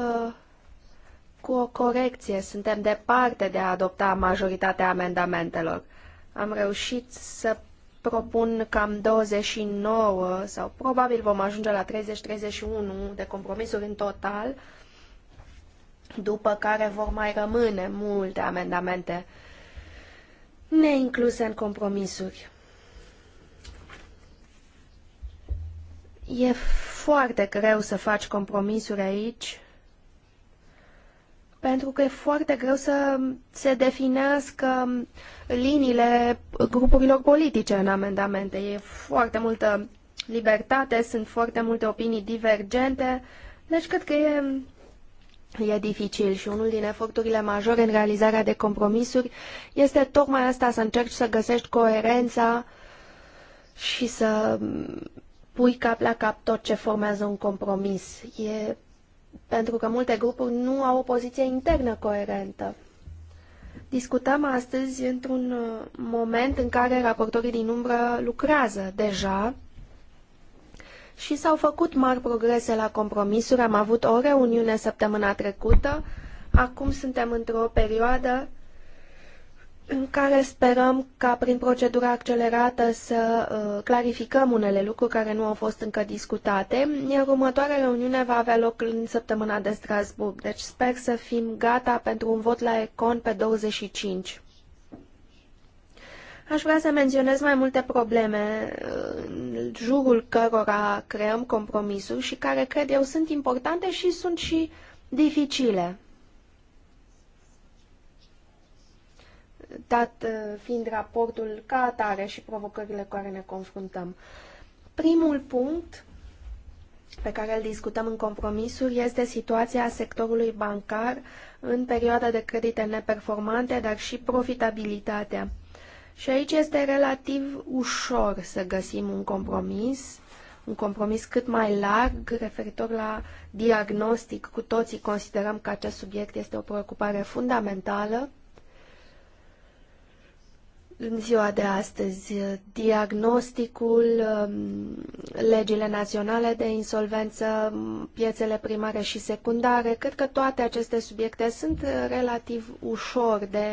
cu o corecție, suntem departe de a adopta majoritatea amendamentelor. Am reușit să propun cam 29 sau probabil vom ajunge la 30-31 de compromisuri în total, după care vor mai rămâne multe amendamente neincluse în compromisuri. E foarte greu să faci compromisuri aici pentru că e foarte greu să se definească liniile grupurilor politice în amendamente. E foarte multă libertate, sunt foarte multe opinii divergente, deci cred că e, e dificil și unul din eforturile majore în realizarea de compromisuri este tocmai asta, să încerci să găsești coerența și să pui cap la cap tot ce formează un compromis. E pentru că multe grupuri nu au o poziție internă coerentă. Discutăm astăzi într-un uh, moment în care raportorii din umbră lucrează deja și s-au făcut mari progrese la compromisuri. Am avut o reuniune săptămâna trecută, acum suntem într-o perioadă în care sperăm ca prin procedura accelerată să uh, clarificăm unele lucruri care nu au fost încă discutate, iar următoarea reuniune va avea loc în săptămâna de Strasburg. Deci sper să fim gata pentru un vot la Econ pe 25. Aș vrea să menționez mai multe probleme uh, în jurul cărora creăm compromisuri și care, cred eu, sunt importante și sunt și dificile. dat uh, fiind raportul ca atare și provocările cu care ne confruntăm. Primul punct pe care îl discutăm în compromisuri este situația sectorului bancar în perioada de credite neperformante, dar și profitabilitatea. Și aici este relativ ușor să găsim un compromis, un compromis cât mai larg referitor la diagnostic. Cu toții considerăm că acest subiect este o preocupare fundamentală în ziua de astăzi diagnosticul, um, legile naționale de insolvență, piețele primare și secundare. Cred că toate aceste subiecte sunt relativ ușor de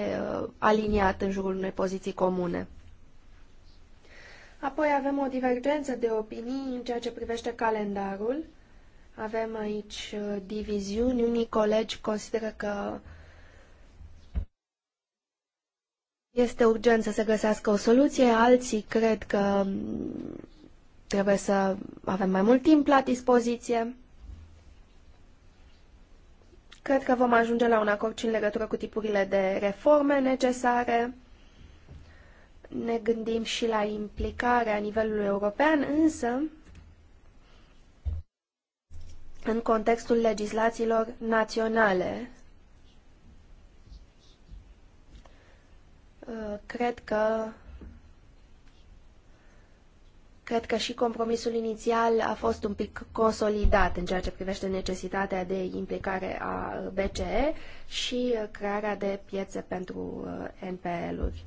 uh, aliniat în jurul unei poziții comune. Apoi avem o divergență de opinii în ceea ce privește calendarul. Avem aici uh, diviziuni. Unii colegi consideră că uh, Este urgent să se găsească o soluție, alții cred că mm, trebuie să avem mai mult timp la dispoziție. Cred că vom ajunge la un acord și în legătură cu tipurile de reforme necesare. Ne gândim și la implicarea nivelului european, însă în contextul legislațiilor naționale Uh, cred că cred că și compromisul inițial a fost un pic consolidat în ceea ce privește necesitatea de implicare a BCE și uh, crearea de piețe pentru uh, NPL-uri.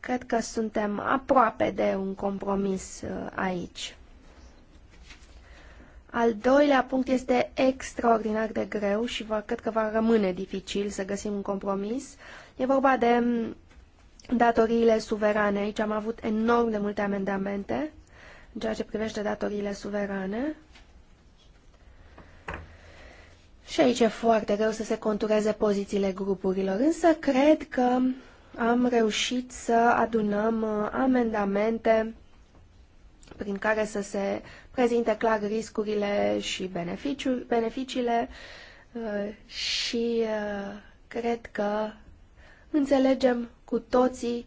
Cred că suntem aproape de un compromis aici. Al doilea punct este extraordinar de greu și va, cred că va rămâne dificil să găsim un compromis. E vorba de datoriile suverane. Aici am avut enorm de multe amendamente în ceea ce privește datoriile suverane. Și aici e foarte greu să se contureze pozițiile grupurilor, însă cred că am reușit să adunăm uh, amendamente prin care să se prezinte clar riscurile și beneficiile uh, și uh, cred că înțelegem cu toții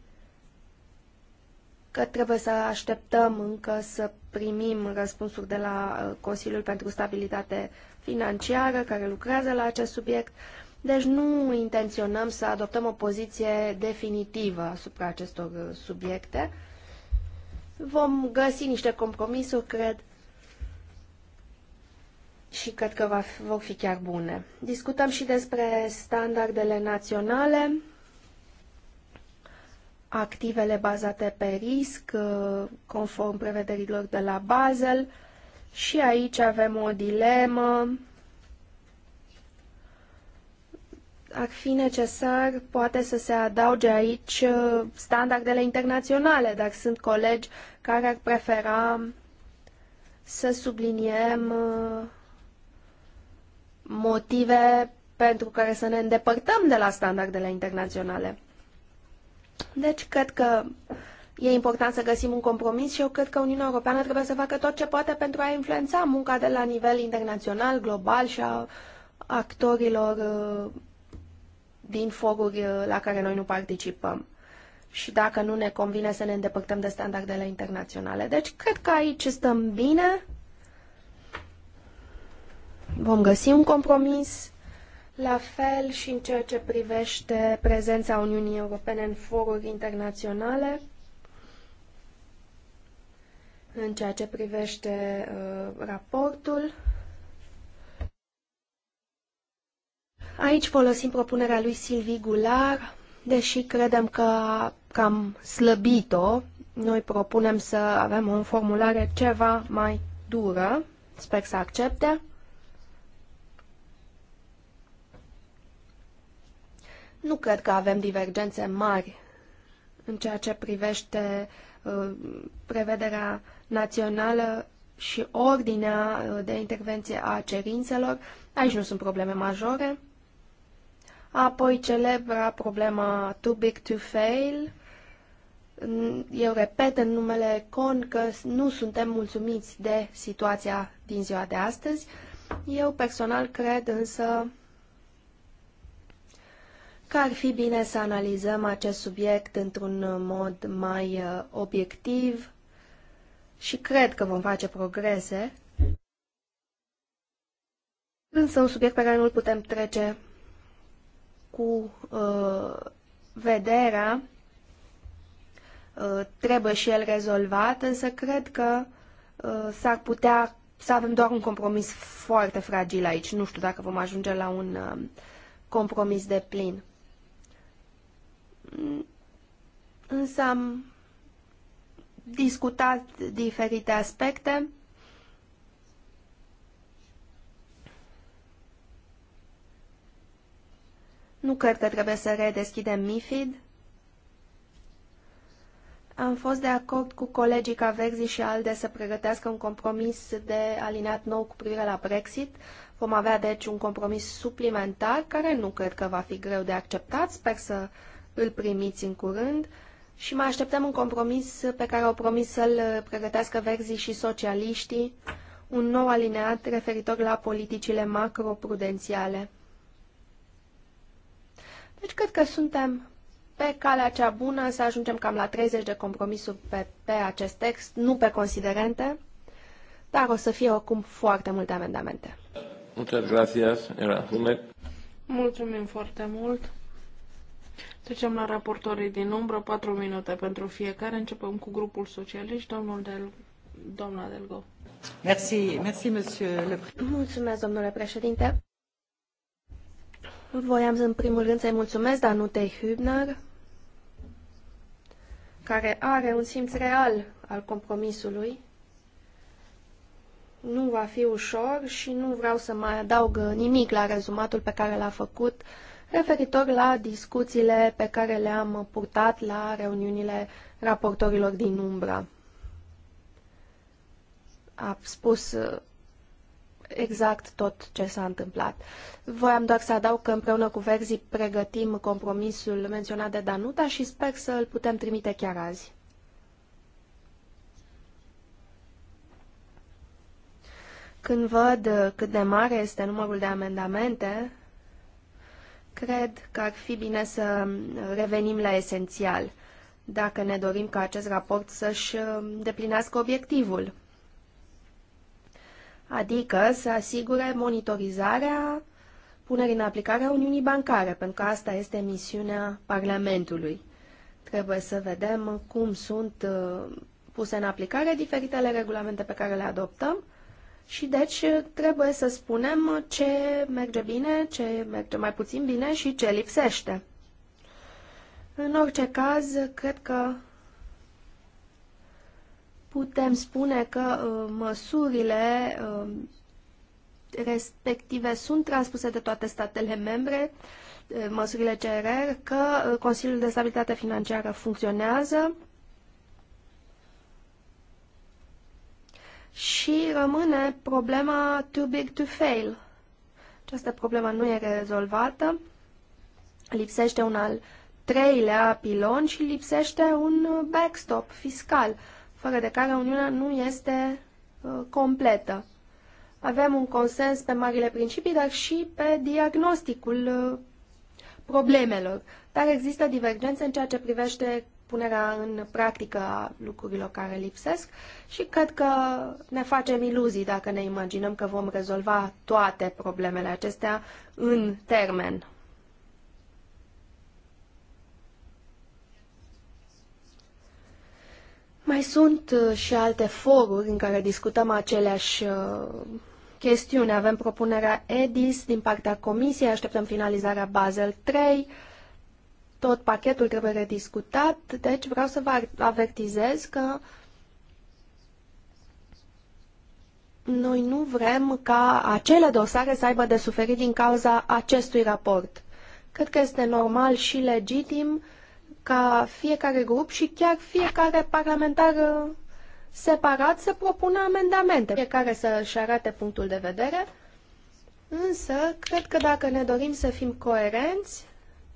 că trebuie să așteptăm încă să primim răspunsuri de la uh, Consiliul pentru Stabilitate Financiară, care lucrează la acest subiect. Deci nu intenționăm să adoptăm o poziție definitivă asupra acestor subiecte. Vom găsi niște compromisuri, cred, și cred că va, vor fi chiar bune. Discutăm și despre standardele naționale, activele bazate pe risc, uh, conform prevederilor de la Basel, și aici avem o dilemă ar fi necesar poate să se adauge aici uh, standardele internaționale, dar sunt colegi care ar prefera să subliniem uh, motive pentru care să ne îndepărtăm de la standardele internaționale. Deci, cred că e important să găsim un compromis și eu cred că Uniunea Europeană trebuie să facă tot ce poate pentru a influența munca de la nivel internațional, global și a actorilor uh, din foruri uh, la care noi nu participăm și dacă nu ne convine să ne îndepărtăm de standardele internaționale. Deci, cred că aici stăm bine. Vom găsi un compromis. La fel și în ceea ce privește prezența Uniunii Europene în foruri internaționale, în ceea ce privește uh, raportul Aici folosim propunerea lui Silvi Gular, deși credem că cam slăbit-o. Noi propunem să avem o formulare ceva mai dură. Sper să accepte. Nu cred că avem divergențe mari în ceea ce privește uh, prevederea națională și ordinea uh, de intervenție a cerințelor. Aici nu sunt probleme majore. Apoi celebra problema Too Big to Fail. Eu repet în numele CON că nu suntem mulțumiți de situația din ziua de astăzi. Eu personal cred însă că ar fi bine să analizăm acest subiect într-un mod mai uh, obiectiv și cred că vom face progrese. Însă un subiect pe care nu-l putem trece cu uh, vederea uh, trebuie și el rezolvat, însă cred că uh, s-ar putea să avem doar un compromis foarte fragil aici. Nu știu dacă vom ajunge la un uh, compromis de plin. Însă am discutat diferite aspecte. Nu cred că trebuie să redeschidem MIFID. Am fost de acord cu colegii ca Verzi și Alde să pregătească un compromis de alineat nou cu privire la Brexit. Vom avea deci un compromis suplimentar care nu cred că va fi greu de acceptat. Sper să îl primiți în curând și mai așteptăm un compromis pe care au promis să-l pregătească Verzi și socialiștii, un nou alineat referitor la politicile macroprudențiale. Deci cred că suntem pe calea cea bună să ajungem cam la 30 de compromisuri pe, pe acest text, nu pe considerente, dar o să fie oricum foarte multe amendamente. Muchas gracias, Mulțumim foarte mult. Trecem la raportorii din umbră, 4 minute pentru fiecare. Începem cu grupul socialist, domnul Del, doamna Delgo. Merci, merci, monsieur le... Mulțumesc, domnule președinte. Voiam în primul rând să-i mulțumesc Danutei Hübner, care are un simț real al compromisului. Nu va fi ușor și nu vreau să mai adaug nimic la rezumatul pe care l-a făcut referitor la discuțiile pe care le-am purtat la reuniunile raportorilor din umbra. A spus exact tot ce s-a întâmplat. Voiam doar să adaug că împreună cu Verzi pregătim compromisul menționat de Danuta și sper să îl putem trimite chiar azi. Când văd cât de mare este numărul de amendamente, cred că ar fi bine să revenim la esențial, dacă ne dorim ca acest raport să-și deplinească obiectivul adică să asigure monitorizarea punerii în aplicare a Uniunii Bancare, pentru că asta este misiunea Parlamentului. Trebuie să vedem cum sunt uh, puse în aplicare diferitele regulamente pe care le adoptăm și deci trebuie să spunem ce merge bine, ce merge mai puțin bine și ce lipsește. În orice caz, cred că putem spune că uh, măsurile uh, respective sunt transpuse de toate statele membre, uh, măsurile CRR, că Consiliul de Stabilitate Financiară funcționează și rămâne problema too big to fail. Această problemă nu e rezolvată, lipsește un al treilea pilon și lipsește un backstop fiscal fără de care Uniunea nu este uh, completă. Avem un consens pe marile principii, dar și pe diagnosticul uh, problemelor, dar există divergențe în ceea ce privește punerea în practică a lucrurilor care lipsesc și cred că ne facem iluzii dacă ne imaginăm că vom rezolva toate problemele acestea în termen. Mai sunt uh, și alte foruri în care discutăm aceleași uh, chestiuni. Avem propunerea EDIS din partea Comisiei, așteptăm finalizarea Basel 3, tot pachetul trebuie rediscutat, deci vreau să vă avertizez că noi nu vrem ca acele dosare să aibă de suferit din cauza acestui raport. Cred că este normal și legitim ca fiecare grup și chiar fiecare parlamentar uh, separat să propună amendamente, fiecare să-și arate punctul de vedere, însă cred că dacă ne dorim să fim coerenți,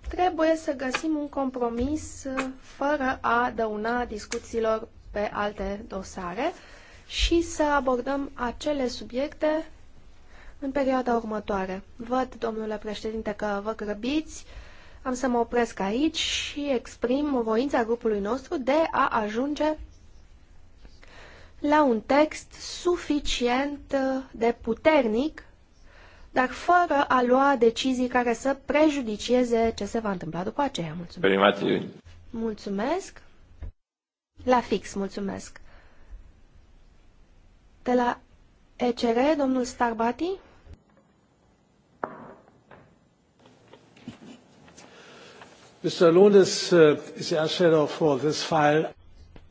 trebuie să găsim un compromis uh, fără a dăuna discuțiilor pe alte dosare și să abordăm acele subiecte în perioada următoare. Văd, domnule președinte, că vă grăbiți am să mă opresc aici și exprim voința grupului nostru de a ajunge la un text suficient de puternic, dar fără a lua decizii care să prejudicieze ce se va întâmpla după aceea. Mulțumesc! Mulțumesc! La fix, mulțumesc! De la ECR, domnul Starbati? Lunes uh,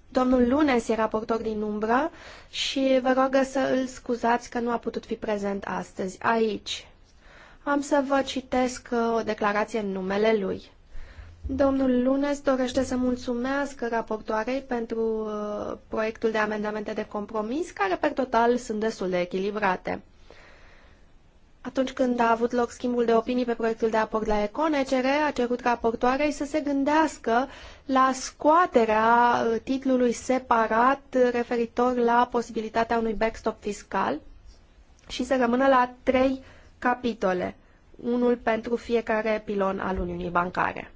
Domnul Lunes e raportor din umbră și vă rog să îl scuzați că nu a putut fi prezent astăzi aici. Am să vă citesc uh, o declarație în numele lui. Domnul Lunes dorește să mulțumească raportoarei pentru uh, proiectul de amendamente de compromis, care pe total sunt destul de echilibrate. Atunci când a avut loc schimbul de opinii pe proiectul de aport la Econ, ECR a cerut raportoarei să se gândească la scoaterea uh, titlului separat referitor la posibilitatea unui backstop fiscal și să rămână la trei capitole, unul pentru fiecare pilon al Uniunii Bancare.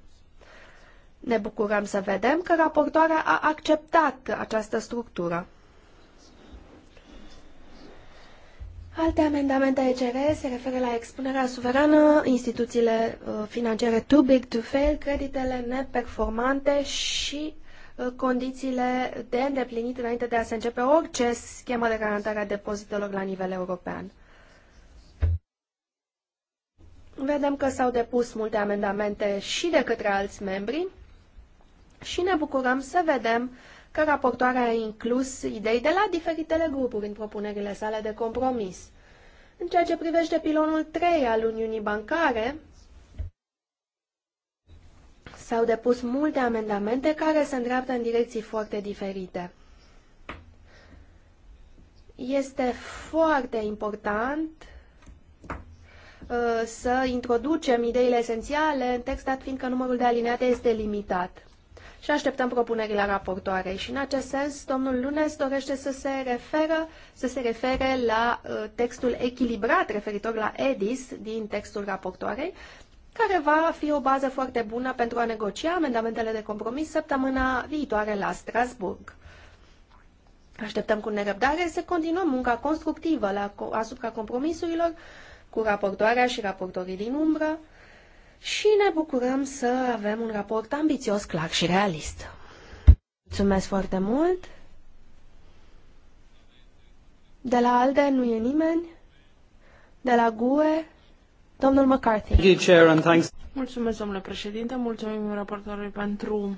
Ne bucurăm să vedem că raportoarea a acceptat această structură. Alte amendamente ECR se referă la expunerea suverană, instituțiile uh, financiare too big to fail, creditele neperformante și uh, condițiile de îndeplinit înainte de a se începe orice schemă de garantare a depozitelor la nivel european. Vedem că s-au depus multe amendamente și de către alți membri și ne bucurăm să vedem că raportoarea a inclus idei de la diferitele grupuri în propunerile sale de compromis. În ceea ce privește pilonul 3 al Uniunii Bancare, s-au depus multe amendamente care se îndreaptă în direcții foarte diferite. Este foarte important uh, să introducem ideile esențiale în text, dat fiindcă numărul de alineate este limitat și așteptăm propunerile raportoarei. Și în acest sens, domnul Lunes dorește să se, referă, să se refere la uh, textul echilibrat referitor la EDIS din textul raportoarei, care va fi o bază foarte bună pentru a negocia amendamentele de compromis săptămâna viitoare la Strasburg. Așteptăm cu nerăbdare să continuăm munca constructivă la, asupra compromisurilor cu raportoarea și raportorii din umbră, și ne bucurăm să avem un raport ambițios, clar și realist. Mulțumesc foarte mult! De la ALDE nu e nimeni? De la GUE? Domnul McCarthy. Mulțumesc, domnule președinte, mulțumim raportorului pentru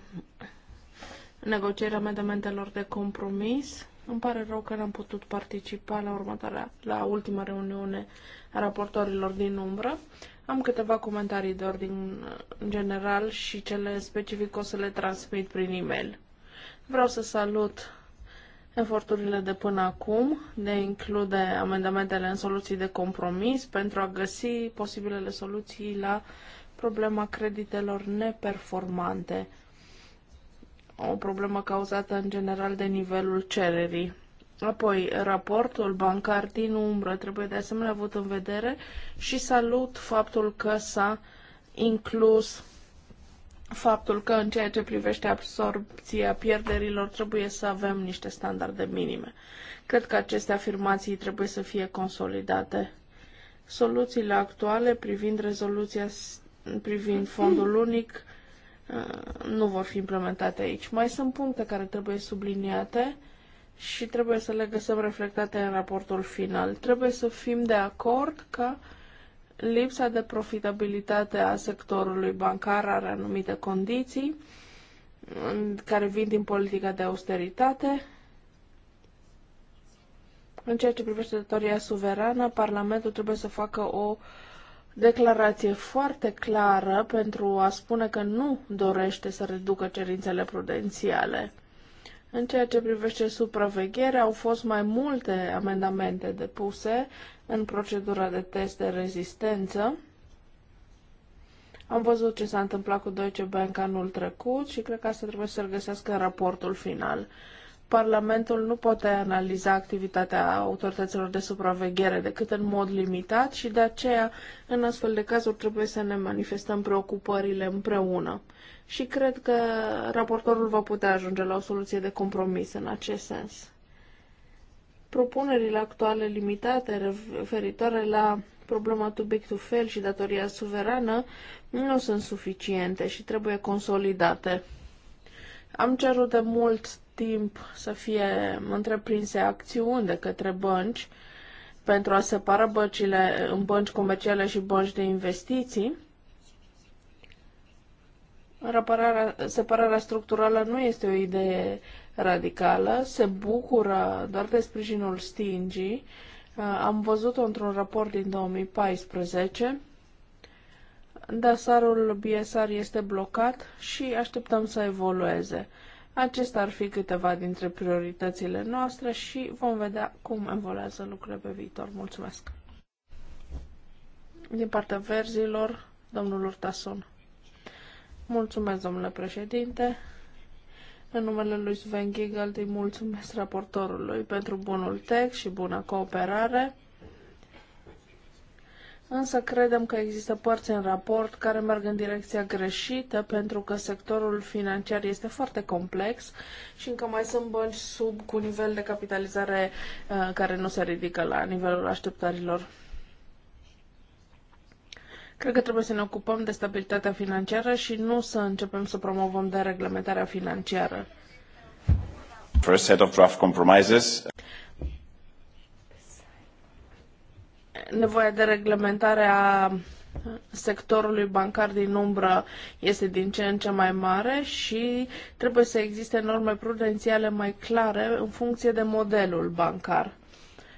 negocierea amendamentelor de compromis. Îmi pare rău că n-am putut participa la următoarea, la ultima reuniune a raportorilor din umbră. Am câteva comentarii de ordin general și cele specific o să le transmit prin e-mail. Vreau să salut eforturile de până acum de a include amendamentele în soluții de compromis pentru a găsi posibilele soluții la problema creditelor neperformante o problemă cauzată în general de nivelul cererii. Apoi, raportul bancar din umbră trebuie de asemenea avut în vedere și salut faptul că s-a inclus faptul că în ceea ce privește absorpția pierderilor trebuie să avem niște standarde minime. Cred că aceste afirmații trebuie să fie consolidate. Soluțiile actuale privind rezoluția privind fondul unic Uh, nu vor fi implementate aici. Mai sunt puncte care trebuie subliniate și trebuie să le găsăm reflectate în raportul final. Trebuie să fim de acord că lipsa de profitabilitate a sectorului bancar are anumite condiții care vin din politica de austeritate. În ceea ce privește datoria suverană, Parlamentul trebuie să facă o uh, declarație foarte clară pentru a spune că nu dorește să reducă cerințele prudențiale. În ceea ce privește supraveghere, au fost mai multe amendamente depuse în procedura de test de rezistență. Am văzut ce s-a întâmplat cu Deutsche Bank anul trecut și cred că asta trebuie să-l găsească în raportul final. Parlamentul nu poate analiza activitatea autorităților de supraveghere decât în mod limitat și de aceea, în astfel de cazuri, trebuie să ne manifestăm preocupările împreună. Și cred că raportorul va putea ajunge la o soluție de compromis în acest sens. Propunerile actuale limitate referitoare la problema too big to fail și datoria suverană nu sunt suficiente și trebuie consolidate. Am cerut de mult timp să fie întreprinse acțiuni de către bănci pentru a separa băncile în bănci comerciale și bănci de investiții. Repararea, separarea structurală nu este o idee radicală, se bucură doar de sprijinul stingii. Uh, am văzut-o într-un raport din 2014. Dasarul BSR este blocat și așteptăm să evolueze. Acestea ar fi câteva dintre prioritățile noastre și vom vedea cum evoluează lucrurile pe viitor. Mulțumesc! Din partea verzilor, domnul Urtason. Mulțumesc, domnule președinte. În numele lui Sven Giegel îi mulțumesc raportorului pentru bunul text și bună cooperare. Însă credem că există părți în raport care merg în direcția greșită pentru că sectorul financiar este foarte complex și încă mai sunt bănci sub cu nivel de capitalizare uh, care nu se ridică la nivelul așteptărilor. Cred că trebuie să ne ocupăm de stabilitatea financiară și nu să începem să promovăm dereglementarea financiară. First set of draft compromises. nevoia de reglementare a sectorului bancar din umbră este din ce în ce mai mare și trebuie să existe norme prudențiale mai clare în funcție de modelul bancar.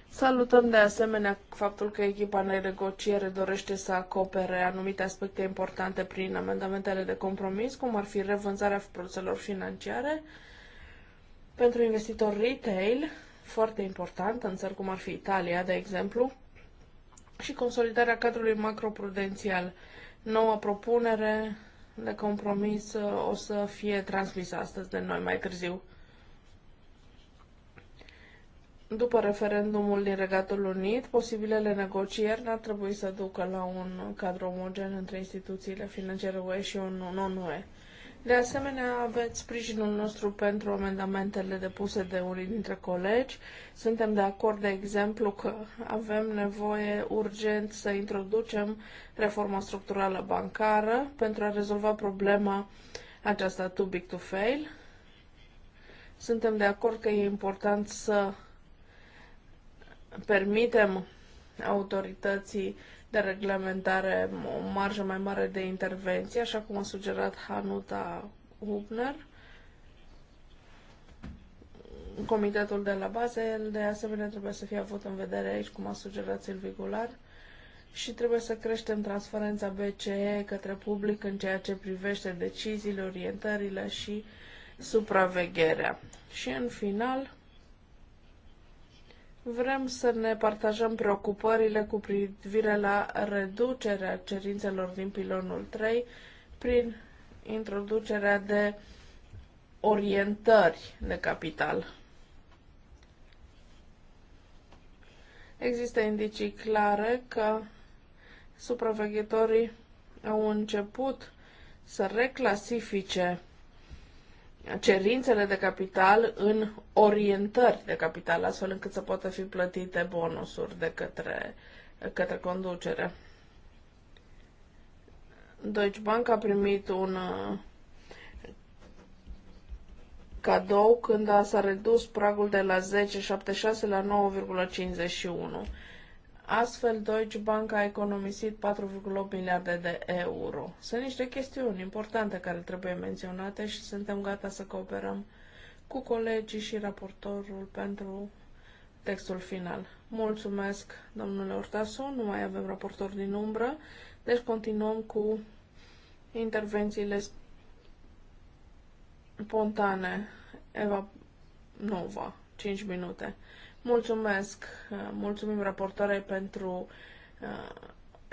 Salutăm de asemenea faptul că echipa de negociere dorește să acopere anumite aspecte importante prin amendamentele de compromis, cum ar fi revânzarea produselor financiare pentru investitori retail, foarte important în țări cum ar fi Italia, de exemplu, și consolidarea cadrului macroprudențial. Noua propunere de compromis uh, o să fie transmisă astăzi de noi mai târziu. După referendumul din Regatul Unit, posibilele negocieri n-ar trebui să ducă la un cadru omogen între instituțiile financiare UE și un non-UE. De asemenea, aveți sprijinul nostru pentru amendamentele depuse de unii dintre colegi. Suntem de acord, de exemplu, că avem nevoie urgent să introducem reforma structurală bancară pentru a rezolva problema aceasta too big to fail. Suntem de acord că e important să permitem autorității de reglementare, o marjă mai mare de intervenție, așa cum a sugerat Hanuta Hubner. Comitetul de la bază el de asemenea, trebuie să fie avut în vedere aici, cum a sugerat Silvigular, Gular, și trebuie să creștem transferența BCE către public în ceea ce privește deciziile, orientările și supravegherea. Și în final, Vrem să ne partajăm preocupările cu privire la reducerea cerințelor din pilonul 3 prin introducerea de orientări de capital. Există indicii clare că supraveghetorii au început să reclasifice cerințele de capital în orientări de capital, astfel încât să poată fi plătite bonusuri de către, către conducere. Deutsche Bank a primit un uh, cadou când a s-a redus pragul de la 10,76 la 9,51. Astfel, Deutsche Bank a economisit 4,8 miliarde de euro. Sunt niște chestiuni importante care trebuie menționate și suntem gata să cooperăm cu colegii și raportorul pentru textul final. Mulțumesc, domnule Ortasu, nu mai avem raportor din umbră, deci continuăm cu intervențiile spontane. Eva Nova, 5 minute. Mulțumesc! Uh, mulțumim raportoarei pentru uh,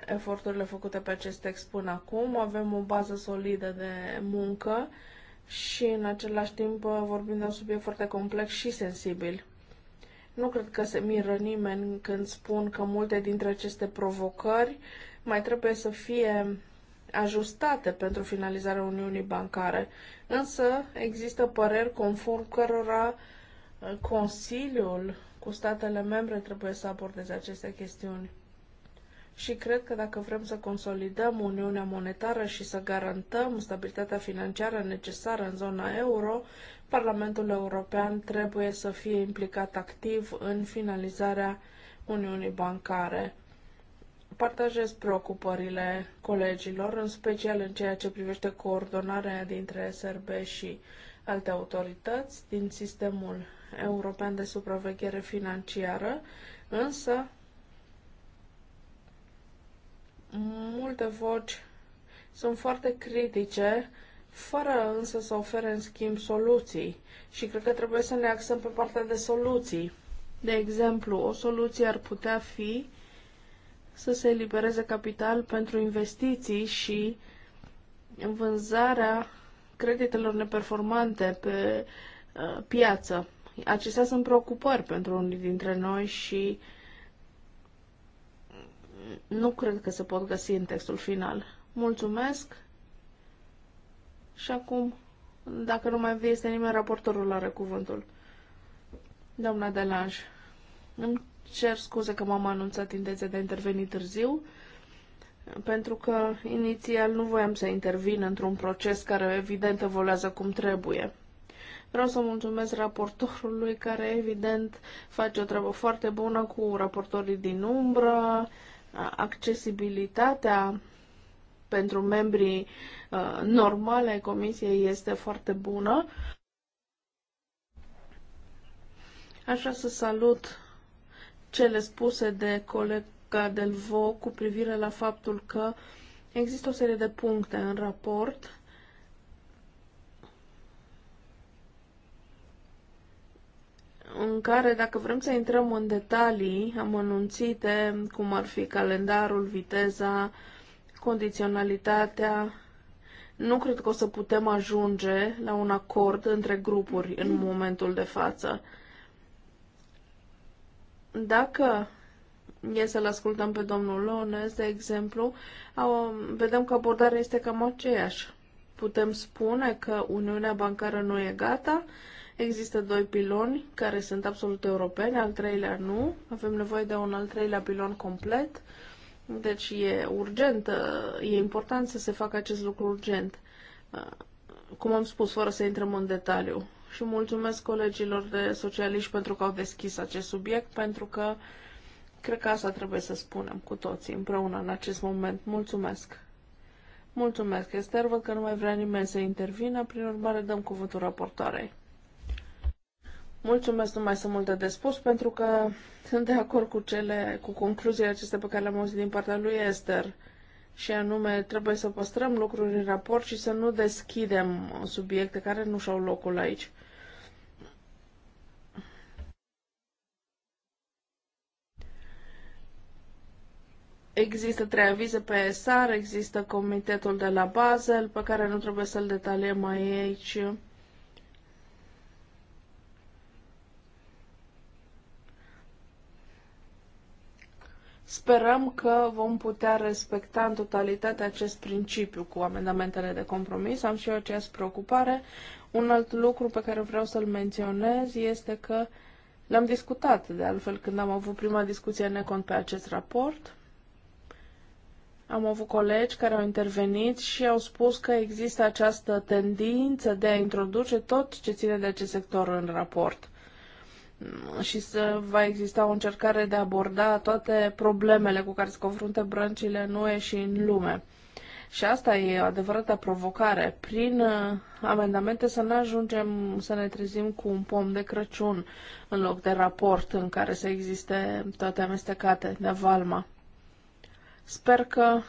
eforturile făcute pe acest text până acum. Avem o bază solidă de muncă și în același timp uh, vorbim de un subiect foarte complex și sensibil. Nu cred că se miră nimeni când spun că multe dintre aceste provocări mai trebuie să fie ajustate pentru finalizarea Uniunii Bancare, însă există păreri conform cărora Consiliul cu statele membre trebuie să abordeze aceste chestiuni. Și cred că dacă vrem să consolidăm Uniunea Monetară și să garantăm stabilitatea financiară necesară în zona euro, Parlamentul European trebuie să fie implicat activ în finalizarea Uniunii Bancare. Partajez preocupările colegilor, în special în ceea ce privește coordonarea dintre SRB și alte autorități din sistemul European de Supraveghere Financiară, însă multe voci sunt foarte critice, fără însă să ofere în schimb soluții. Și cred că trebuie să ne axăm pe partea de soluții. De exemplu, o soluție ar putea fi să se elibereze capital pentru investiții și vânzarea creditelor neperformante pe uh, piață. Acestea sunt preocupări pentru unii dintre noi și nu cred că se pot găsi în textul final. Mulțumesc! Și acum, dacă nu mai este nimeni, raportorul are cuvântul. Doamna Delange, îmi cer scuze că m-am anunțat intenția de a interveni târziu, pentru că inițial nu voiam să intervin într-un proces care evident evoluează cum trebuie. Vreau să mulțumesc raportorului care evident face o treabă foarte bună cu raportorii din umbră, accesibilitatea pentru membrii uh, normale ai comisiei este foarte bună. așa să salut cele spuse de colega Delvo cu privire la faptul că există o serie de puncte în raport în care, dacă vrem să intrăm în detalii amănunțite, cum ar fi calendarul, viteza, condiționalitatea, nu cred că o să putem ajunge la un acord între grupuri în momentul de față. Dacă e să-l ascultăm pe domnul Lones, de exemplu, vedem că abordarea este cam aceeași. Putem spune că Uniunea Bancară nu e gata, Există doi piloni care sunt absolut europeni, al treilea nu. Avem nevoie de un al treilea pilon complet. Deci e urgent, uh, e important să se facă acest lucru urgent. Uh, cum am spus, fără să intrăm în detaliu. Și mulțumesc colegilor de socialiști pentru că au deschis acest subiect, pentru că cred că asta trebuie să spunem cu toții împreună în acest moment. Mulțumesc! Mulțumesc, Esther. Văd că nu mai vrea nimeni să intervină, prin urmare dăm cuvântul raportoarei. Mulțumesc, nu mai sunt multe de spus, pentru că sunt de acord cu cele, cu concluziile acestea pe care le-am auzit din partea lui Esther. Și anume, trebuie să păstrăm lucruri în raport și să nu deschidem subiecte care nu și-au locul aici. Există trei avize pe SAR, există comitetul de la Basel, pe care nu trebuie să-l detaliem aici. Sperăm că vom putea respecta în totalitate acest principiu cu amendamentele de compromis. Am și eu această preocupare. Un alt lucru pe care vreau să-l menționez este că l-am discutat, de altfel, când am avut prima discuție în pe acest raport. Am avut colegi care au intervenit și au spus că există această tendință de a introduce tot ce ține de acest sector în raport și să va exista o încercare de a aborda toate problemele cu care se confruntă brâncile în UE și în lume. Și asta e o adevărată provocare. Prin uh, amendamente să ne ajungem să ne trezim cu un pom de Crăciun în loc de raport în care să existe toate amestecate de valma. Sper că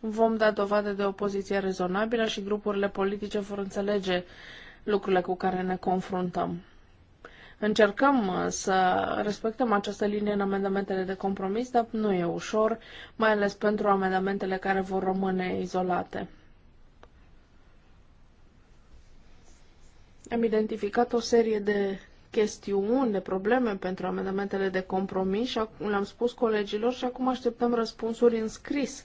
vom da dovadă de o poziție rezonabilă și grupurile politice vor înțelege lucrurile cu care ne confruntăm. Încercăm uh, să respectăm această linie în amendamentele de compromis, dar nu e ușor, mai ales pentru amendamentele care vor rămâne izolate. Am identificat o serie de chestiuni, de probleme pentru amendamentele de compromis și le-am spus colegilor și acum așteptăm răspunsuri în scris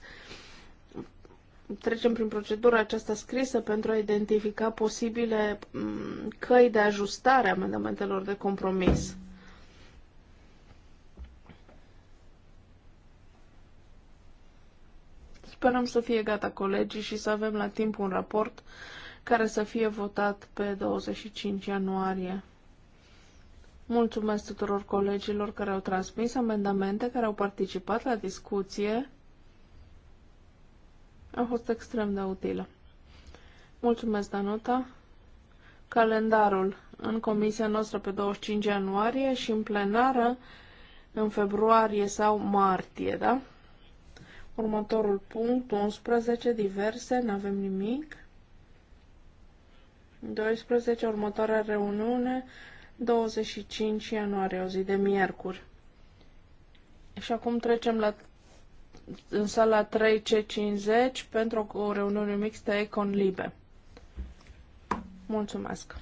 trecem prin procedura aceasta scrisă pentru a identifica posibile mm, căi de ajustare a amendamentelor de compromis. Sperăm să fie gata colegii și să avem la timp un raport care să fie votat pe 25 ianuarie. Mulțumesc tuturor colegilor care au transmis amendamente, care au participat la discuție a fost extrem de utilă. Mulțumesc, Danuta. Calendarul în comisia noastră pe 25 ianuarie și în plenară în februarie sau martie, da? Următorul punct, 11, diverse, nu avem nimic. 12, următoarea reuniune, 25 ianuarie, o zi de miercuri. Și acum trecem la în sala 3C50 pentru o reuniune mixtă Econ Libe. Mulțumesc!